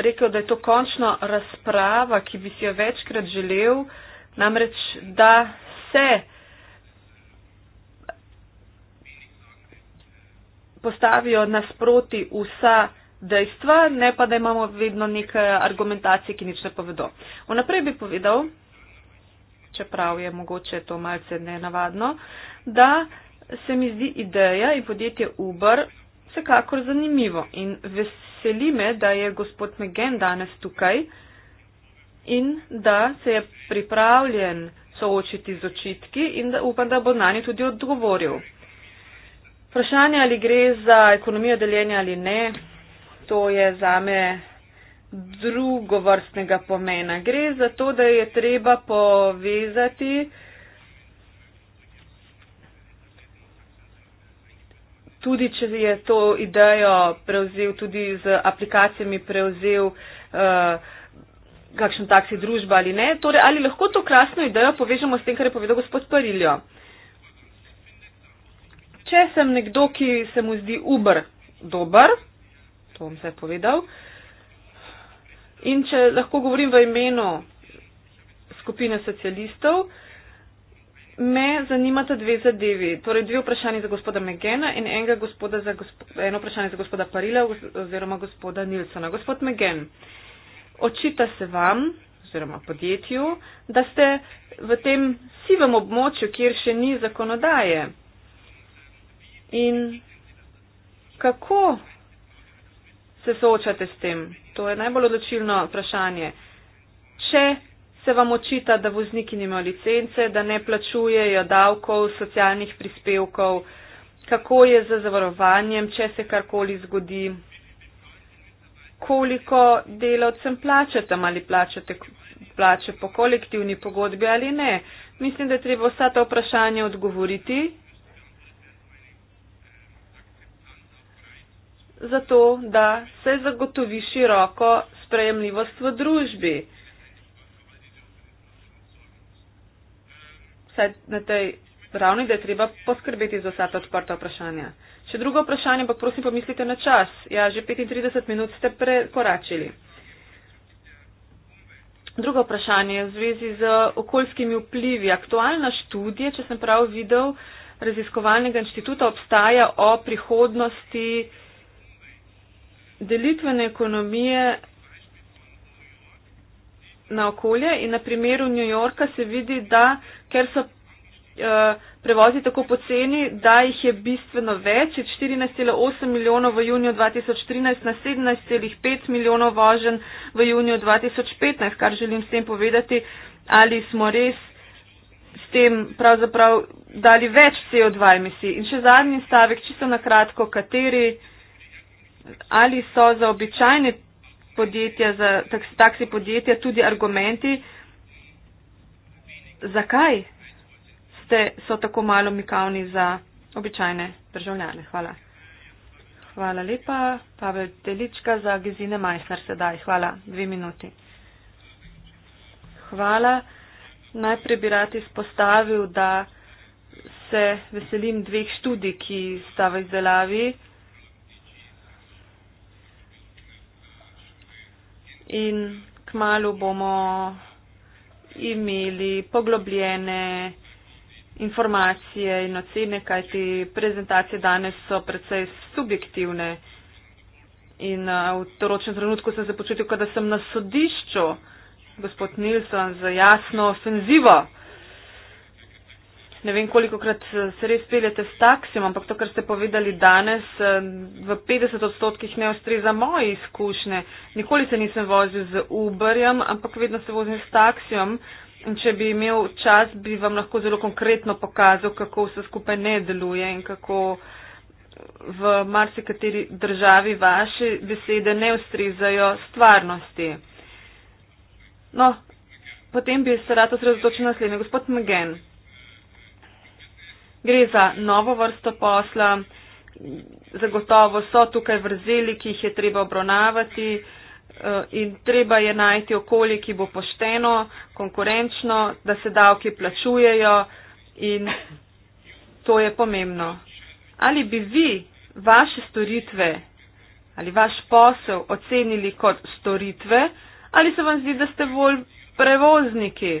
rekel, da je to končno razprava, ki bi si jo večkrat želel, namreč da se. postavijo nasproti vsa dejstva, ne pa da imamo vedno neke argumentacije, ki nič ne povedo. Vnaprej bi povedal, čeprav je mogoče to malce nenavadno, da se mi zdi ideja in podjetje Uber vsekakor zanimivo in veseli me, da je gospod Megen danes tukaj in da se je pripravljen soočiti z očitki in da upam, da bo na nje tudi odgovoril. Vprašanje, ali gre za ekonomijo deljenja ali ne, to je zame drugovrstnega pomena. Gre za to, da je treba povezati tudi, če je to idejo prevzel, tudi z aplikacijami prevzel uh, kakšen taksi družba ali ne. Torej, ali lahko to krasno idejo povežemo s tem, kar je povedal gospod Pariljo? če sem nekdo, ki se mu zdi uber dober, to bom se povedal, in če lahko govorim v imenu skupine socialistov, me zanimata dve zadevi. Torej dve vprašanje za gospoda Megena in enega gospoda za gospoda, eno vprašanje za gospoda Parila oziroma gospoda Nilsona. Gospod Megen, očita se vam oziroma podjetju, da ste v tem sivem območju, kjer še ni zakonodaje, in kako se soočate s tem? To je najbolj odločilno vprašanje. Če se vam očita, da vozniki nimajo licence, da ne plačujejo davkov, socialnih prispevkov, kako je z zavarovanjem, če se karkoli zgodi, koliko delavcem plačate, ali plačate plače po kolektivni pogodbi ali ne. Mislim, da je treba vsa ta vprašanja odgovoriti za to, da se zagotovi široko sprejemljivost v družbi. Vse na tej ravni, da je treba poskrbeti za vsa ta odprta vprašanja. Še drugo vprašanje, ampak prosim pomislite na čas. Ja, že 35 minut ste prekoračili. Drugo vprašanje je v zvezi z okoljskimi vplivi. Aktualna študija, če sem prav videl, raziskovalnega inštituta obstaja o prihodnosti delitvene ekonomije na okolje in na primeru New Yorka se vidi, da ker so uh, prevozi tako poceni, da jih je bistveno več, od 14,8 milijonov v juniju 2013 na 17,5 milijonov vožen v juniju 2015, kar želim s tem povedati, ali smo res s tem pravzaprav dali več CO2 emisij. In še zadnji stavek, čisto na kratko, kateri ali so za običajne podjetja, za taksi podjetja tudi argumenti, zakaj ste, so tako malo mikavni za običajne državljane. Hvala. Hvala lepa. Pavel Telička za Gezine Majsner sedaj. Hvala. Dve minuti. Hvala. Najprej bi rad izpostavil, da se veselim dveh študij, ki sta v izdelavi. in kmalo bomo imeli poglobljene informacije in ocene, kajti prezentacije danes so precej subjektivne. In v toročnem trenutku sem se počutil, kot da sem na sodišču, gospod Nilsson, za jasno ofenzivo ne vem koliko krat se res peljete s taksijem, ampak to, kar ste povedali danes, eh, v 50 odstotkih ne ustreza moje izkušnje. Nikoli se nisem vozil z Uberjem, ampak vedno se vozim s taksijem. Če bi imel čas, bi vam lahko zelo konkretno pokazal, kako vse skupaj ne deluje in kako v marsikateri državi vaše besede ne ustrezajo stvarnosti. No, potem bi se rad osredotočil na naslednje. Gospod Megen, Gre za novo vrsto posla, zagotovo so tukaj vrzeli, ki jih je treba obravnavati eh, in treba je najti okolje, ki bo pošteno, konkurenčno, da se davki plačujejo in to je pomembno. Ali bi vi vaše storitve ali vaš posel ocenili kot storitve ali se vam zdi, da ste bolj prevozniki?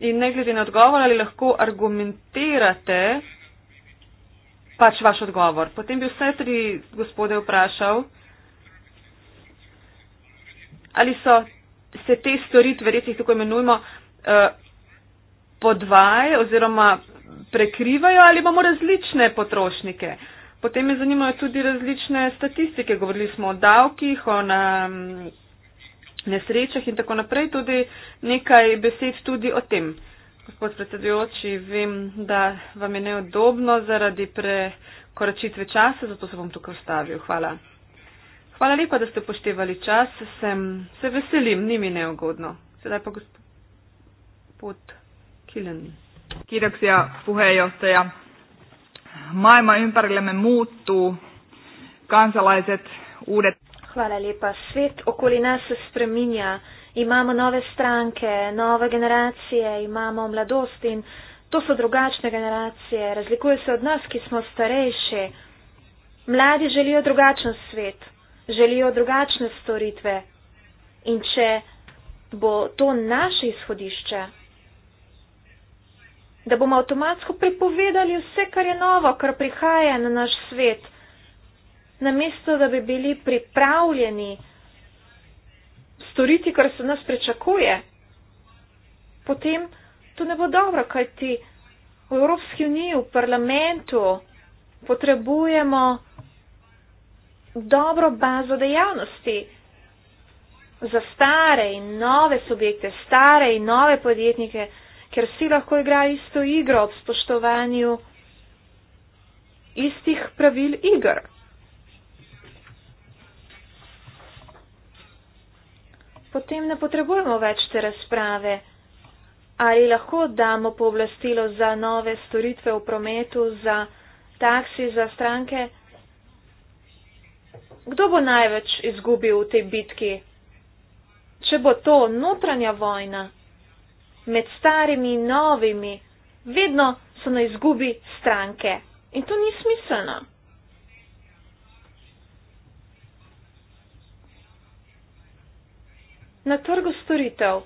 In ne glede na odgovor, ali lahko argumentirate pač vaš odgovor. Potem bi vse tri gospode vprašal, ali so se te storitve, res jih tako imenujemo, eh, podvaje oziroma prekrivajo ali imamo različne potrošnike. Potem me zanimajo tudi različne statistike. Govorili smo o davkih, o na, nesrečah in tako naprej, tudi nekaj besed tudi o tem. Gospod predsedujoči, vem, da vam je neodobno zaradi prekoračitve časa, zato se bom tukaj ustavil. Hvala. Hvala lepa, da ste upoštevali čas. Sem, se veselim, ni mi neugodno. Sedaj pa gospod Kilen. Kiitoksia puheenjohtaja. Maailman ympärillemme muuttuu. Kansalaiset, uudet. Hvala lepa. Svet okoli nas se spreminja. Imamo nove stranke, nove generacije, imamo mladost in to so drugačne generacije. Razlikuje se od nas, ki smo starejši. Mladi želijo drugačen svet, želijo drugačne storitve. In če bo to naše izhodišče, da bomo avtomatsko prepovedali vse, kar je novo, kar prihaja na naš svet, namesto da bi bili pripravljeni storiti, kar se nas prečakuje, potem to ne bo dobro, kajti v Evropski uniji, v parlamentu potrebujemo dobro bazo dejavnosti za stare in nove subjekte, stare in nove podjetnike, ker vsi lahko igrajo isto igro ob spoštovanju istih pravil igre. potem ne potrebujemo več te razprave. Ali lahko damo pooblastilo za nove storitve v prometu, za taksi, za stranke? Kdo bo največ izgubil v tej bitki? Če bo to notranja vojna med starimi in novimi, vedno so na izgubi stranke. In to ni smiselno. na trgu storitev.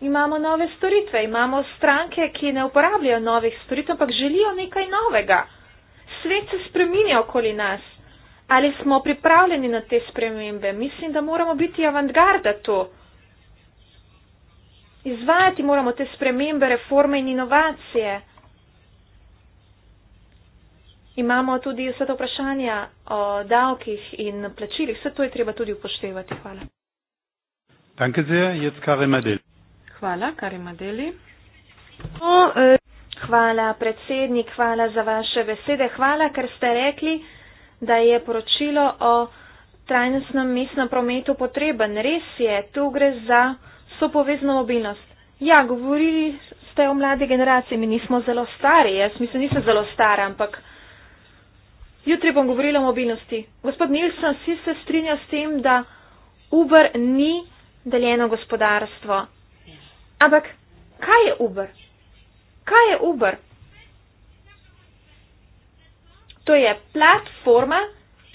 Imamo nove storitve, imamo stranke, ki ne uporabljajo novih storitev, ampak želijo nekaj novega. Svet se spreminja okoli nas. Ali smo pripravljeni na te spremembe? Mislim, da moramo biti avantgarda to. Izvajati moramo te spremembe, reforme in inovacije. Imamo tudi vse to vprašanje o davkih in plačilih. Vse to je treba tudi upoštevati. Hvala. Danke sehr. Jetzt Karim Adeli. Hvala, Karim Adeli. E, hvala, predsednik, hvala za vaše besede. Hvala, ker ste rekli, da je poročilo o trajnostnem mestnem prometu potreben. Res je, tu gre za sopovezno mobilnost. Ja, govorili ste o mladi generaciji, mi nismo zelo stari. Jaz mislim, nisem zelo stara, ampak jutri bom govorila o mobilnosti. Gospod Nilsson, si se strinja s tem, da Uber ni deljeno gospodarstvo. Ampak kaj je Uber? Kaj je Uber? To je platforma,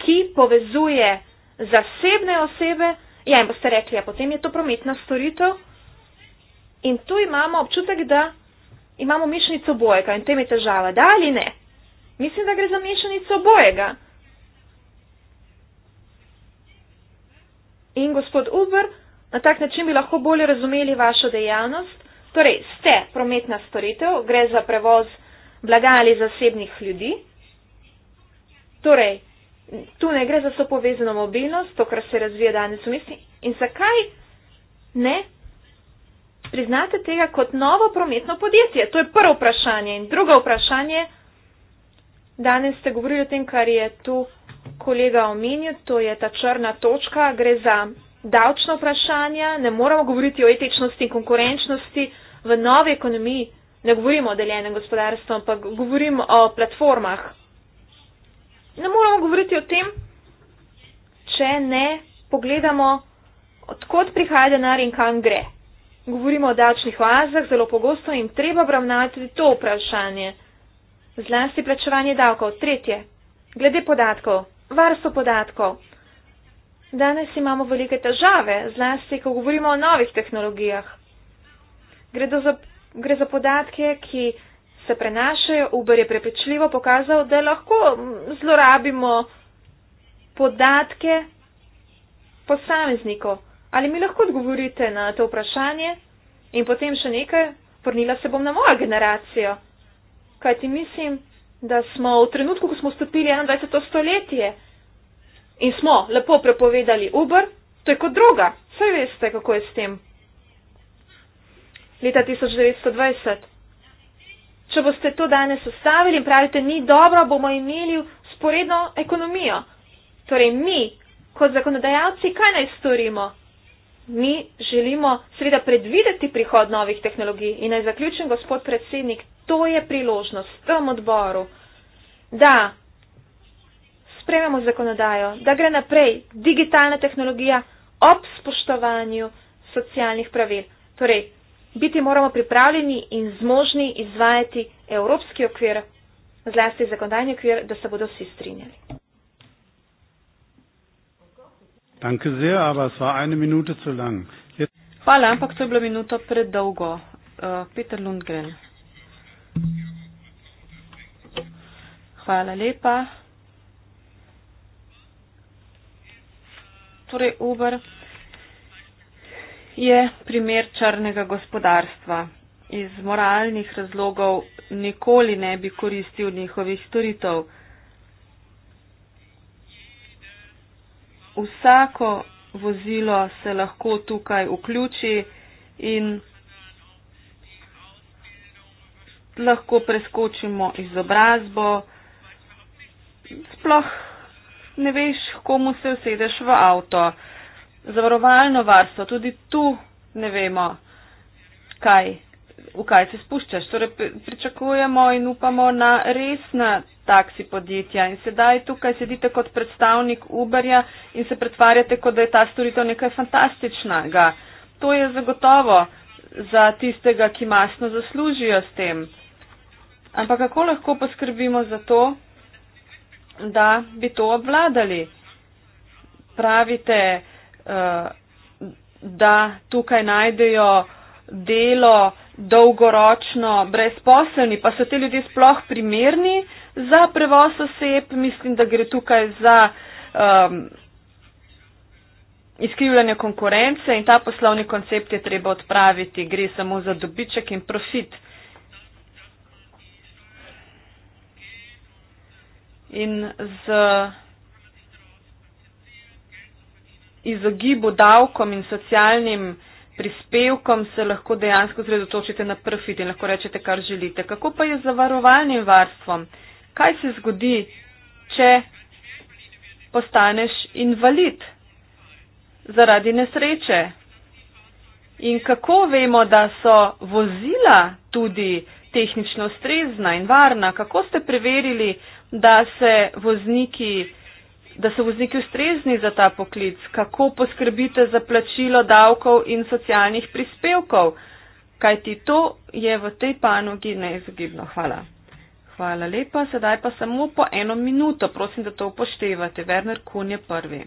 ki povezuje zasebne osebe, ja in boste rekli, ja potem je to prometna storitev in tu imamo občutek, da imamo mišnico bojega in tem je težava, da ali ne? Mislim, da gre za mišnico bojega. In gospod Uber Na tak način bi lahko bolje razumeli vašo dejavnost. Torej, ste prometna storitev, gre za prevoz blaga ali zasebnih ljudi. Torej, tu ne gre za sopovezano mobilnost, to, kar se razvija danes v mesti. In zakaj ne priznate tega kot novo prometno podjetje? To je prvo vprašanje. In drugo vprašanje, danes ste govorili o tem, kar je tu kolega omenil, to je ta črna točka, gre za davčna vprašanja, ne moremo govoriti o etičnosti in konkurenčnosti v novi ekonomiji, ne govorimo o deljenem gospodarstvu, ampak govorimo o platformah. Ne moremo govoriti o tem, če ne pogledamo, odkot prihaja denar in kam gre. Govorimo o davčnih oazah, zelo pogosto jim treba obravnavati tudi to vprašanje. Zlasti plačevanje davkov. Tretje. Glede podatkov. Varstvo podatkov. Danes imamo velike težave, zlasti, ko govorimo o novih tehnologijah. Gre, za, gre za podatke, ki se prenašajo. Uber je prepričljivo pokazal, da lahko zlorabimo podatke posameznikov. Ali mi lahko odgovorite na to vprašanje? In potem še nekaj, vrnila se bom na mojo generacijo. Kaj ti mislim, da smo v trenutku, ko smo vstopili 21. stoletje, in smo lepo prepovedali Uber, to je kot droga. Saj veste, kako je s tem. Leta 1920. Če boste to danes ustavili in pravite, ni dobro, bomo imeli sporedno ekonomijo. Torej mi, kot zakonodajalci, kaj naj storimo? Mi želimo seveda predvideti prihod novih tehnologij in naj zaključim, gospod predsednik, to je priložnost v tem odboru, da sprememo zakonodajo, da gre naprej digitalna tehnologija ob spoštovanju socialnih pravil. Torej, biti moramo pripravljeni in zmožni izvajati evropski okvir, zlasti zakonodajni okvir, da se bodo vsi strinjali. Hvala, ampak to je bila minuta predolgo. Uh, Peter Lundgren. Hvala lepa. torej Uber, je primer črnega gospodarstva. Iz moralnih razlogov nikoli ne bi koristil njihovih storitev. Vsako vozilo se lahko tukaj vključi in lahko preskočimo izobrazbo. Sploh ne veš, komu se usedeš v avto. Zavarovalno varstvo, tudi tu ne vemo, kaj, v kaj se spuščaš. Torej, pričakujemo in upamo na resna taksi podjetja. In sedaj tukaj sedite kot predstavnik Uberja in se pretvarjate, kot da je ta storitev nekaj fantastičnega. To je zagotovo za tistega, ki masno zaslužijo s tem. Ampak kako lahko poskrbimo za to, da bi to obvladali. Pravite, eh, da tukaj najdejo delo dolgoročno brezposelni, pa so te ljudje sploh primerni za prevoz oseb, mislim, da gre tukaj za um, izkrivljanje konkurence in ta poslovni koncept je treba odpraviti, gre samo za dobiček in profit. in z izogibo davkom in socialnim prispevkom se lahko dejansko zredotočite na profit in lahko rečete, kar želite. Kako pa je z zavarovalnim varstvom? Kaj se zgodi, če postaneš invalid zaradi nesreče? In kako vemo, da so vozila tudi tehnično ustrezna in varna? Kako ste preverili da, se vozniki, da so vozniki ustrezni za ta poklic? Kako poskrbite za plačilo davkov in socialnih prispevkov? Kaj ti to je v tej panogi neizogibno? Hvala. Hvala lepa. Sedaj pa samo po eno minuto. Prosim, da to upoštevate. Werner Kun je prvi.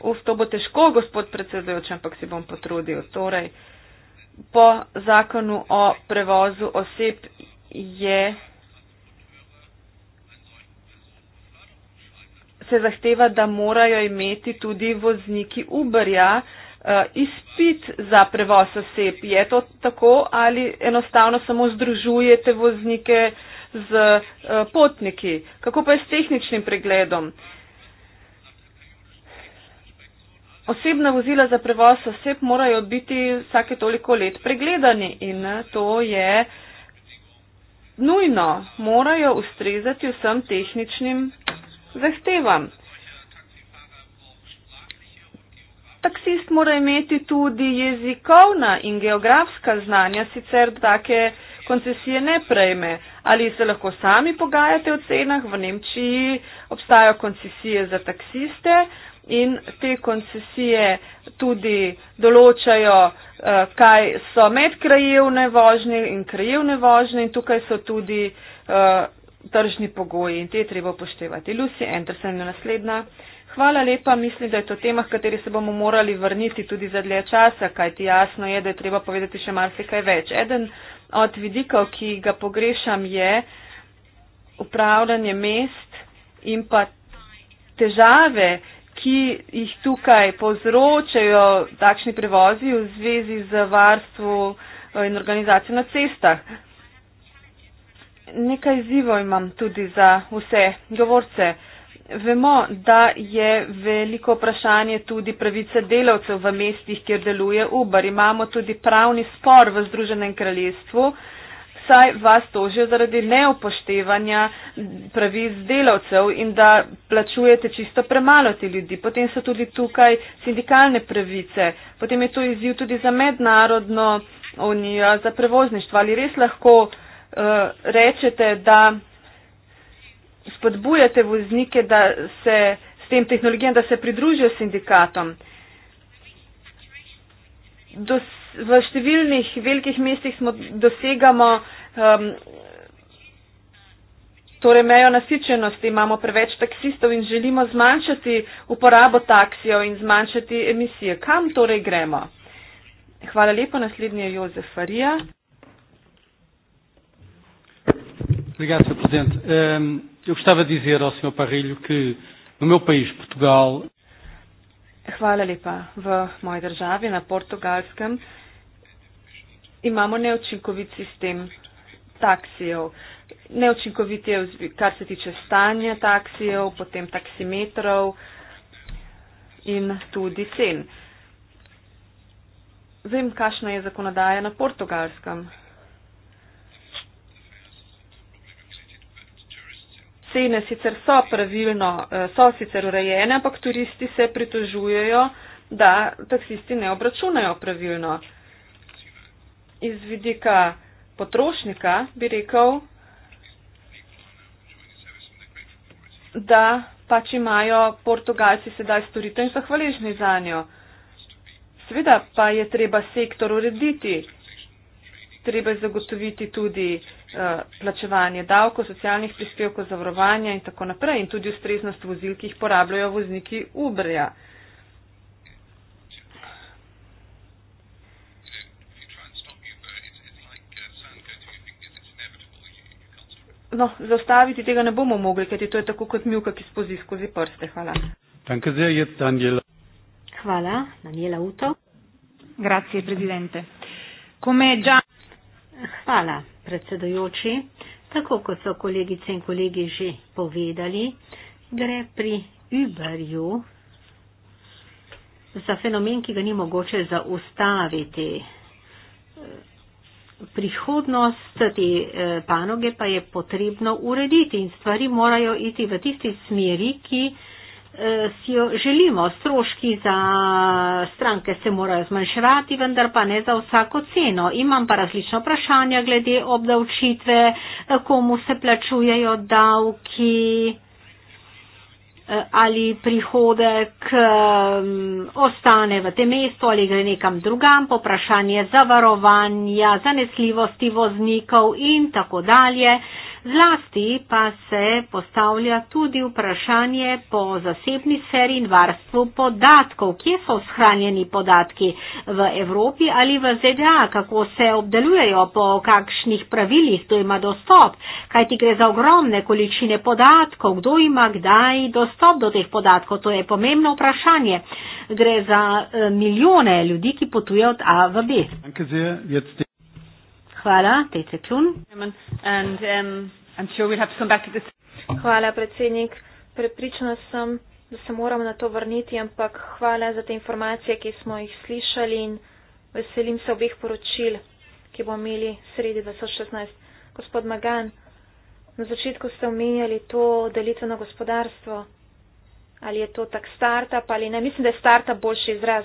Uf, to bo težko, gospod predsedujoči, ampak si bom potrudil. Torej, po zakonu o prevozu oseb je se zahteva, da morajo imeti tudi vozniki Uberja uh, izpit za prevoz oseb. Je to tako ali enostavno samo združujete voznike z uh, potniki? Kako pa je s tehničnim pregledom? Osebna vozila za prevoz oseb morajo biti vsake toliko let pregledani in eh, to je nujno, morajo ustrezati vsem tehničnim zahtevam. Taksist mora imeti tudi jezikovna in geografska znanja, sicer take koncesije ne prejme. Ali se lahko sami pogajate o cenah? V Nemčiji obstajajo koncesije za taksiste in te koncesije tudi določajo, eh, kaj so medkrajevne vožnje in krajevne vožnje in tukaj so tudi eh, tržni pogoji in te je treba upoštevati. Lucy Anderson je naslednja. Hvala lepa, mislim, da je to tema, kateri se bomo morali vrniti tudi za dlje časa, kajti jasno je, da je treba povedati še marsikaj več. Eden od vidikov, ki ga pogrešam, je upravljanje mest in pa težave, ki jih tukaj povzročajo takšni prevozi v zvezi z varstvom eh, in organizacijo na cestah. Nekaj zivo imam tudi za vse govorce. Vemo, da je veliko vprašanje tudi pravice delavcev v mestih, kjer deluje Uber. Imamo tudi pravni spor v Združenem kraljestvu, saj vas tožijo zaradi neupoštevanja pravic delavcev in da plačujete čisto premalo ti ljudi. Potem so tudi tukaj sindikalne pravice. Potem je to izziv tudi za mednarodno unijo, za prevozništvo. Ali res lahko. Eh, rečete, da spodbujate voznike, da se s tem tehnologijam, da se pridružijo sindikatom. Dos, v številnih velikih mestih smo dosegamo um, torej mejo nasičenosti, imamo preveč taksistov in želimo zmanjšati uporabo taksijev in zmanjšati emisije. Kam torej gremo? Hvala lepa, naslednji je Jozef Farija. Obrigado, Sr. Presidente. Um, eu gostava de dizer ao Sr. Parrilho que no meu país, Portugal. Hvala lepa. V moji državi, na portugalskem, imamo neučinkovit sistem taksijev. Neučinkovit je, kar se tiče stanja taksijev, potem taksimetrov in tudi cen. Vem, kakšna je zakonodaja na portugalskem. cene sicer so pravilno, eh, so sicer urejene, ampak turisti se pritožujejo, da taksisti ne obračunajo pravilno. Iz vidika potrošnika bi rekel, da pač imajo portugalci sedaj storitev in so hvaležni za njo. Seveda pa je treba sektor urediti treba je zagotoviti tudi uh, plačevanje davkov, socialnih prispevkov, zavarovanja in tako naprej in tudi ustreznost vozil, ki jih porabljajo vozniki Ubreja. No, zaustaviti tega ne bomo mogli, ker to je tako kot mjuka, ki spozi skozi prste. Hvala. Hvala, Daniela Uto. Grazie, Presidente. Come già... Hvala, predsedujoči. Tako kot so kolegice in kolegi že povedali, gre pri Uberju za fenomen, ki ga ni mogoče zaustaviti. Prihodnost te eh, panoge pa je potrebno urediti in stvari morajo iti v tisti smeri, ki. Eh, si jo želimo. Stroški za stranke se morajo zmanjševati, vendar pa ne za vsako ceno. Imam pa različna vprašanja glede obdavčitve, eh, komu se plačujejo davki eh, ali prihodek um, ostane v tem mestu ali gre nekam drugam, poprašanje zavarovanja, zanesljivosti voznikov in tako dalje. Uh, Zlasti pa se postavlja tudi vprašanje po zasebni sferi in varstvu podatkov. Kje so shranjeni podatki v Evropi ali v ZDA? Kako se obdelujejo? Po kakšnih pravilih kdo ima dostop? Kaj ti gre za ogromne količine podatkov? Kdo ima kdaj dostop do teh podatkov? To je pomembno vprašanje. Gre za eh, milijone ljudi, ki potujejo od A v B. Hvala, Tete Klun. And, um, sure we'll to to hvala, predsednik. Pripričana sem, da se moram na to vrniti, ampak hvala za te informacije, ki smo jih slišali in veselim se obih poročil, ki bomo imeli sredi 2016. Gospod Magan, na začetku ste omenjali to delitveno gospodarstvo. Ali je to tak startup ali ne? Mislim, da je startup boljši izraz.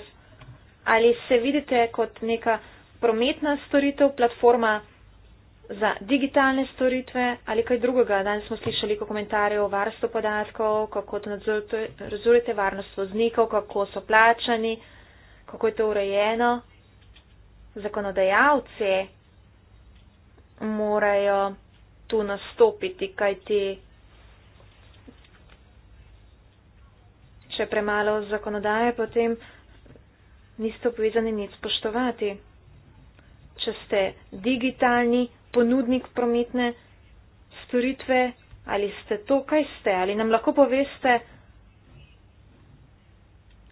Ali se vidite kot neka prometna storitev, platforma za digitalne storitve ali kaj drugega. Danes smo slišali komentarje o varstvu podatkov, kako to nadzorujete, varnost voznikov, kako so plačani, kako je to urejeno. Zakonodajalce morajo tu nastopiti, kaj ti. Če premalo zakonodaje, potem niste obvezani nič spoštovati če ste digitalni ponudnik prometne storitve, ali ste to, kaj ste, ali nam lahko poveste,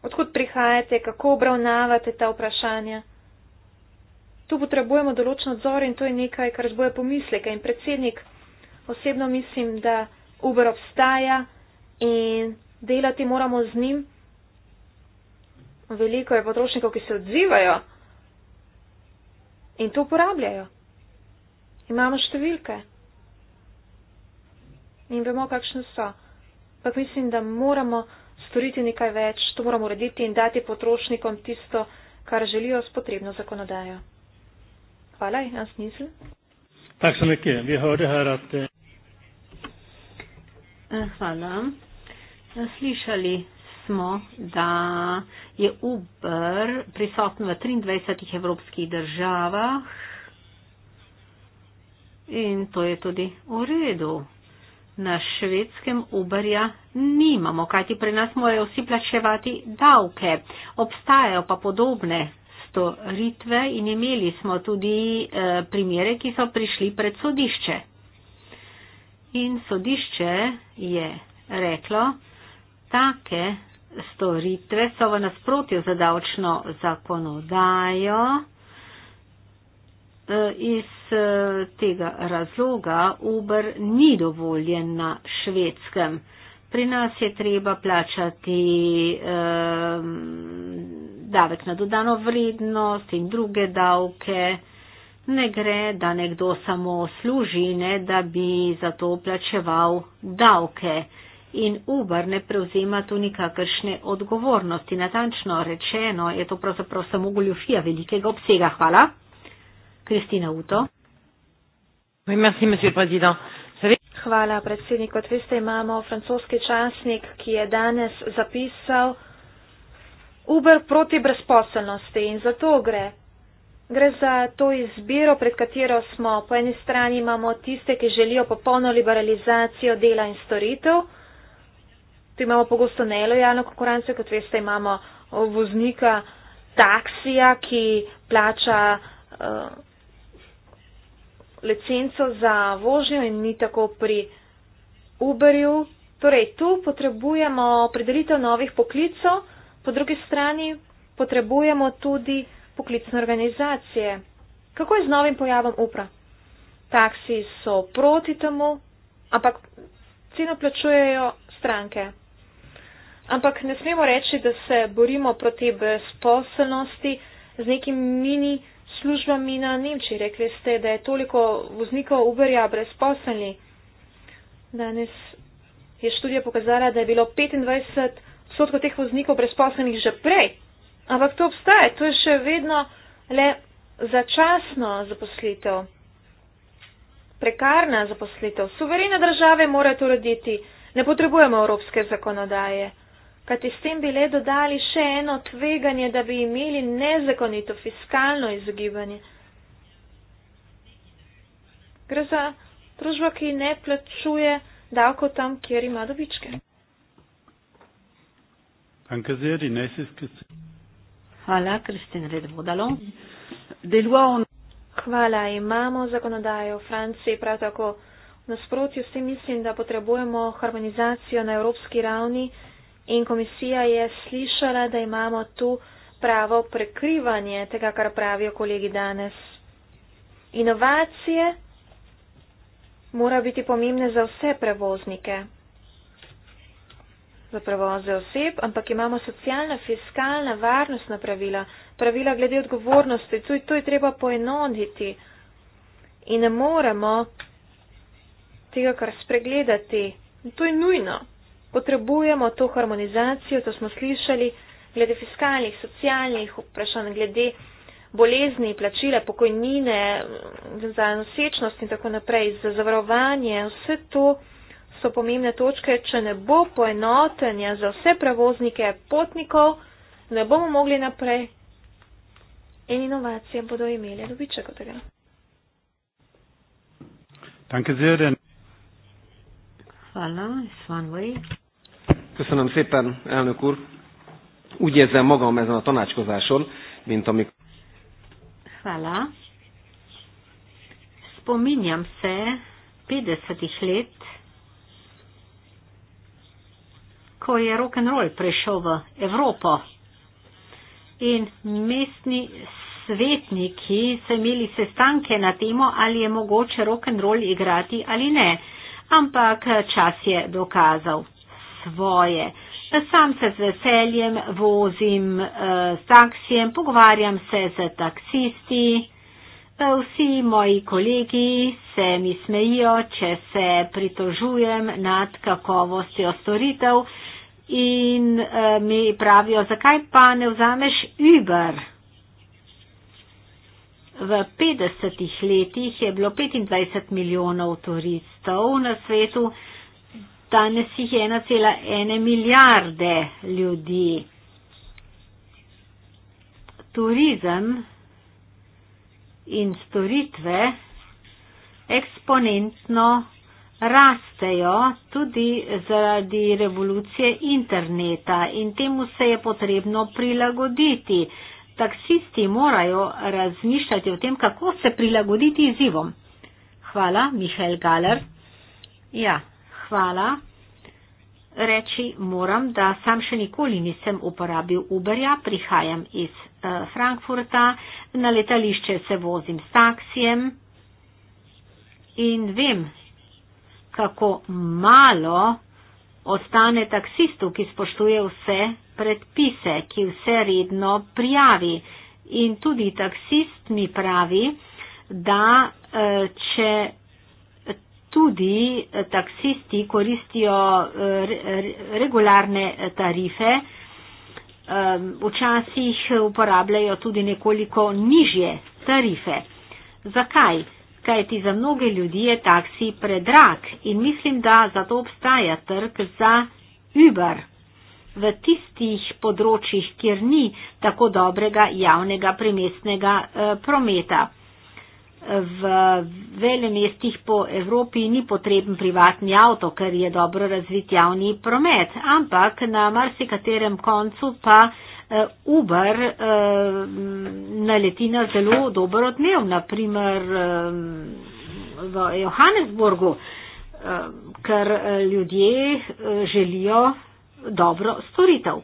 odkud prihajate, kako obravnavate ta vprašanja. Tu potrebujemo določen odzor in to je nekaj, kar zboje pomisleke in predsednik osebno mislim, da Uber obstaja in delati moramo z njim. Veliko je potrošnikov, ki se odzivajo in to uporabljajo. Imamo številke in vemo, kakšne so. Ampak mislim, da moramo storiti nekaj več, to moramo urediti in dati potrošnikom tisto, kar želijo s potrebno zakonodajo. Hvala, Jan Smisl. Tak sem nekje, vi hodite, harate. Eh, eh, hvala. Eh, slišali smo, da je Uber prisoten v 23 evropskih državah in to je tudi v redu. Na švedskem Uberja nimamo, kajti pri nas morajo vsi plačevati davke. Obstajajo pa podobne storitve in imeli smo tudi eh, primere, ki so prišli pred sodišče. In sodišče je reklo, take storitve so v nasprotju za davčno zakonodajo. E, iz e, tega razloga Uber ni dovoljen na švedskem. Pri nas je treba plačati e, davek na dodano vrednost in druge davke. Ne gre, da nekdo samo služi, ne da bi za to plačeval davke in Uber ne prevzema tu nikakršne odgovornosti. Natančno rečeno je to pravzaprav samo goljofija velikega obsega. Hvala. Kristina Uto. Hvala, predsednik. Kot veste, imamo francoski časnik, ki je danes zapisal Uber proti brezposelnosti in za to gre. Gre za to izbiro, pred katero smo. Po eni strani imamo tiste, ki želijo popolno liberalizacijo dela in storitev tu imamo pogosto nelojalno konkurenco, kot veste, imamo voznika taksija, ki plača uh, licenco za vožnjo in ni tako pri Uberju. Torej, tu potrebujemo predelitev novih poklicov, po drugi strani potrebujemo tudi poklicne organizacije. Kako je z novim pojavom upra? Taksi so proti temu, ampak ceno plačujejo stranke. Ampak ne smemo reči, da se borimo proti brezposelnosti z nekim mini službami na Nemčiji. Rekli ste, da je toliko voznikov Uberja brezposelni. Danes je študija pokazala, da je bilo 25 odstotkov teh voznikov brezposelnih že prej. Ampak to obstaja, to je še vedno le začasno zaposlitev, prekarna zaposlitev. Suverene države morajo to urediti, ne potrebujemo evropske zakonodaje kajti s tem bi le dodali še eno tveganje, da bi imeli nezakonito fiskalno izogibanje. Gre za družbo, ki ne plačuje davko tam, kjer ima dobičke. Hvala, Kristin Redvodalo. Hvala, imamo zakonodajo v Franciji, prav tako nasprotju s tem mislim, da potrebujemo harmonizacijo na evropski ravni. In komisija je slišala, da imamo tu pravo prekrivanje tega, kar pravijo kolegi danes. Inovacije mora biti pomembne za vse prevoznike, za prevoze oseb, ampak imamo socialna, fiskalna, varnostna pravila, pravila glede odgovornosti, tudi to je treba poenoditi. In ne moremo tega kar spregledati. In to je nujno potrebujemo to harmonizacijo, to smo slišali, glede fiskalnih, socialnih vprašanj, glede bolezni, plačile, pokojnine, za nosečnost in tako naprej, za zavarovanje, vse to so pomembne točke. Če ne bo poenotenja za vse prevoznike potnikov, ne bomo mogli naprej in inovacije bodo imeli dobiček od tega. Hvala, Svan Vojt. Köszönöm szépen, elnök úr. Úgy érzem magam ezen a tanácskozáson, mint amikor... Hvala. Spominjam se 50 let, ko je rock and roll prišel v Evropo in mestni svetniki so imeli sestanke na temo, ali je mogoče rock and roll igrati ali ne. Ampak čas je dokazal svoje. Sam se z veseljem vozim eh, s taksijem, pogovarjam se z taksisti. Eh, vsi moji kolegi se mi smejijo, če se pritožujem nad kakovostjo storitev in eh, mi pravijo, zakaj pa ne vzameš Uber. V 50 letih je bilo 25 milijonov turistov na svetu danes jih je 1,1 milijarde ljudi. Turizem in storitve eksponentno rastejo tudi zaradi revolucije interneta in temu se je potrebno prilagoditi. Taksisti morajo razmišljati o tem, kako se prilagoditi izzivom. Hvala, Mihael Galer. Ja, hvala. Reči moram, da sam še nikoli nisem uporabil Uberja, prihajam iz uh, Frankfurta, na letališče se vozim s taksijem in vem, kako malo ostane taksistu, ki spoštuje vse predpise, ki vse redno prijavi. In tudi taksist mi pravi, da uh, če tudi eh, taksisti koristijo eh, regularne eh, tarife, ehm, včasih uporabljajo tudi nekoliko nižje tarife. Zakaj? Kaj ti za mnoge ljudi je taksi predrag in mislim, da zato obstaja trg za Uber v tistih področjih, kjer ni tako dobrega javnega primestnega prometa v velem mestih po Evropi ni potreben privatni avto, ker je dobro razvit javni promet, ampak na marsikaterem koncu pa eh, Uber eh, naleti na zelo dober odmev, naprimer eh, v Johannesburgu, ker ljudje želijo dobro storitev.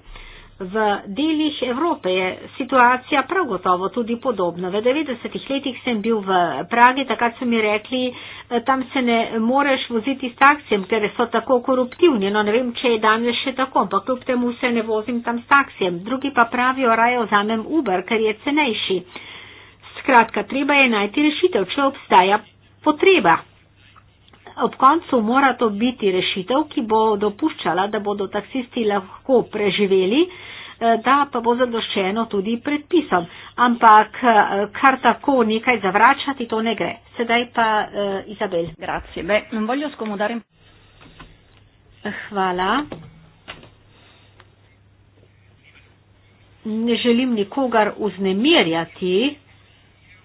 V delih Evrope je situacija prav gotovo tudi podobna. V 90-ih letih sem bil v Pragi, takrat so mi rekli, e, tam se ne moreš voziti s taksijem, ker so tako koruptivni. No, ne vem, če je danes še tako, ampak kljub temu se ne vozim tam s taksijem. Drugi pa pravijo, raje vzamem Uber, ker je cenejši. Skratka, treba je najti rešitev, če obstaja potreba. Ob koncu mora to biti rešitev, ki bo dopuščala, da bodo taksisti lahko preživeli. Eh, da pa bo zadoščeno tudi predpisom. Ampak eh, kar tako nekaj zavračati, to ne gre. Sedaj pa uh, Izabel. Grazie. Beh, non voglio scomodare. Hvala. Ne želim nikogar uznemirjati,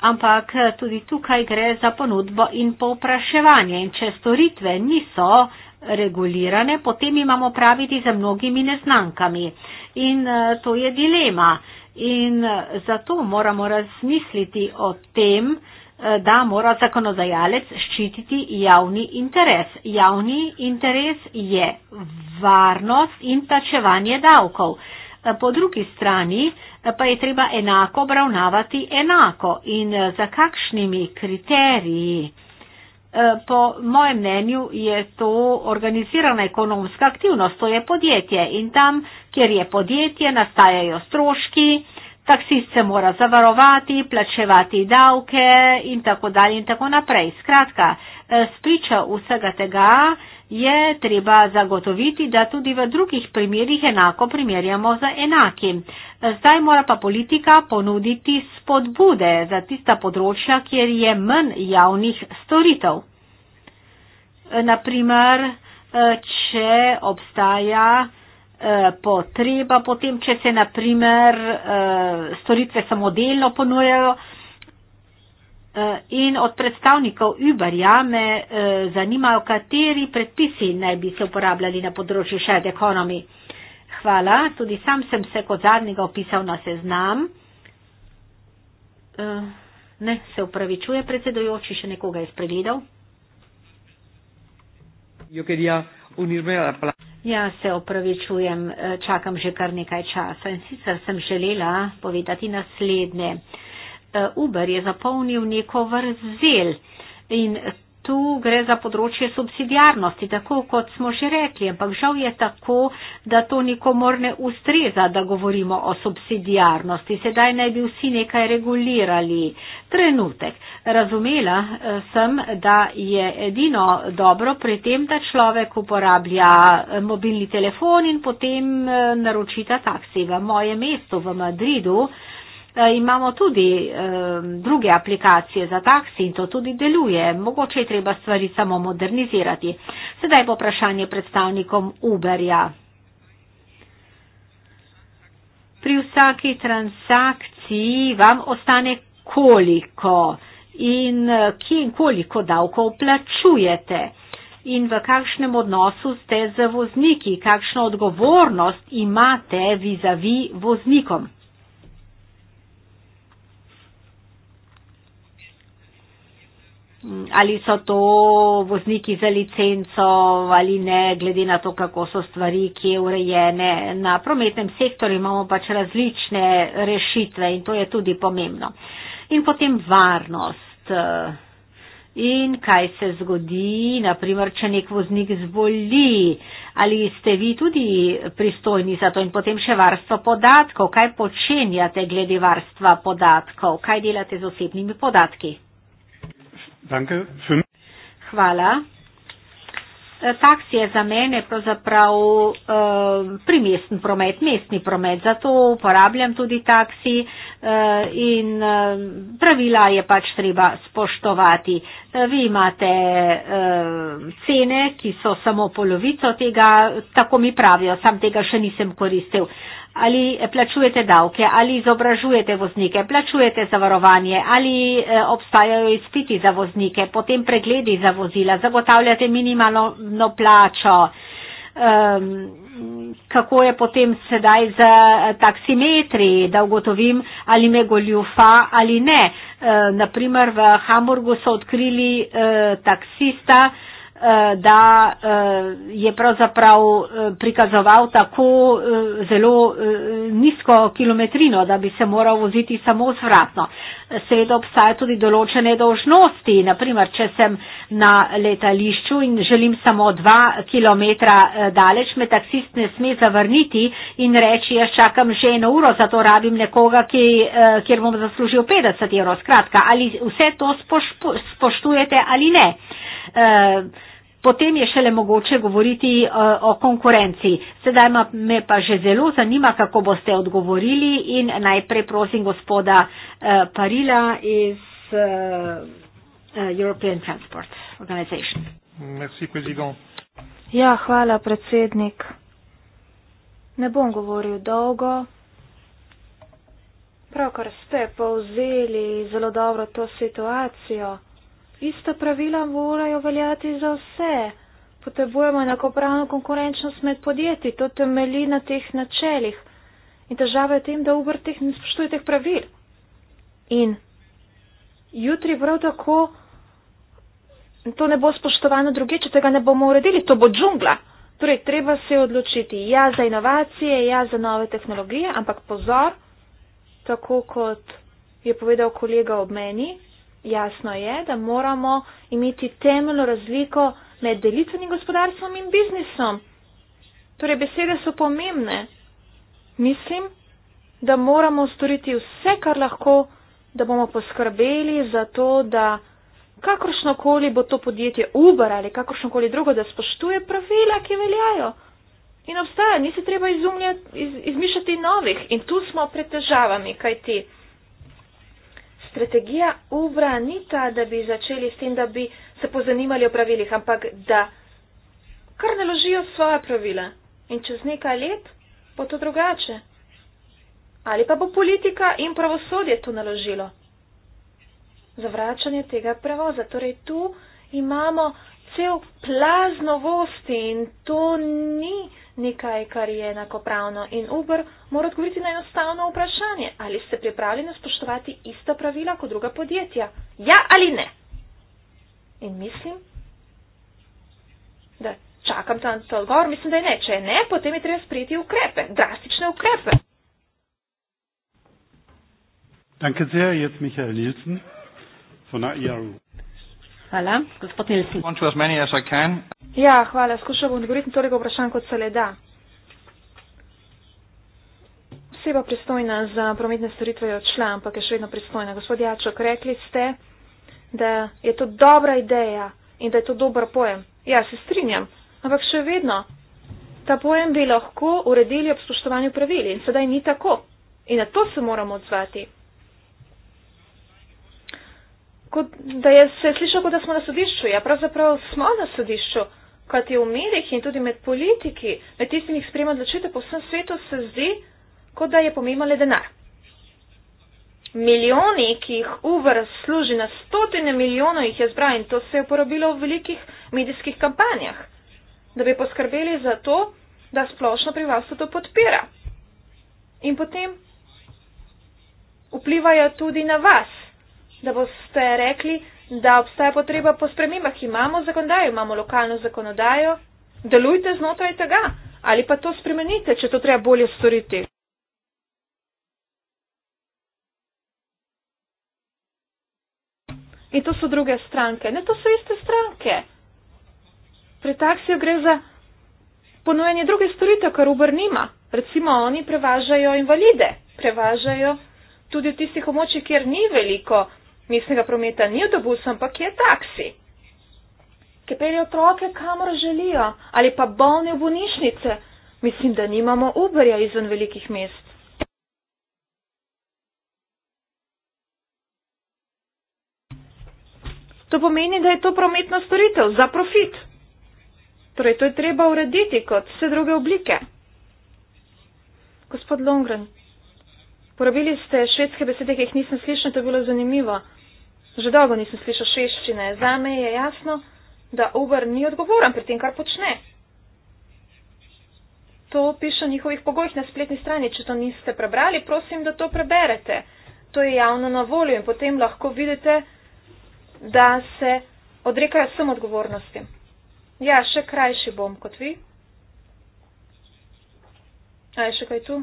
ampak tudi tukaj gre za ponudbo in povpraševanje. In če storitve niso uh, regulirane, potem imamo praviti za mnogimi neznankami. In eh, to je dilema. In eh, zato moramo razmisliti o tem, eh, da mora zakonodajalec ščititi javni interes. Javni interes je varnost in plačevanje davkov. Po drugi strani pa je treba enako obravnavati enako in za kakšnimi kriteriji. Eh, po mojem mnenju je to organizirana ekonomska aktivnost, to je podjetje in tam, kjer je podjetje, nastajajo stroški, taksist se mora zavarovati, plačevati davke in tako dalje in tako naprej. Skratka, eh, spriča vsega tega, je treba zagotoviti, da tudi v drugih primerjih enako primerjamo z enakim. Zdaj mora pa politika ponuditi spodbude za tista področja, kjer je mn javnih storitev. Naprimer, če obstaja eh, potreba, potem če se naprimer eh, storitve samodelno ponujajo, Eh, in od predstavnikov Uberja me eh, zanimajo, kateri predpisi naj bi se uporabljali na področju shared economy. Hvala, tudi sam sem se kot zadnjega opisal na seznam. Eh, ne, se upravičuje predsedojoči, še nekoga je spregledal. Ja, se opravičujem, čakam že kar nekaj časa in sicer sem želela povedati naslednje. Eh, Uber je zapolnil neko vrzel in tu gre za področje subsidijarnosti, tako kot smo že rekli, ampak žal je tako, da to nikomor ne ustreza, da govorimo o subsidijarnosti. Sedaj naj bi vsi nekaj regulirali. Trenutek. Razumela eh, sem, da je edino dobro pri tem, da človek uporablja eh, mobilni telefon in potem naročita taksi v moje mesto v Madridu. Eh, imamo tudi ehm, druge aplikacije za taksi in to tudi deluje. Mogoče je treba stvari samo modernizirati. Sedaj bo vprašanje predstavnikom Uberja. Pri vsaki transakciji vam ostane koliko in eh, kje in koliko davkov plačujete in v kakšnem odnosu ste z vozniki, kakšno odgovornost imate vizavi voznikom. ali so to vozniki za licenco ali ne, glede na to, kako so stvari, ki je urejene. Na prometnem sektorju imamo pač različne rešitve in to je tudi pomembno. In potem varnost. In kaj se zgodi, naprimer, če nek voznik zvoli, ali ste vi tudi pristojni za to in potem še varstvo podatkov, kaj počenjate glede varstva podatkov, kaj delate z osebnimi podatki. Danke. Hvala. E, taksi je za mene pravzaprav uh, e, primesten promet, mestni promet, zato uporabljam tudi taksi uh, in uh, pravila je pač treba spoštovati. Uh, vi imate uh, cene, ki so samo polovico tega, tako mi pravijo, sam tega še nisem koristil. Uh, ali eh, plačujete davke, ali izobražujete voznike, plačujete zavarovanje, ali eh, obstajajo izpiti za voznike, potem pregledi za vozila, zagotavljate minimalno plačo, um, kako je potem sedaj z eh, taksimetri, da ugotovim, ali me goljufa ali ne. Uh, ehm, naprimer v Hamburgu so odkrili uh, taksista, uh, Eh, da eh, je pravzaprav eh, prikazoval tako zelo nizko kilometrino, da bi se moral voziti samo zvratno. Seveda obstaja tudi določene dožnosti, naprimer, če sem na letališču in želim samo dva kilometra daleč, me taksist ne sme zavrniti in reči, jaz čakam že eno uro, zato rabim nekoga, ki, kjer bom zaslužil 50 evrov. Skratka, ali vse to spoš, spoštujete ali ne? Uh, potem je šele mogoče govoriti uh, o konkurenci. Sedaj me pa že zelo zanima, kako boste odgovorili in najprej prosim gospoda uh, Parila iz uh, European Transport Organization. Merci, ja, hvala, predsednik. Ne bom govoril dolgo. Pravkar ste povzeli zelo dobro to situacijo. Ista pravila morajo veljati za vse. Potrebujemo enakopravno konkurenčnost med podjetji, to temelji na teh načelih. In težava je v tem, da Uber teh ne spoštuje teh pravil. In jutri prav tako to ne bo spoštovano druge, če tega ne bomo uredili, to bo džungla. Torej, treba se odločiti, ja za inovacije, ja za nove tehnologije, ampak pozor, tako kot je povedal kolega ob meni, jasno je, da moramo imeti temeljno razliko med delitvenim gospodarstvom in biznisom. Torej, besede so pomembne. Mislim, da moramo storiti vse, kar lahko, da bomo poskrbeli za to, da kakršnokoli bo to podjetje Uber ali kakršnokoli drugo, da spoštuje pravila, ki veljajo. In obstaja, ni se treba izumljati, iz, izmišljati novih. In tu smo pred težavami, kaj ti. Te strategija uvra ni ta, da bi začeli s tem, da bi se pozanimali o pravilih, ampak da kar naložijo svoja pravila in čez nekaj let bo to drugače. Ali pa bo politika in pravosodje to naložilo? Zavračanje tega prevoza. Torej tu imamo cel plaz novosti in to ni nekaj, kar je enakopravno. In Uber mora odgovoriti na enostavno vprašanje, ali ste pripravljeni spoštovati ista pravila kot druga podjetja. Ja ali ne? In mislim, da čakam tam to odgovor, mislim, da je ne. Če je ne, potem je treba sprejeti ukrepe, drastične ukrepe. Danke sehr, jetzt Michael Nielsen von der IRU. E Hvala. Gospod Nilsen. As as ja, hvala. Skušal bom odgovoriti na toliko vprašanj, kot se le da. Oseba pristojna za prometne storitve je odšla, ampak je še vedno pristojna. Gospod Jačok, rekli ste, da je to dobra ideja in da je to dober pojem. Ja, se strinjam, ampak še vedno ta pojem bi lahko uredili ob spoštovanju pravil in sedaj ni tako. In na to se moramo odzvati kot da je se slišal, kot da smo na sodišču. Ja, pravzaprav smo na sodišču, kot je v medijih in tudi med politiki, med tistimi, ki sprejemajo odločitev po vsem svetu, se zdi, kot da je pomemben le denar. Milijoni, ki jih Uber služi, na stotine milijonov jih je zbral in to se je uporabilo v velikih medijskih kampanjah, da bi poskrbeli za to, da splošno privalstvo to podpira. In potem vplivajo tudi na vas da boste rekli, da obstaja potreba po spremembah. Imamo zakonodajo, imamo lokalno zakonodajo, delujte znotraj tega ali pa to spremenite, če to treba bolje storiti. In to so druge stranke. Ne, to so iste stranke. Pri taksiju gre za ponujanje druge storitev, kar Uber nima. Recimo oni prevažajo invalide, prevažajo tudi v tistih območjih, kjer ni veliko mestnega prometa ni avtobus, ampak je taksi, ki pelje otroke, kamor želijo, ali pa bolne v bolnišnice. Mislim, da nimamo Uberja izven velikih mest. To pomeni, da je to prometna storitev za profit. Torej, to je treba urediti kot vse druge oblike. Gospod Longren, porabili ste švedske besede, ki jih nisem slišal, to je bilo zanimivo. Že dolgo nisem slišal šeščine. Zame je jasno, da Uber ni odgovoren pri tem, kar počne. To piše njihovih pogojih na spletni strani. Če to niste prebrali, prosim, da to preberete. To je javno na voljo in potem lahko vidite, da se odrekajo vsem odgovornostim. Ja, še krajši bom kot vi. A je še kaj tu?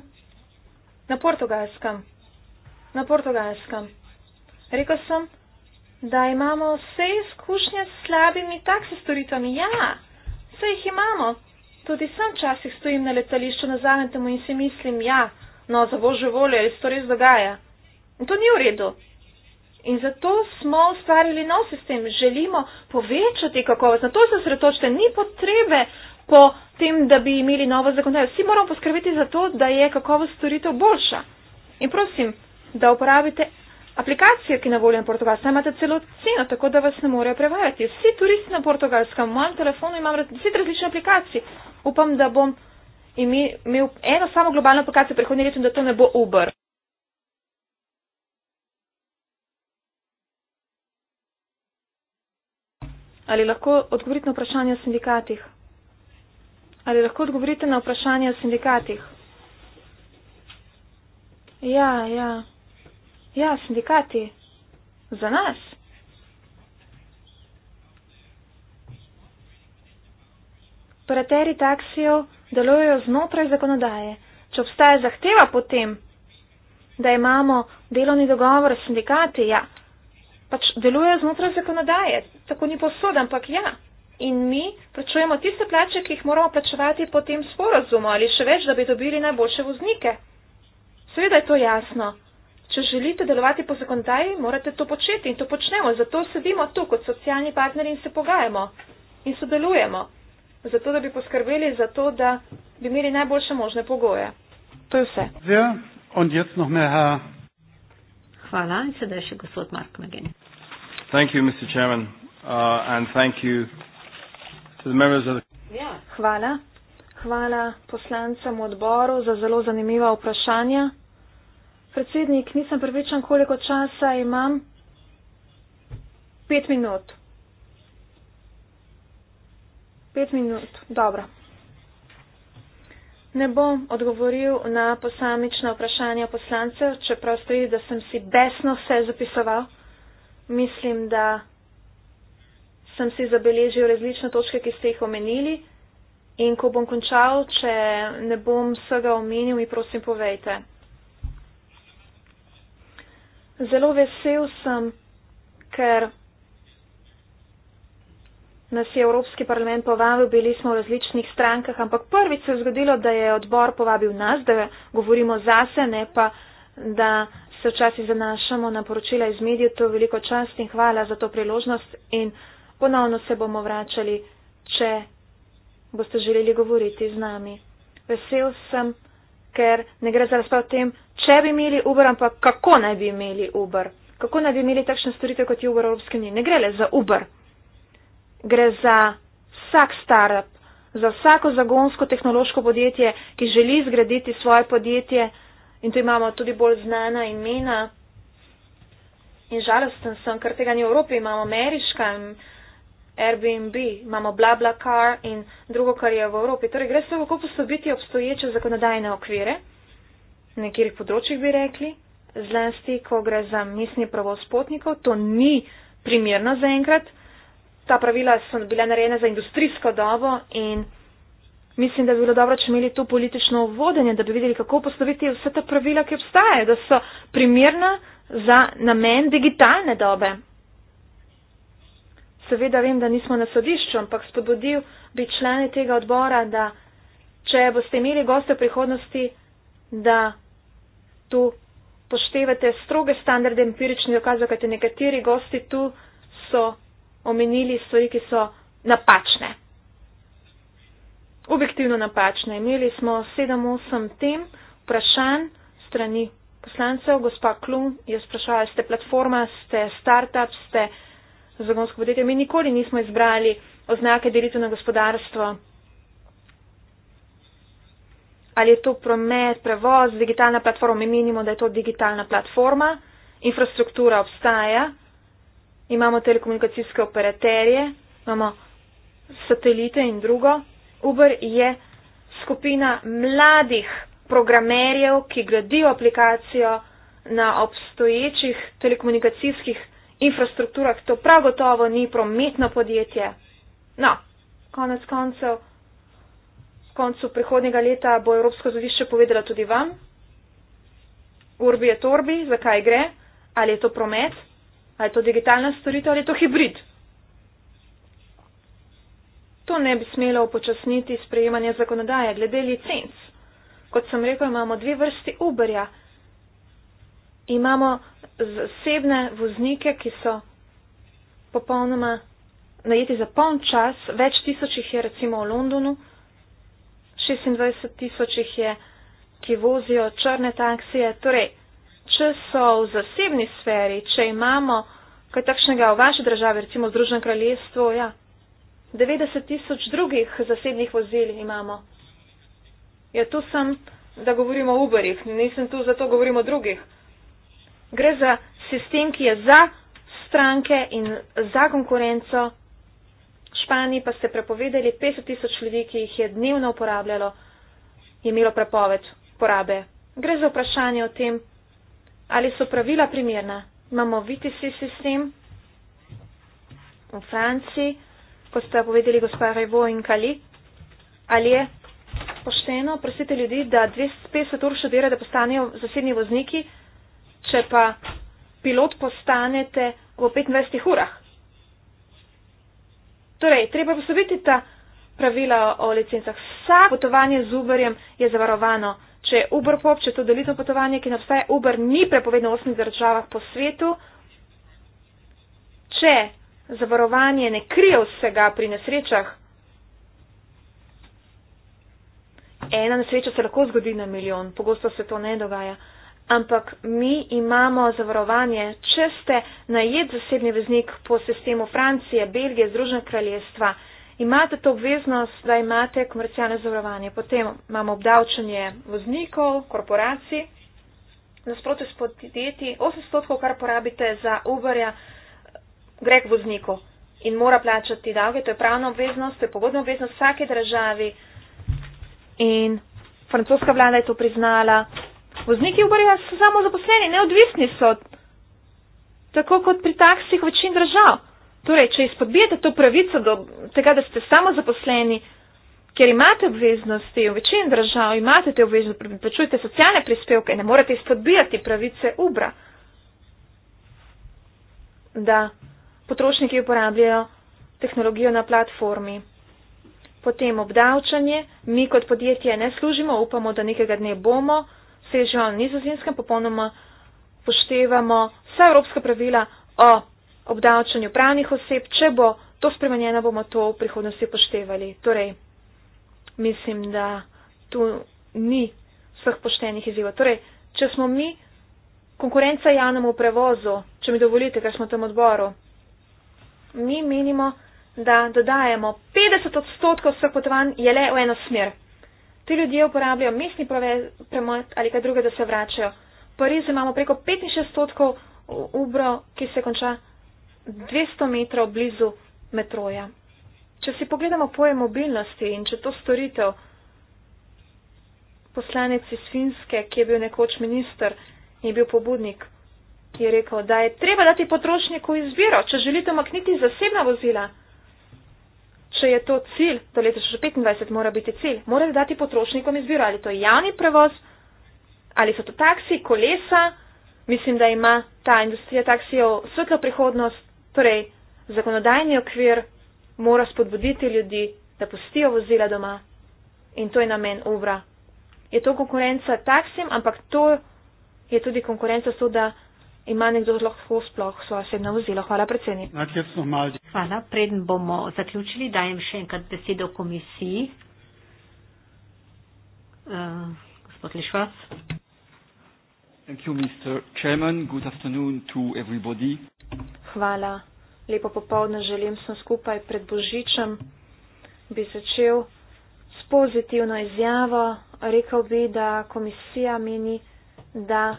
Na portugalskem. Na portugalskem. Rekl sem, da imamo vse izkušnje s slabimi taksi storitvami. Ja, vse jih imamo. Tudi sam časih stojim na letališču na zametemu in si mislim, ja, no za božjo voljo, ali se to res dogaja. In to ni v redu. In zato smo ustvarili nov sistem, želimo povečati kakovost. Na to se sretočite, ni potrebe po tem, da bi imeli novo zakonodajo. Vsi moramo poskrbeti za to, da je kakovost storitev boljša. In prosim, da uporabite aplikacijo, ki je na voljo na portugalskem, imate celo ceno, tako da vas ne morejo prevarati. Vsi turisti na portugalskem, v mojem telefonu imam deset različnih aplikacij. Upam, da bom imel eno samo globalno aplikacijo prihodnje leto in da to ne bo Uber. Ali lahko odgovorite na vprašanje o sindikatih? Ali lahko odgovorite na vprašanje o sindikatih? Ja, ja. Ja, sindikati. Za nas. Operateri taksijev delujejo znotraj zakonodaje. Če obstaja zahteva potem, da imamo delovni dogovor s sindikati, ja, pač delujejo znotraj zakonodaje. Tako ni posod, ampak ja. In mi plačujemo tiste plače, ki jih moramo plačevati po tem sporazumu ali še več, da bi dobili najboljše voznike. Seveda je to jasno če želite delovati po zakonodaji, morate to početi in to počnemo. Zato sedimo tu kot socialni partneri in se pogajamo in sodelujemo. Zato, da bi poskrbeli za to, da bi imeli najboljše možne pogoje. To je vse. Ja, Hvala in sedaj še gospod Mark Magen. Uh, ja. Hvala. Hvala poslancem odboru za zelo zanimiva vprašanja. Predsednik, nisem prepričan, koliko časa imam. Pet minut. Pet minut, dobro. Ne bom odgovoril na posamična vprašanja poslancev, čeprav stoji, da sem si besno vse zapisoval. Mislim, da sem si zabeležil različne točke, ki ste jih omenili. In ko bom končal, če ne bom vsega omenil, mi prosim povejte zelo vesel sem, ker nas je Evropski parlament povabil, bili smo v različnih strankah, ampak prvič se je zgodilo, da je odbor povabil nas, da govorimo zase, ne pa, da se včasih zanašamo na poročila iz medijev. To je veliko čast in hvala za to priložnost in ponovno se bomo vračali, če boste želeli govoriti z nami. Vesel sem, ker ne gre za razprav tem, če bi imeli Uber, ampak kako naj bi imeli Uber? Kako naj bi imeli takšne storitev, kot je Uber v Evropski uniji? Ne gre le za Uber. Gre za vsak startup, za vsako zagonsko tehnološko podjetje, ki želi zgraditi svoje podjetje in tu imamo tudi bolj znana imena. In žalosten sem, ker tega ni v Evropi, imamo ameriška in Airbnb, imamo BlaBlaCar in drugo, kar je v Evropi. Torej, gre samo kako posobiti obstoječe zakonodajne okvire nekih področjih bi rekli, zlasti, ko gre za mislni provoz potnikov, to ni primirno zaenkrat. Ta pravila so bile narejene za industrijsko dobo in mislim, da bi bilo dobro, če imeli to politično vodenje, da bi videli, kako postaviti vse ta pravila, ki obstajajo, da so primirna za namen digitalne dobe. Seveda vem, da nismo na sodišču, ampak spodbudil bi člane tega odbora, da če boste imeli goste v prihodnosti, da tu poštevate stroge standarde empirične dokaze, kajte nekateri gosti tu so omenili stvari, ki so napačne. Objektivno napačne. Imeli smo 7-8 tem vprašanj strani poslancev. Gospa Klum je sprašala, ste platforma, ste startup, ste zagonsko podjetje. Mi nikoli nismo izbrali oznake delitev na gospodarstvo ali je to promet, prevoz, digitalna platforma, mi menimo, da je to digitalna platforma, infrastruktura obstaja, imamo telekomunikacijske operaterje, imamo satelite in drugo. Uber je skupina mladih programerjev, ki gradijo aplikacijo na obstoječih telekomunikacijskih infrastrukturah. To prav gotovo ni prometno podjetje. No, konec koncev koncu prihodnega leta bo Evropsko zodišče povedala tudi vam. Urbi je torbi, zakaj gre, ali je to promet, ali je to digitalna storitev, ali je to hibrid. To ne bi smelo upočasniti sprejemanje zakonodaje glede licenc. Kot sem rekel, imamo dve vrsti Uberja. Imamo zasebne voznike, ki so popolnoma najeti za poln čas, več tisočih je recimo v Londonu. 26 tisoč jih je, ki vozijo črne taksije. Torej, če so v zasebni sferi, če imamo kaj takšnega v vaši državi, recimo v Združenem kraljestvu, ja, 90 tisoč drugih zasebnih vozil imamo. Ja, tu sem, da govorim o Uberih, nisem tu, zato govorim o drugih. Gre za sistem, ki je za stranke in za konkurenco Španiji pa ste prepovedali 50 tisoč ljudi, ki jih je dnevno uporabljalo, imelo prepoved porabe. Gre za vprašanje o tem, ali so pravila primerna. Imamo VTC sistem v Franciji, kot ste povedali gospod Revo in Kali, ali je pošteno prosite ljudi, da 250 ur študira, da postanejo zasebni vozniki, če pa pilot postanete v 25 urah. Torej, treba posoditi ta pravila o licencah. Vsak potovanje z Uberjem je zavarovano. Če je Uber pop, če je to delitno potovanje, ki ne obstaja, Uber ni prepovedno v osmih državah po svetu. Če zavarovanje ne krije vsega pri nesrečah, ena nesreča se lahko zgodi na milijon, pogosto se to ne dogaja ampak mi imamo zavarovanje, če ste najed zasebni voznik po sistemu Francije, Belgije, Združenega kraljestva, imate to obveznost, da imate komercialno zavarovanje. Potem imamo obdavčanje voznikov, korporacij, nasprotno s podjetji, 800, kar porabite za Uberja, gre k vozniku in mora plačati davke, to je pravna obveznost, to je pogodna obveznost vsake državi in francoska vlada je to priznala. Vozniki Uberja so samo zaposleni, neodvisni so, tako kot pri taksih večin držav. Torej, če izpodbijete to pravico do tega, da ste samo zaposleni, ker imate obveznosti v večini držav, imate te obveznosti, plačujete socialne prispevke, ne morete izpodbijati pravice Ubra, da potrošniki uporabljajo tehnologijo na platformi. Potem obdavčanje, mi kot podjetje ne služimo, upamo, da nekega dne bomo sežejo nizozemske, popolnoma poštevamo vse evropske pravila o obdavčanju pravnih oseb. Če bo to spremenjeno, bomo to v prihodnosti poštevali. Torej, mislim, da tu ni vseh poštenih izzivov. Torej, če smo mi konkurenca javnemu prevozu, če mi dovolite, ker smo v tem odboru, mi menimo, da dodajemo 50 odstotkov vseh potovanj je le v eno smer. Ti ljudje uporabljajo mestni premet ali kaj druge, da se vračajo. V Parizu imamo preko 65% ubro, ki se konča 200 metrov blizu metroja. Če si pogledamo pojem mobilnosti in če to storitev poslanec iz Finske, ki je bil nekoč minister in je bil pobudnik, ki je rekel, da je treba dati potrošniku izbiro, če želite makniti zasebna vozila če je to cilj, do leta 2025 mora biti cilj, mora dati potrošnikom izbiro, ali to je javni prevoz, ali so to taksi, kolesa. Mislim, da ima ta industrija taksijev svetlo prihodnost, torej zakonodajni okvir mora spodbuditi ljudi, da pustijo vozila doma in to je namen uvra. Je to konkurenca taksim, ampak to je tudi konkurenca s to, da ima nekdo lahko sploh svoje osebno vozilo. Hvala predsednik. Hvala. Preden bomo zaključili, dajem še enkrat besedo komisiji. Uh, gospod Lišvac. Hvala. Lepo popovdne želim vsem skupaj pred Božičem. Bi začel s pozitivno izjavo. Rekel bi, da komisija meni, da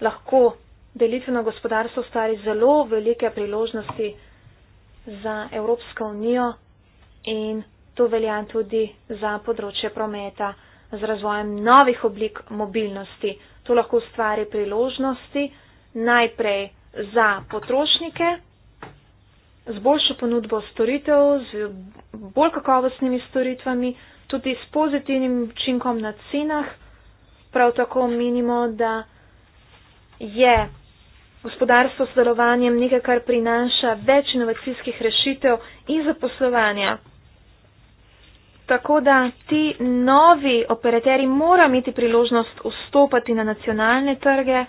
lahko delitveno gospodarstvo ustvari zelo velike priložnosti za Evropsko unijo in to velja tudi za področje prometa z razvojem novih oblik mobilnosti. To lahko ustvari priložnosti najprej za potrošnike z boljšo ponudbo storitev, z bolj kakovostnimi storitvami, tudi s pozitivnim učinkom na cenah. Prav tako menimo, da je Gospodarstvo s delovanjem nekaj, kar prinaša več inovacijskih rešitev in zaposlovanja. Tako da ti novi operateri morajo imeti priložnost vstopati na nacionalne trge,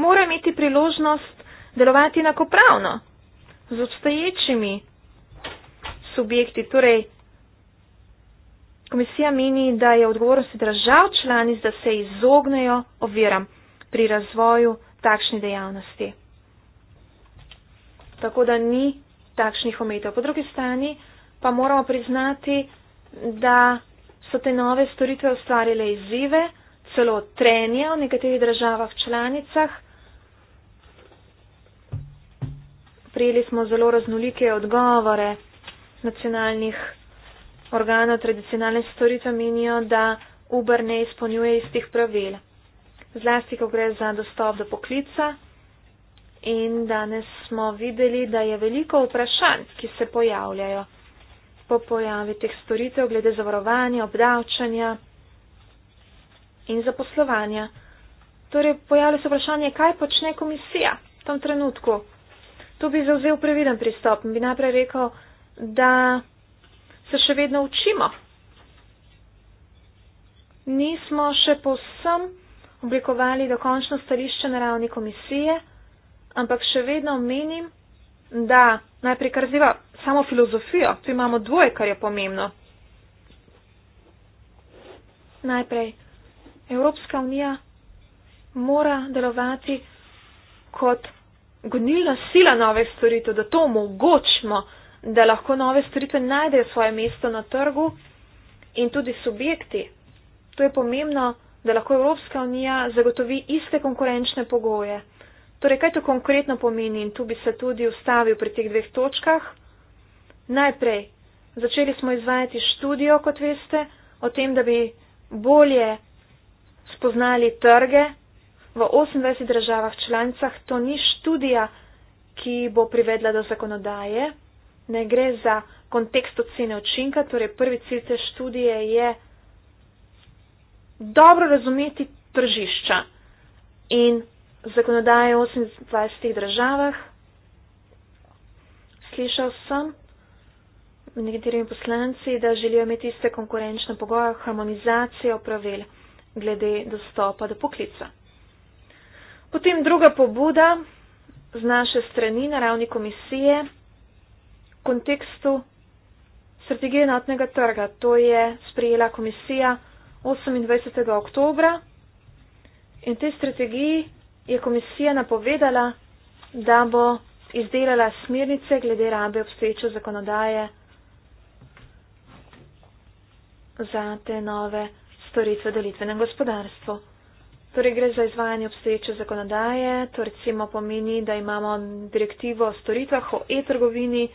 morajo imeti priložnost delovati enakopravno z obstoječimi subjekti. Torej, komisija meni, da je odgovornost držav članic, da se izognejo oviram pri razvoju takšni dejavnosti. Tako da ni takšnih omejitev. Po drugi strani pa moramo priznati, da so te nove storitve ustvarile izzive, celo trenje v nekaterih državah članicah. Prijeli smo zelo raznolike odgovore nacionalnih organov, tradicionalne storitve menijo, da Uber ne izpolnjuje istih pravil zlasti, ko gre za dostop do poklica. In danes smo videli, da je veliko vprašanj, ki se pojavljajo po pojavi teh storitev glede zavarovanja, obdavčanja in zaposlovanja. Torej, pojavlja se vprašanje, kaj počne komisija v tom trenutku. Tu bi zauzel previden pristop in bi najprej rekel, da se še vedno učimo. Nismo še povsem oblikovali dokončno stališče na ravni komisije, ampak še vedno menim, da najprej kar zdiva samo filozofijo, tu imamo dvoje, kar je pomembno. Najprej, Evropska unija mora delovati kot gonilna sila nove storitve, da to omogočimo, da lahko nove storitve najdejo svoje mesto na trgu in tudi subjekti. To je pomembno da lahko Evropska unija zagotovi iste konkurenčne pogoje. Torej, kaj to konkretno pomeni in tu bi se tudi ustavil pri teh dveh točkah? Najprej, začeli smo izvajati študijo, kot veste, o tem, da bi bolje spoznali trge v 28 državah članicah. To ni študija, ki bo privedla do zakonodaje, ne gre za kontekst ocene učinka, torej prvi cilj te študije je dobro razumeti tržišča in zakonodaje v 28 državah. Slišal sem nekaterimi poslanci, da želijo imeti iste konkurenčne pogoje, harmonizacijo pravil glede dostopa do poklica. Potem druga pobuda z naše strani na ravni komisije v kontekstu strategije enotnega trga. To je sprijela komisija 28. oktobra in tej strategiji je komisija napovedala, da bo izdelala smernice glede rabe obstoječe zakonodaje za te nove storitve delitvenem gospodarstvu. Torej gre za izvajanje obstoječe zakonodaje, to recimo pomeni, da imamo direktivo o storitvah o e-trgovini,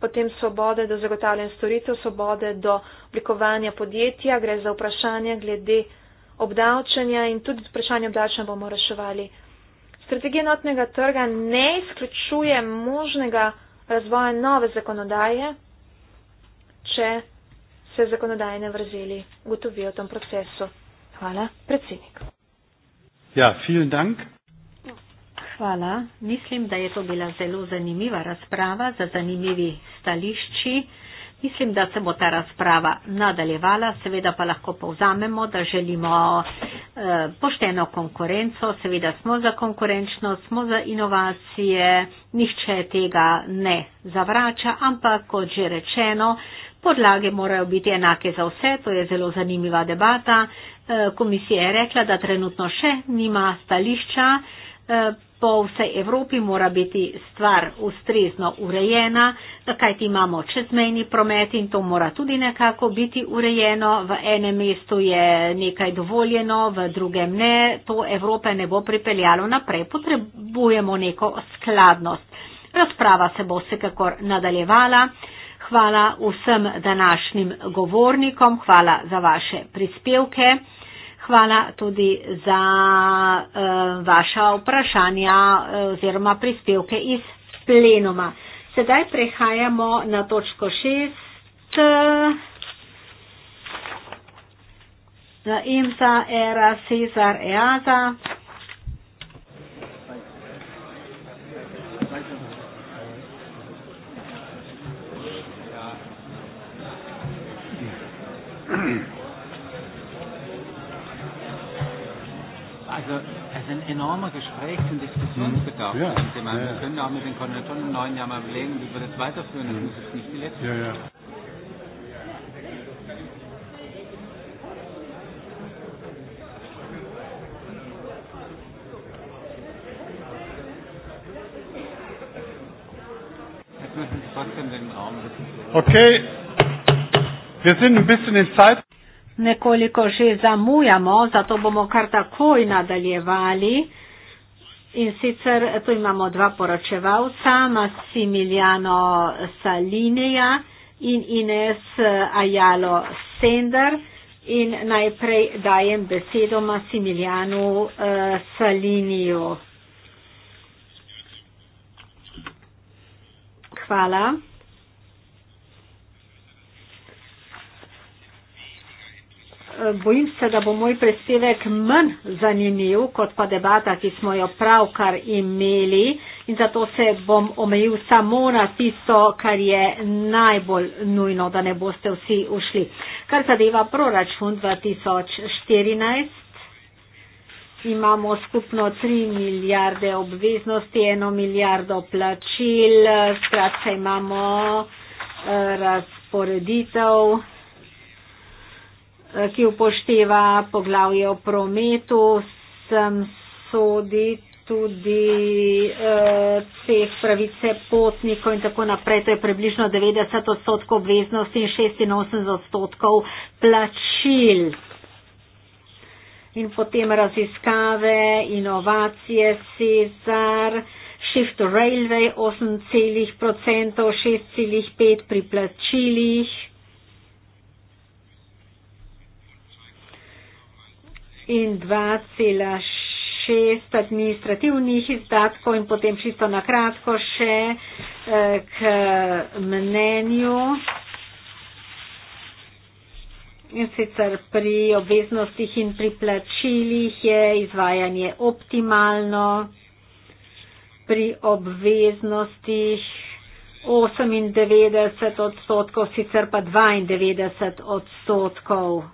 potem svobode do zagotavljanja storitev, svobode do oblikovanja podjetja, gre za vprašanje glede obdavčanja in tudi vprašanje obdavčanja bomo reševali. Strategija notnega trga ne izključuje možnega razvoja nove zakonodaje, če se zakonodajne vrzeli gotovijo v tem procesu. Hvala, predsednik. Ja, vielen Dank hvala. Mislim, da je to bila zelo zanimiva razprava za zanimivi stališči. Mislim, da se bo ta razprava nadaljevala. Seveda pa lahko povzamemo, da želimo eh, pošteno konkurenco. Seveda smo za konkurenčnost, smo za inovacije. Nihče tega ne zavrača, ampak kot že rečeno, podlage morajo biti enake za vse. To je zelo zanimiva debata. Eh, komisija je rekla, da trenutno še nima stališča. Eh, po vsej Evropi mora biti stvar ustrezno urejena, kajti imamo čezmejni promet in to mora tudi nekako biti urejeno. V enem mestu je nekaj dovoljeno, v drugem ne. To Evrope ne bo pripeljalo naprej. Potrebujemo neko skladnost. Razprava se bo vsekakor nadaljevala. Hvala vsem današnjim govornikom, hvala za vaše prispevke hvala tudi za uh, vaša vprašanja uh, oziroma prispevke iz plenuma. Sedaj prehajamo na točko šest. Eh, Imsa era Cesar Easa. Mm-hmm. also es ist ein enormer Gesprächs- und Diskussionsbedarf. Ja. Ich meine, ja. Wir können ja auch mit den Koordinatoren im neuen Jahr mal überlegen, wie wir das weiterführen. Das ist mhm. jetzt nicht die letzte. Ja, ja. Okay, wir sind ein bisschen in Zeit nekoliko že zamujamo, zato bomo kar takoj nadaljevali. In sicer tu imamo dva poročevalca, Massimiliano Salineja in Ines Ajalo Sender. In najprej dajem besedo Massimiliano eh, Salinijo. Hvala. bojim se, da bo moj prispevek manj zanimiv kot pa debata, ki smo jo pravkar imeli in zato se bom omejil samo na tisto, kar je najbolj nujno, da ne boste vsi ušli. Kar zadeva proračun 2014, imamo skupno 3 milijarde obveznosti, 1 milijardo plačil, skratka imamo eh, razporeditev. Eh, ki upošteva poglavje o prometu, sem sodi tudi eh, ceh pravice potnikov in tako naprej. To je približno 90 odstotkov obveznosti in 86 odstotkov plačil. In potem raziskave, inovacije, Cezar, Shift Railway 8,5%, 6,5% pri plačilih. in 2,6 administrativnih izdatkov in potem čisto na kratko še eh, k mnenju. In sicer pri obveznostih in pri plačilih je izvajanje optimalno, pri obveznostih 98 odstotkov, sicer pa 92 odstotkov.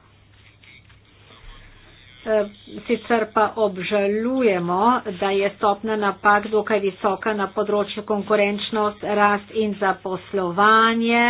Eh, sicer pa obžalujemo, da je stopna napak dokaj visoka na področju konkurenčnost, rast in zaposlovanje.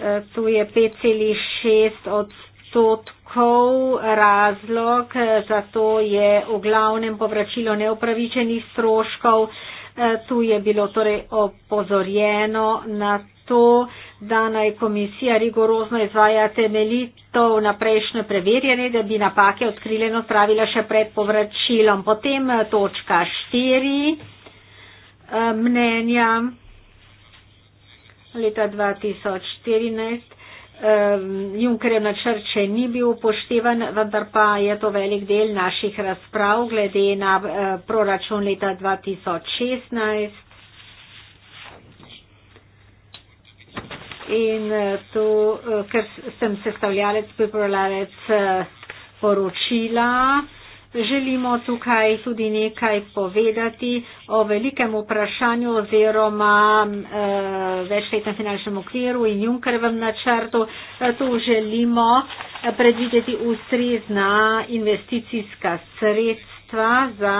Eh, tu je 5,6 odstotkov razlog, zato je v glavnem povračilo neupravičenih stroškov. Eh, tu je bilo torej opozorjeno na to da naj komisija rigorozno izvaja temeljito naprejšnje preverjanje, da bi napake odkrile in odpravila še pred povračilom. Potem eh, točka štiri eh, mnenja leta 2014. Eh, Junkerjev načrt še ni bil upoštevan, vendar pa je to velik del naših razprav glede na proračun leta 2016. in eh, to, eh, ker sem sestavljalec, pripravljalec eh, poročila. Želimo tukaj tudi nekaj povedati o velikem vprašanju oziroma eh, večletnem finančnem okviru in Junkerjevem načrtu. Tu želimo predvideti ustrezna investicijska sredstva za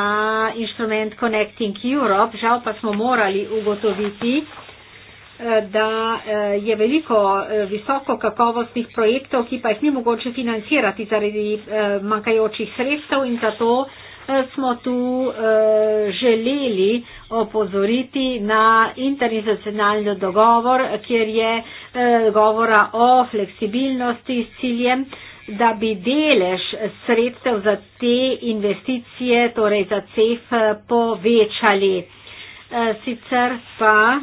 inštrument Connecting Europe. Žal pa smo morali ugotoviti, da eh, je veliko eh, visoko kakovostnih projektov, ki pa jih ni mogoče financirati zaradi eh, manjkajočih sredstev in zato smo tu želeli opozoriti na interinstitucionalni dogovor, kjer je govora o fleksibilnosti s ciljem, da bi delež sredstev za te investicije, torej za CEF, povečali. Sicer pa.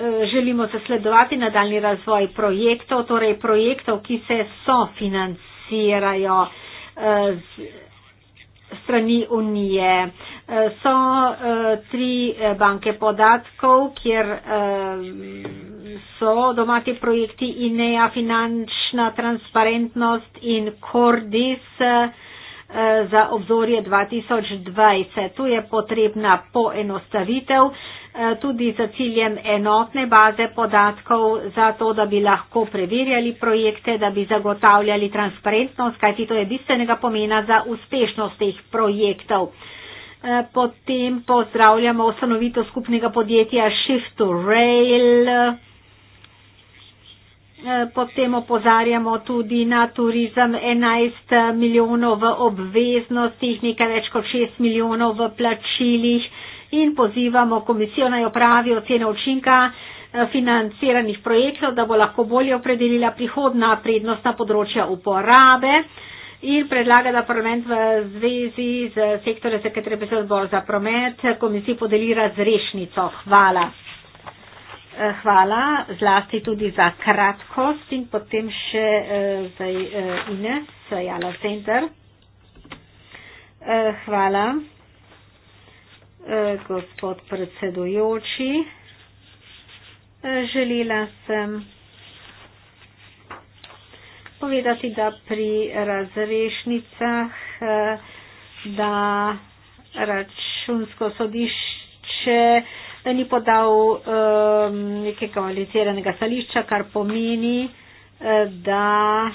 Eh, želimo zasledovati nadaljni razvoj projektov, torej projektov, ki se sofinancirajo eh, z strani Unije. Eh, so tri banke podatkov, kjer so domati projekti INEA, finančna transparentnost in Cordis za obzorje 2020. Tu je potrebna poenostavitev Eh, tudi za ciljem enotne baze podatkov, zato da bi lahko preverjali projekte, da bi zagotavljali transparentnost, kajti to je bistvenega pomena za uspešnost teh projektov. Eh, potem pozdravljamo ustanovitev skupnega podjetja Shift to Rail. Eh, potem opozarjamo tudi na turizem 11 milijonov v obveznostih, nekaj več kot 6 milijonov v plačilih in pozivamo komisijo naj opravi oceno učinka eh, financiranih projektov, da bo lahko bolje opredelila prihodna prednostna področja uporabe in predlaga, da parlament v zvezi z sektorjem, za katerega bi se odbor za promet, komisiji podeli razrešnico. Hvala. Eh, hvala zlasti tudi za kratkost in potem še eh, za eh, Ines, Jala Center. Eh, hvala. Eh, gospod predsedujoči. Eh, želela sem povedati, da pri razrešnicah, eh, da računsko sodišče ni podal nekega valiziranega stališča, kar pomeni, da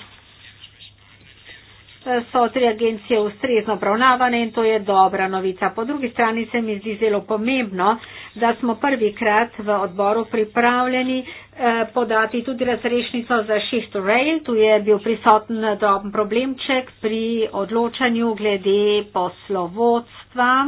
Eh, so tri agencije ustrezno obravnavane in to je dobra novica. Po drugi strani se mi zdi zelo pomembno, da smo prvi krat v odboru pripravljeni eh, podati tudi razrešnico za Shift Rail, tu je bil prisoten eh, dom problemček pri odločanju glede poslovodstva.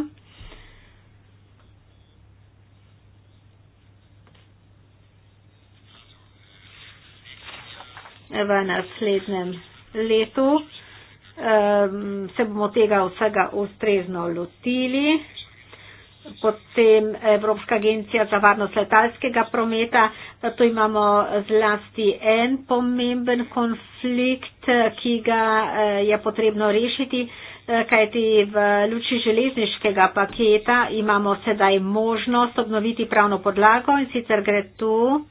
v naslednjem letu. Ehm, se bomo tega vsega ustrezno lotili. Potem Evropska agencija za varnost letalskega prometa, eh, tu imamo zlasti en pomemben konflikt, eh, ki ga eh, je potrebno rešiti, kajti v luči železniškega paketa imamo sedaj možnost obnoviti pravno podlago in sicer gre tu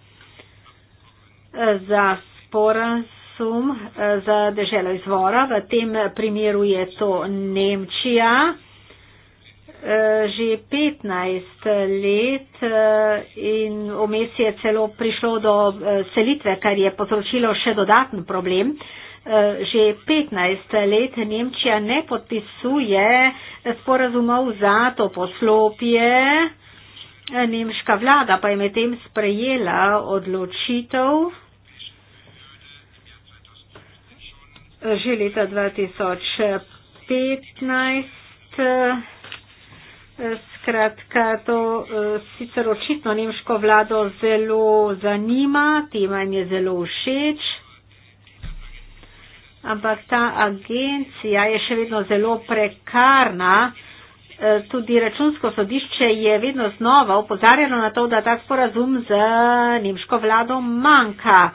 za sporaz sum eh, za deželo izvora, v tem primeru je to Nemčija. Eh, že 15 let eh, in vmes je celo prišlo do selitve, kar je potročilo še dodaten problem. Že 15 let Nemčija ne podpisuje sporazumov za to poslopje. Nemška vlada pa je medtem sprejela odločitev že leta 2015. Skratka, to eh, sicer očitno nemško vlado zelo zanima, tema jim je zelo všeč, ampak ta agencija je še vedno zelo prekarna. Eh, tudi računsko sodišče je vedno znova upozarjalo na to, da ta sporazum z nemško vlado manjka.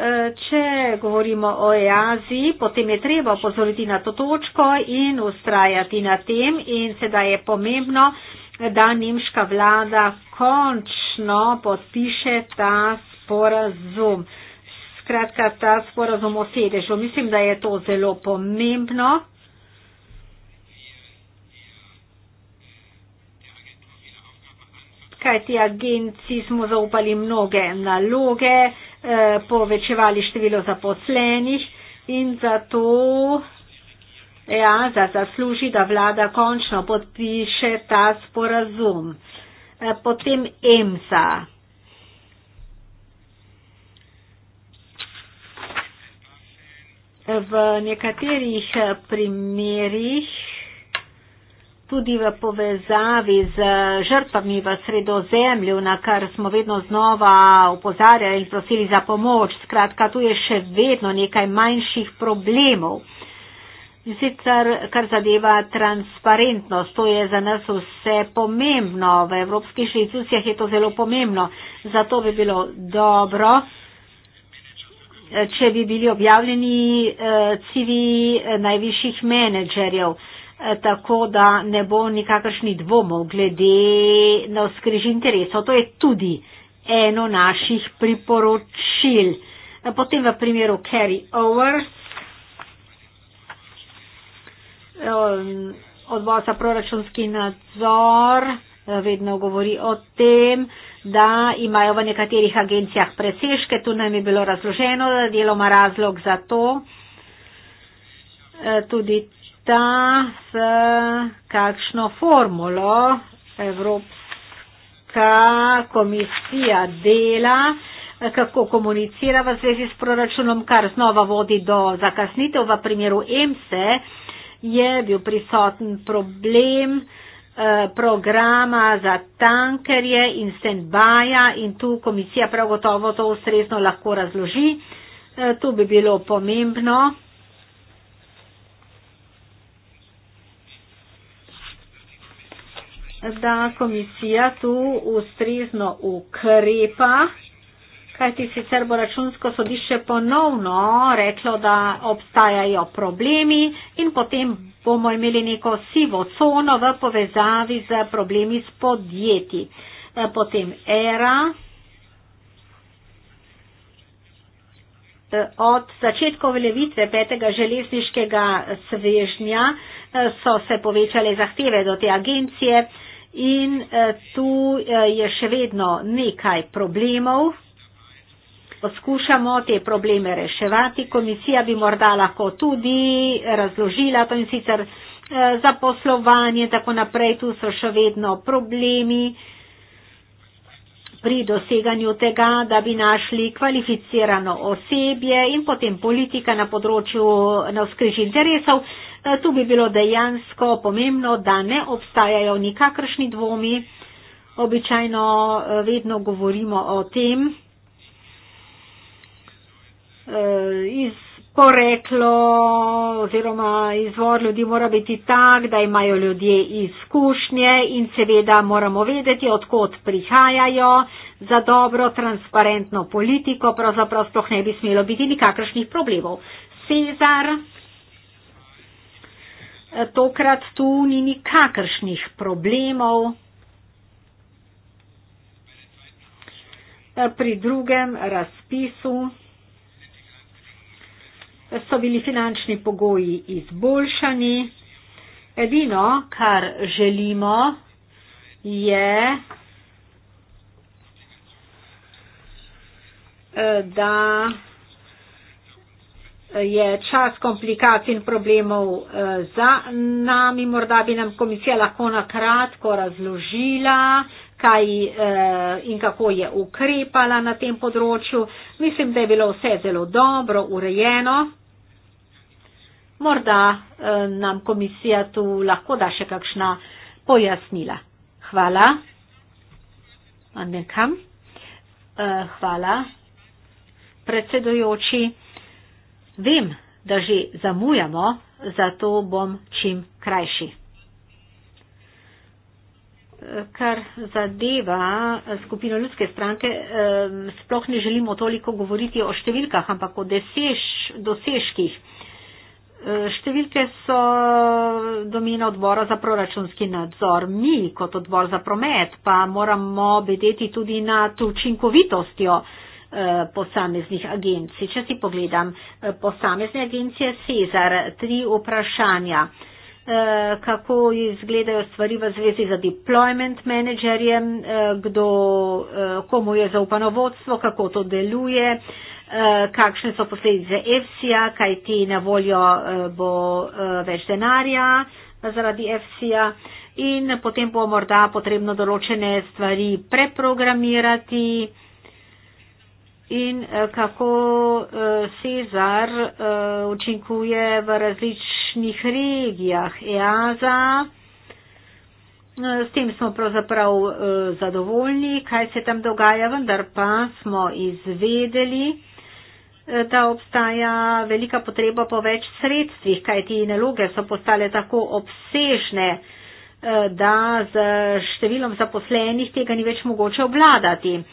Če govorimo o e Aziji, potem je treba opozoriti na to točko in ustrajati na tem in sedaj je pomembno, da nemška vlada končno podpiše ta sporazum. Skratka, ta sporazum o sedežu. Mislim, da je to zelo pomembno. Kaj ti agenci smo zaupali mnoge naloge? Eh, povečevali število zaposlenih in zato EASA zasluži, da vlada končno podpiše ta sporazum. Eh, potem EMSA. V nekaterih primerjih tudi v povezavi z žrtvami v sredozemlju, na kar smo vedno znova upozarjali in prosili za pomoč. Skratka, tu je še vedno nekaj manjših problemov. In sicer, kar zadeva transparentnost, to je za nas vse pomembno, v evropskih institucijah je to zelo pomembno. Zato bi bilo dobro, če bi bili objavljeni eh, civi najvišjih menedžerjev tako da ne bo nikakršni dvomov glede na skriž interesov. To je tudi eno naših priporočil. Potem v primeru carry overs ehm, odbor za proračunski nadzor eh, vedno govori o tem, da imajo v nekaterih agencijah preseške, tu nam je bilo razloženo, da deloma razlog za to. Eh, tudi da s kakšno formulo Evropska komisija dela, kako komunicira v zvezi s proračunom, kar znova vodi do zakasnitev. V primeru EMSE je bil prisoten problem eh, programa za tankerje in stand-by-a in tu komisija prav gotovo to ustrezno lahko razloži. Eh, tu bi bilo pomembno, da komisija tu ustrezno ukrepa, kajti sicer bo računsko sodišče ponovno reklo, da obstajajo problemi in potem bomo imeli neko sivo cono v povezavi z problemi s podjetji. E, potem era. E, od začetka uveljavitve petega železniškega svežnja e, so se povečale zahteve do te agencije, in eh, tu eh, je še vedno nekaj problemov. Poskušamo te probleme reševati. Komisija bi morda lahko tudi razložila to in sicer eh, zaposlovanje, tako naprej, tu so še vedno problemi pri doseganju tega, da bi našli kvalificirano osebje in potem politika na področju navskrižnih interesov. E, tu bi bilo dejansko pomembno, da ne obstajajo nikakršni dvomi. Običajno e, vedno govorimo o tem e, iz poreklo oziroma izvor ljudi mora biti tak, da imajo ljudje izkušnje in seveda moramo vedeti, odkot prihajajo za dobro, transparentno politiko, pravzaprav sploh ne bi smelo biti nikakršnih problemov. Cezar, tokrat tu ni nikakršnih problemov. Pri drugem razpisu so bili finančni pogoji izboljšani. Edino, kar želimo, je, eh, da je čas komplikacij in problemov eh, za nami. Morda bi nam komisija lahko na kratko razložila, kaj eh, in kako je ukrepala na tem področju. Mislim, da je bilo vse zelo dobro urejeno. Morda eh, nam komisija tu lahko da še kakšna pojasnila. Hvala. Eh, hvala. Predsedujoči, vem, da že zamujamo, zato bom čim krajši. Eh, kar zadeva skupino ljudske stranke, eh, sploh ne želimo toliko govoriti o številkah, ampak o dosež, dosežkih. E, številke so domina odbora za proračunski nadzor. Mi kot odbor za promet pa moramo bedeti tudi nad učinkovitostjo e, posameznih agencij. Če si pogledam e, posamezne agencije Cezar, tri vprašanja. Kako izgledajo stvari v zvezi za deployment managerjem, kdo, komu je zaupano vodstvo, kako to deluje, Eh, kakšne so posledice EFSI-ja, kaj ti na voljo eh, bo eh, več denarja zaradi EFSI-ja in potem bo morda potrebno določene stvari preprogramirati in kako Cezar učinkuje v različnih regijah EASA. S tem smo pravzaprav zadovoljni, kaj se tam dogaja, vendar pa smo izvedeli, da obstaja velika potreba po več sredstvih, kajti naloge so postale tako obsežne, eh, da z številom zaposlenih tega ni več mogoče obladati. Eh,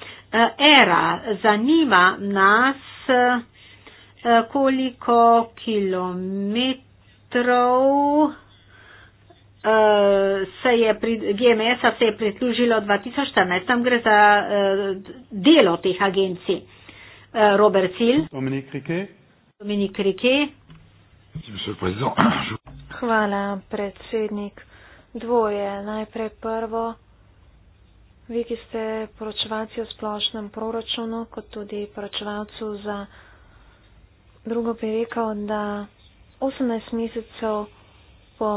Era zanima nas, eh, koliko kilometrov se je pri GMS-a se je pritružilo 2014, tam gre za delo teh agencij. Euh, Robert Cil. Dominique Riquet. Dominique Riquet. Hvala, predsednik. Dvoje. Najprej prvo. Vi, ki ste poročevalci o splošnem proračunu, kot tudi poročevalcu za drugo, bi rekel, da 18 mesecev po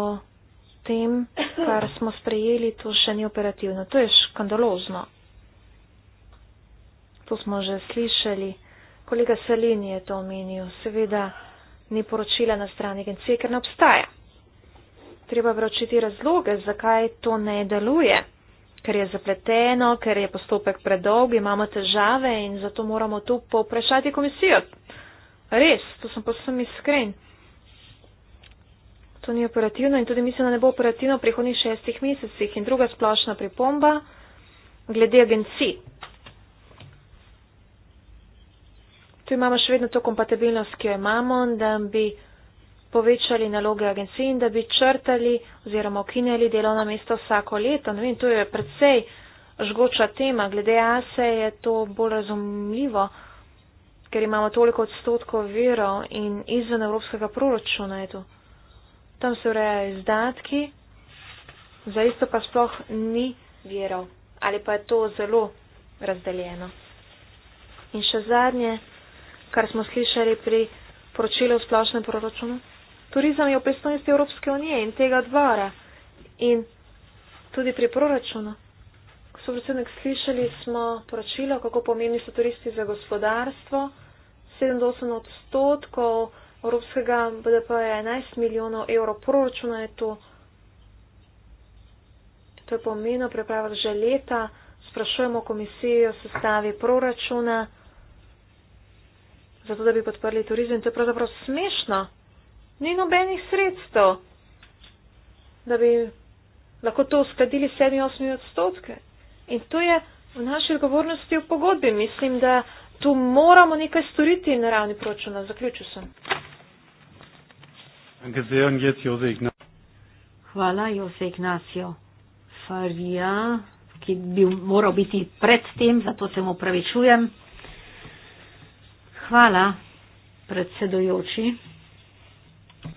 tem, kar smo sprejeli, to še ni operativno. To je škandalozno. To smo že slišali. Kolega Salini je to omenil. Seveda ni poročila na strani agencije, ker ne obstaja. Treba vročiti razloge, zakaj to ne deluje. Ker je zapleteno, ker je postopek predolg, imamo težave in zato moramo tu povprašati komisijo. Res, to sem posem iskren. To ni operativno in tudi mislim, da ne bo operativno v prihodnjih šestih mesecih. In druga splošna pripomba glede agencij. tu imamo še vedno to kompatibilnost, ki jo imamo, da bi povečali naloge agencij in da bi črtali oziroma okinjali delovna mesta vsako leto. Ne vem, to je predvsej žgoča tema. Glede ASE je to bolj razumljivo, ker imamo toliko odstotkov virov in izven evropskega proračuna je to. Tam se urejajo izdatki, za isto pa sploh ni virov ali pa je to zelo razdeljeno. In še zadnje kar smo slišali pri poročilu o splošnem proračunu. Turizem je v pristojnosti Evropske unije in tega dvora. In tudi pri proračunu. Ko so predsednik slišali, smo poročilo, kako pomembni so turisti za gospodarstvo. 78 odstotkov Evropskega BDP je 11 milijonov evrov proračuna je to. To je pomeno, prepravo že leta sprašujemo komisijo o sestavi proračuna zato da bi podprli turizem. To je pravzaprav smešno. Ni nobenih sredstev, da bi lahko to uskladili 7-8 odstotke. In to je v naši odgovornosti v pogodbi. Mislim, da tu moramo nekaj storiti na ravni proračuna. Zaključil sem. Hvala, Jose Ignacio. Farija, ki bi moral biti pred tem, zato se mu opravičujem hvala, predsedujoči.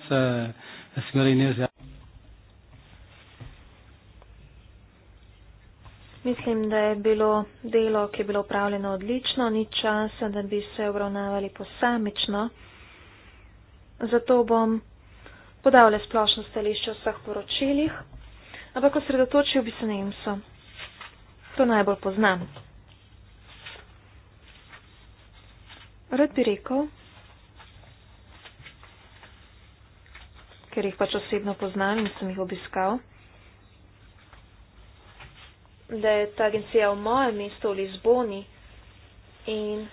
Se, Mislim, da je bilo delo, ki je bilo upravljeno odlično, ni časa, da bi se obravnavali posamično. Zato bom podavljal splošno stališče o vseh poročilih, ampak osredotočil bi se na imso. To najbolj poznam. rad bi rekel, ker jih pač osebno poznam in sem jih obiskal, da je ta agencija v mojem mestu v Lizboni in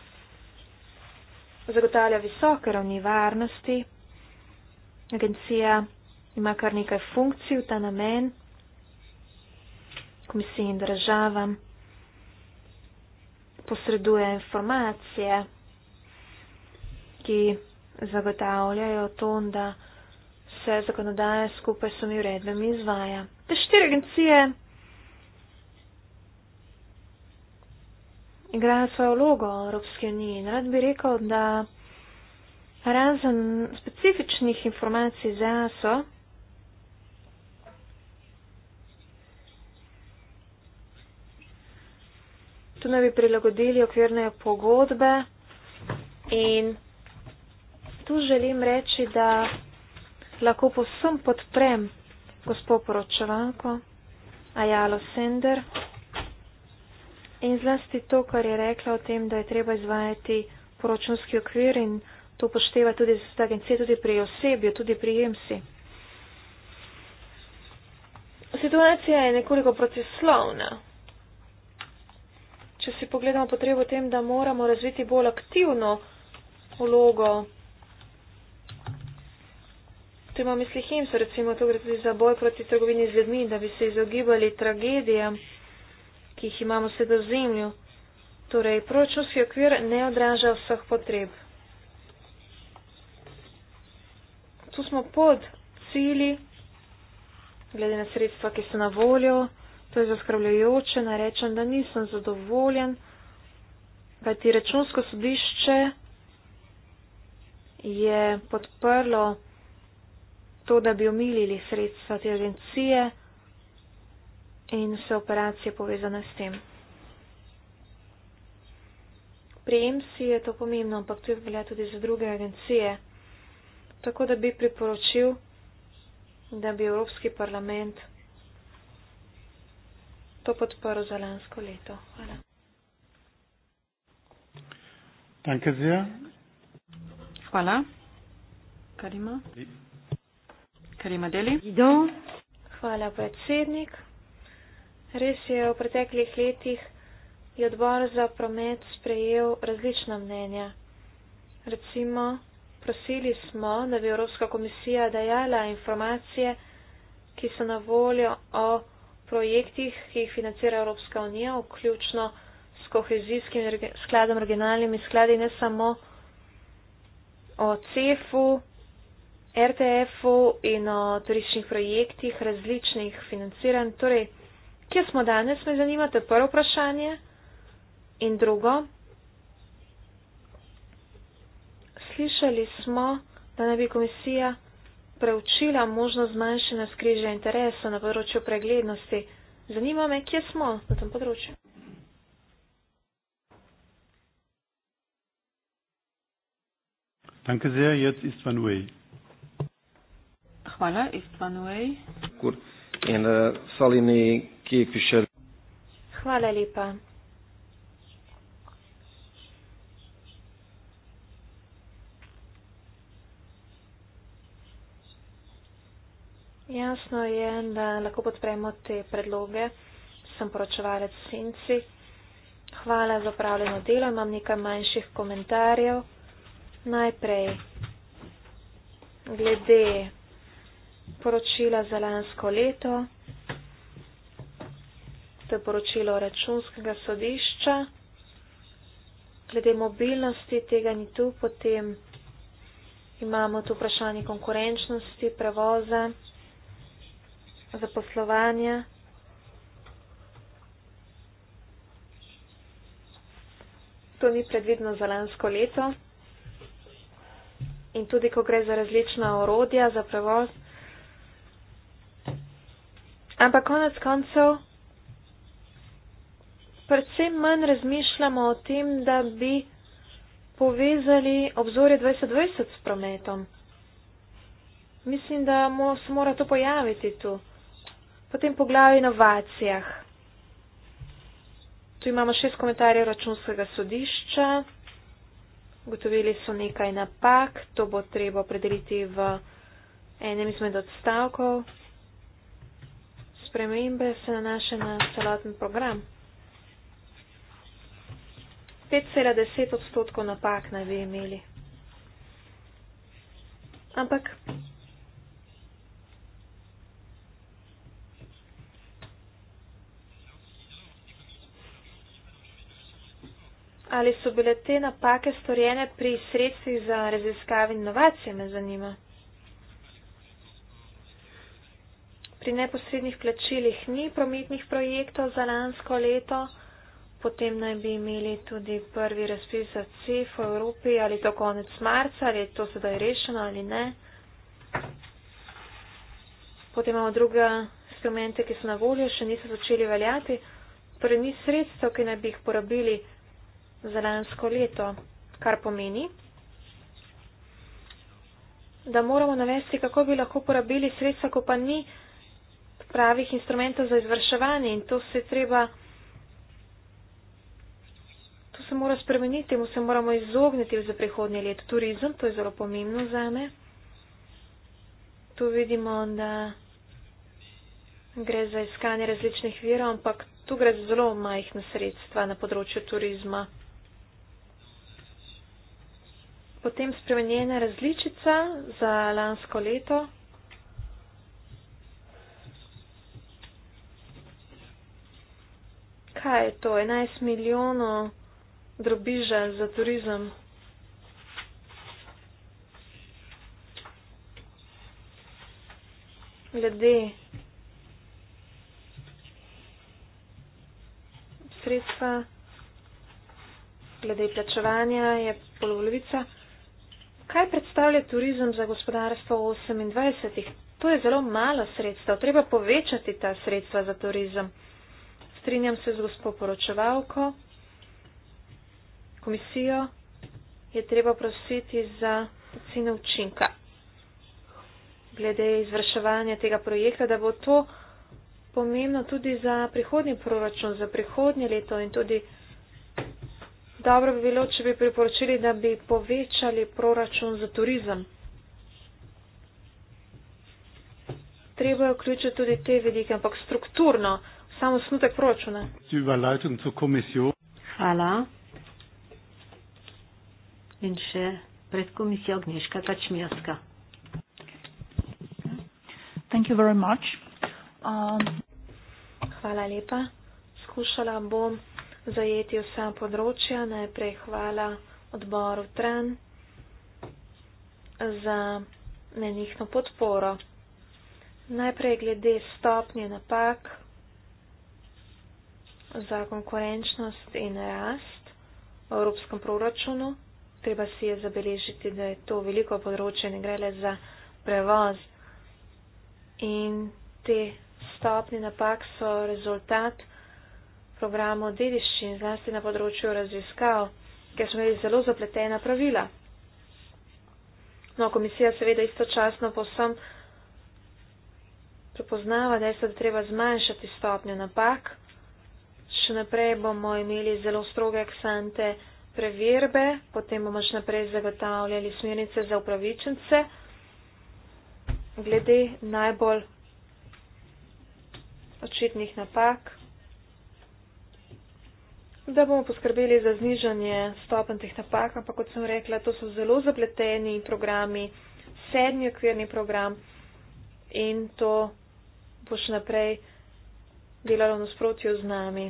zagotavlja visoke ravni varnosti. Agencija ima kar nekaj funkcij v ta namen, komisiji in državam posreduje informacije ki zagotavljajo to, da se zakonodaje skupaj s temi uredbami izvaja. Te štiri agencije igrajo svojo vlogo v Evropski uniji in rad bi rekel, da razen specifičnih informacij za ASO, tu naj bi prilagodili okvirne pogodbe in tu želim reči, da lahko posem podprem gospod poročevanko Ajalo Sender in zlasti to, kar je rekla o tem, da je treba izvajati poročunski okvir in to pošteva tudi z agencije, tudi pri osebju, tudi pri jemsi. Situacija je nekoliko protislovna. Če si pogledamo potrebo tem, da moramo razviti bolj aktivno vlogo če imamo misli himso, torej recimo to gre tudi za boj proti trgovini z ljudmi, da bi se izogibali tragedijam, ki jih imamo sedaj v zemlju. Torej, proračunski okvir ne odraža vseh potreb. Tu smo pod cili, glede na sredstva, ki so na voljo, to je zaskrbljujoče, naj rečem, da nisem zadovoljen, kajti računsko sodišče je podprlo to, da bi omilili sredstva te agencije in vse operacije povezane s tem. Pri EMSI je to pomembno, ampak to je velja tudi za druge agencije. Tako da bi priporočil, da bi Evropski parlament to podporo za lansko leto. Hvala. Danke sehr. Hvala. Karima. Lieb. Karima Deli. Hvala, predsednik. Res je, v preteklih letih je odbor za promet sprejel različna mnenja. Recimo, prosili smo, da bi Evropska komisija dajala informacije, ki so na voljo o projektih, ki jih financira Evropska unija, vključno s kohezijskim skladom, regionalnimi skladi, ne samo o CEF-u, RTF-u in o turističnih projektih, različnih financiranj. Torej, kje smo danes, me zanima, to je prvo vprašanje. In drugo, slišali smo, da naj bi komisija preučila možnost zmanjšanja skrižja interesa na področju preglednosti. Zanima me, kje smo na tem področju. Danke sehr, jetzt ist Van Wey. Hvala. Ispan Uej. In eh, Salini, ki piše. Hvala lepa. Jasno je, da lahko podpremo te predloge. Sem poročevalec Sinci. Hvala za upravljeno delo. Imam nekaj manjših komentarjev. Najprej glede poročila za lansko leto, to je poročilo računskega sodišča, glede mobilnosti tega ni tu, potem imamo tu vprašanje konkurenčnosti, prevoza, zaposlovanja. To ni predvidno za lansko leto. In tudi, ko gre za različna orodja, za prevoz, Ampak konec koncev, predvsem manj razmišljamo o tem, da bi povezali obzorje 2020 s prometom. Mislim, da mo, se mora to pojaviti tu. Potem poglavje inovacijah. Tu imamo šest komentarjev računskega sodišča. Gotovili so nekaj napak, to bo treba opredeliti v enem izmed odstavkov spremembe se nanaša na celoten program. 5,10 odstotkov napak naj bi imeli. Ampak ali so bile te napake storjene pri sredstvih za raziskave in inovacije, me zanima. pri neposrednih plačilih ni prometnih projektov za lansko leto, potem naj bi imeli tudi prvi razpis za CEF v Evropi, ali to konec marca, ali je to sedaj rešeno ali ne. Potem imamo druga instrumente, ki so na voljo, še niso začeli veljati, torej ni sredstev, ki naj bi jih porabili za lansko leto, kar pomeni, da moramo navesti, kako bi lahko porabili sredstva, ko pa ni pravih instrumentov za izvrševanje in to se treba. To se mora spremeniti, mu se moramo izogniti za prihodnje leto. Turizem, to je zelo pomembno za me. Tu vidimo, da gre za iskanje različnih virov, ampak tu gre za zelo majhna sredstva na področju turizma. Potem spremenjena različica za lansko leto. kaj je to, 11 milijonov drobiža za turizem. Glede sredstva, glede plačevanja je polovica. Kaj predstavlja turizem za gospodarstvo v 28? To je zelo malo sredstva. Treba povečati ta sredstva za turizem. Strinjam se z gospod poročevalko. Komisijo je treba prositi za ocene učinka glede izvrševanja tega projekta, da bo to pomembno tudi za prihodnji proračun, za prihodnje leto in tudi dobro bi bilo, če bi priporočili, da bi povečali proračun za turizem. Treba je vključiti tudi te vidike, ampak strukturno samo snutek proračuna. Hvala. In še pred komisijo Gniška Kačmijska. Um, hvala lepa. Skušala bom zajeti vsa področja. Najprej hvala odboru Tran za nenihno podporo. Najprej glede stopnje napak za konkurenčnost in rast v evropskem proračunu. Treba si je zabeležiti, da je to veliko področje, ne gre le za prevoz. In te stopni napak so rezultat programu dediščin, zlasti na področju raziskav, ker smo imeli zelo zapletena pravila. No, komisija seveda istočasno posem prepoznava, da je sad treba zmanjšati stopnjo napak še naprej bomo imeli zelo stroge aksente preverbe, potem bomo še naprej zagotavljali smernice za upravičence glede najbolj očitnih napak, da bomo poskrbeli za znižanje stopen teh napak, ampak kot sem rekla, to so zelo zapleteni programi, sedmi okvirni program in to bo še naprej delalo nasprotju z nami.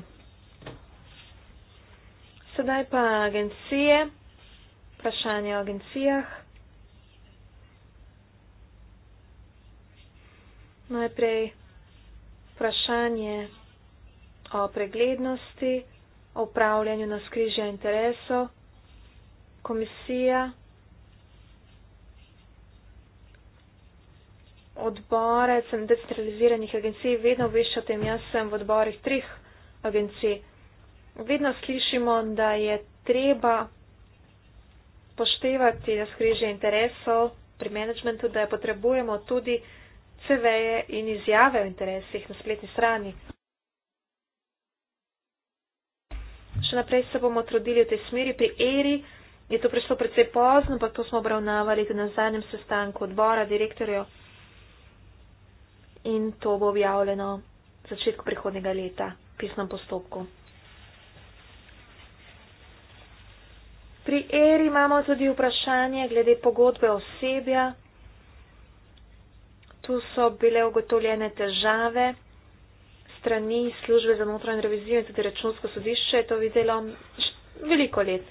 Sedaj pa agencije, vprašanje o agencijah. Najprej vprašanje o preglednosti, o upravljanju na skrižja interesov, komisija, odbore, sem decentraliziranih agencij, vedno obvešča o tem, jaz sem v odborih trih agencij vedno slišimo, da je treba poštevati razkrižje interesov pri menedžmentu, da je potrebujemo tudi CV-je in izjave o interesih na spletni strani. Še naprej se bomo trudili v tej smeri. Pri ERI je to prišlo predvsej pozno, pa to smo obravnavali tudi na zadnjem sestanku odbora direktorjev in to bo objavljeno v začetku prihodnega leta v pisnem postopku. Pri Eri imamo tudi vprašanje glede pogodbe osebja. Tu so bile ugotovljene težave strani službe za notranjo revizijo in tudi računsko sodišče je to videlo veliko let.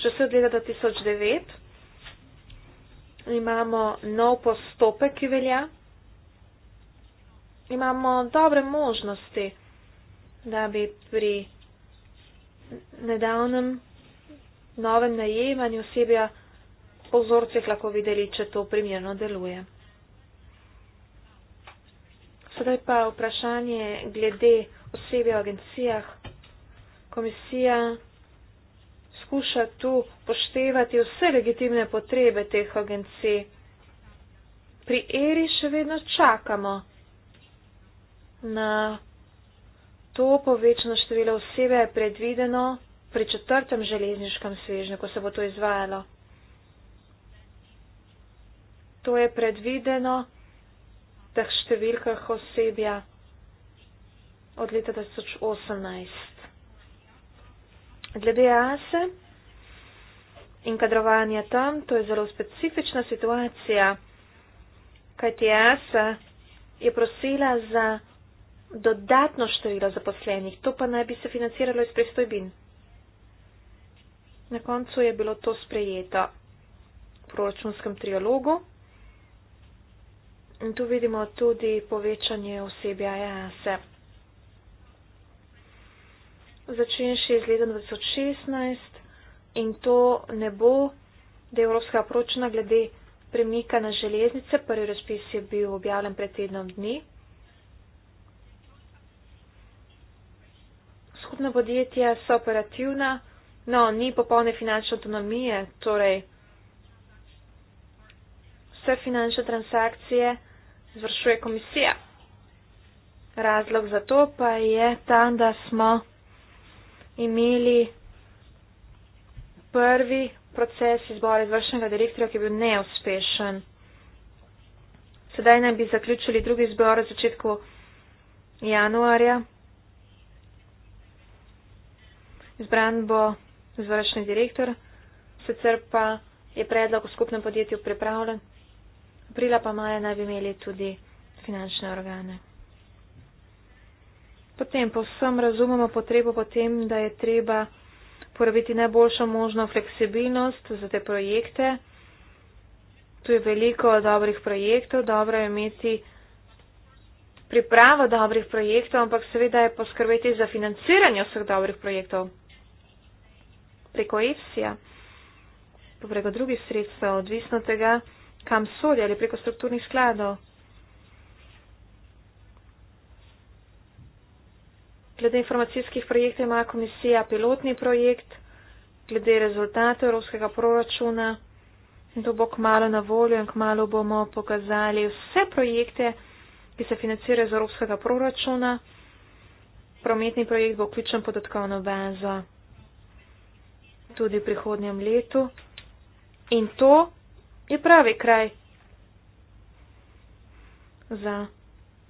Že se od leta 2009 imamo nov postopek, ki velja. Imamo dobre možnosti, da bi pri nedavnem novem najemanju osebja po vzorcih lahko videli, če to primerno deluje. Sedaj pa vprašanje glede osebja v agencijah. Komisija skuša tu poštevati vse legitimne potrebe teh agencij. Pri ERI še vedno čakamo na to povečano število osebe predvideno pri četrtem železniškem svežnju, ko se bo to izvajalo. To je predvideno v teh številkah osebja od leta 2018. Glede Ase in kadrovanja tam, to je zelo specifična situacija, kajti Asa je prosila za dodatno število zaposlenih, to pa naj bi se financiralo iz pristojbin. Na koncu je bilo to sprejeto v proračunskem trialogu. In tu vidimo tudi povečanje osebja EAS-e. Začenši z letom 2016 in to ne bo, da je Evropska proračuna glede premika na železnice, prvi razpis je bil objavljen pred tednom dni. Skupna podjetja so operativna, No, ni popolne finančne autonomije, torej vse finančne transakcije zvršuje komisija. Razlog za to pa je ta, da smo imeli prvi proces izbora izvršnega direktorja, ki je bil neuspešen. Sedaj naj bi zaključili drugi izbor v začetku januarja. Izbran bo zvršni direktor, sicer pa je predlog v skupnem podjetju pripravljen, aprila pa maja naj bi imeli tudi finančne organe. Potem povsem razumemo potrebo potem, da je treba porabiti najboljšo možno fleksibilnost za te projekte. Tu je veliko dobrih projektov, dobro je imeti pripravo dobrih projektov, ampak seveda je poskrbeti za financiranje vseh dobrih projektov preko EFSI-ja, pa preko drugih sredstev, odvisno tega, kam sodi ali preko strukturnih skladov. Glede informacijskih projektov ima komisija pilotni projekt, glede rezultatov evropskega proračuna. To bo kmalo na voljo in kmalo bomo pokazali vse projekte, ki se financirajo iz evropskega proračuna. Prometni projekt bo vključen podatkovno bazo tudi v prihodnjem letu. In to je pravi kraj za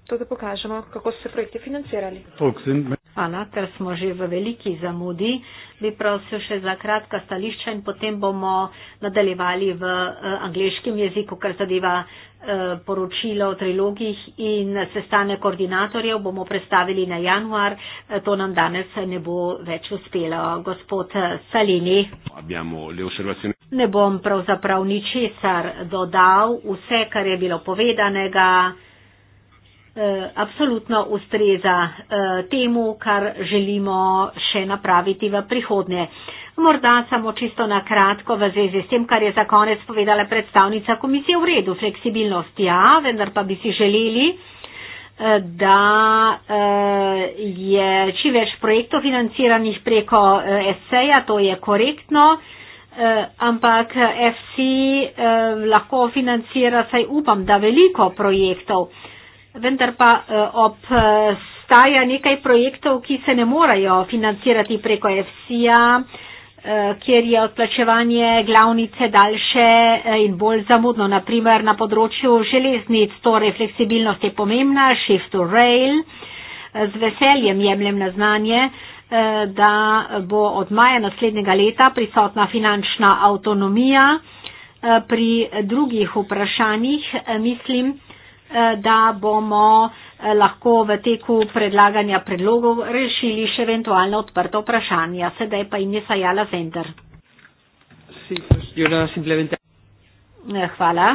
to, da pokažemo, kako so se projekti financirali. Toksin. Hvala, ker smo že v veliki zamudi. Bi prosil še za kratka stališča in potem bomo nadaljevali v eh, angliškem jeziku, kar zadeva eh, poročilo o trilogih in sestane koordinatorjev bomo predstavili na januar. Eh, to nam danes ne bo več uspelo. Gospod Salini. Ne bom pravzaprav ničesar dodal. Vse, kar je bilo povedanega. Eh, absolutno ustreza eh, temu, kar želimo še napraviti v prihodnje. Morda samo čisto na kratko v zvezi s tem, kar je za konec povedala predstavnica komisije v redu. Fleksibilnost ja, vendar pa bi si želeli, eh, da je čim več projektov financiranih preko SC-ja, to je korektno, ampak FC lahko financira, saj upam, da veliko projektov vendar pa eh, obstaja nekaj projektov, ki se ne morejo financirati preko FCA, eh, kjer je odplačevanje glavnice daljše eh, in bolj zamudno, naprimer na področju železnic, torej fleksibilnost je pomembna, shift to rail. Z veseljem jemljem na znanje, da bo od maja naslednjega leta prisotna finančna avtonomija pri drugih vprašanjih, mislim, Eh, da bomo eh, lahko v teku predlaganja predlogov rešili še eventualno odprto vprašanje. Sedaj pa in je sajala center. Hvala.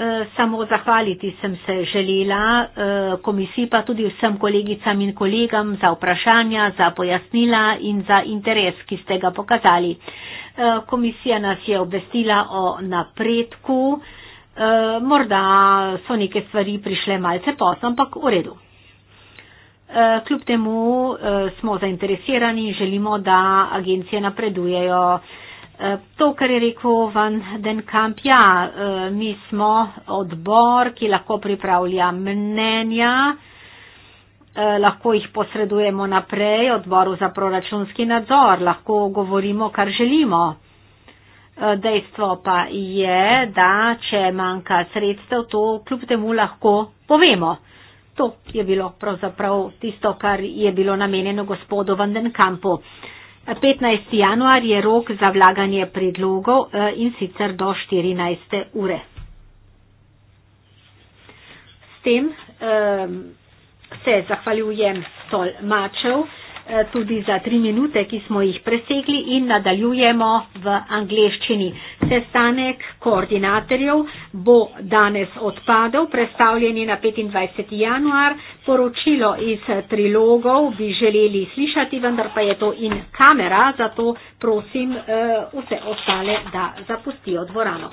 Eh, samo zahvaliti sem se želela komisiji pa tudi vsem kolegicam in kolegam za vprašanja, za pojasnila in za interes, ki ste ga pokazali. Komisija nas je obvestila o napredku. Uh, morda so neke stvari prišle malce posem, ampak v redu. Uh, kljub temu uh, smo zainteresirani in želimo, da agencije napredujejo. Uh, to, kar je rekel Van Den Kamp, ja, uh, mi smo odbor, ki lahko pripravlja mnenja, uh, lahko jih posredujemo naprej odboru za proračunski nadzor, lahko govorimo, kar želimo dejstvo pa je, da če manjka sredstev, to kljub temu lahko povemo. To je bilo pravzaprav tisto, kar je bilo namenjeno gospodu Vandenkampu. 15. januar je rok za vlaganje predlogov eh, in sicer do 14. ure. S tem um, se zahvaljujem stol mačev. Eh, tudi za tri minute, ki smo jih presegli in nadaljujemo v angleščini. Sestanek koordinatorjev bo danes odpadel, predstavljeni na 25. januar. Poročilo iz trilogov bi želeli slišati, vendar pa je to in kamera, zato prosim eh, vse ostale, da zapustijo dvorano.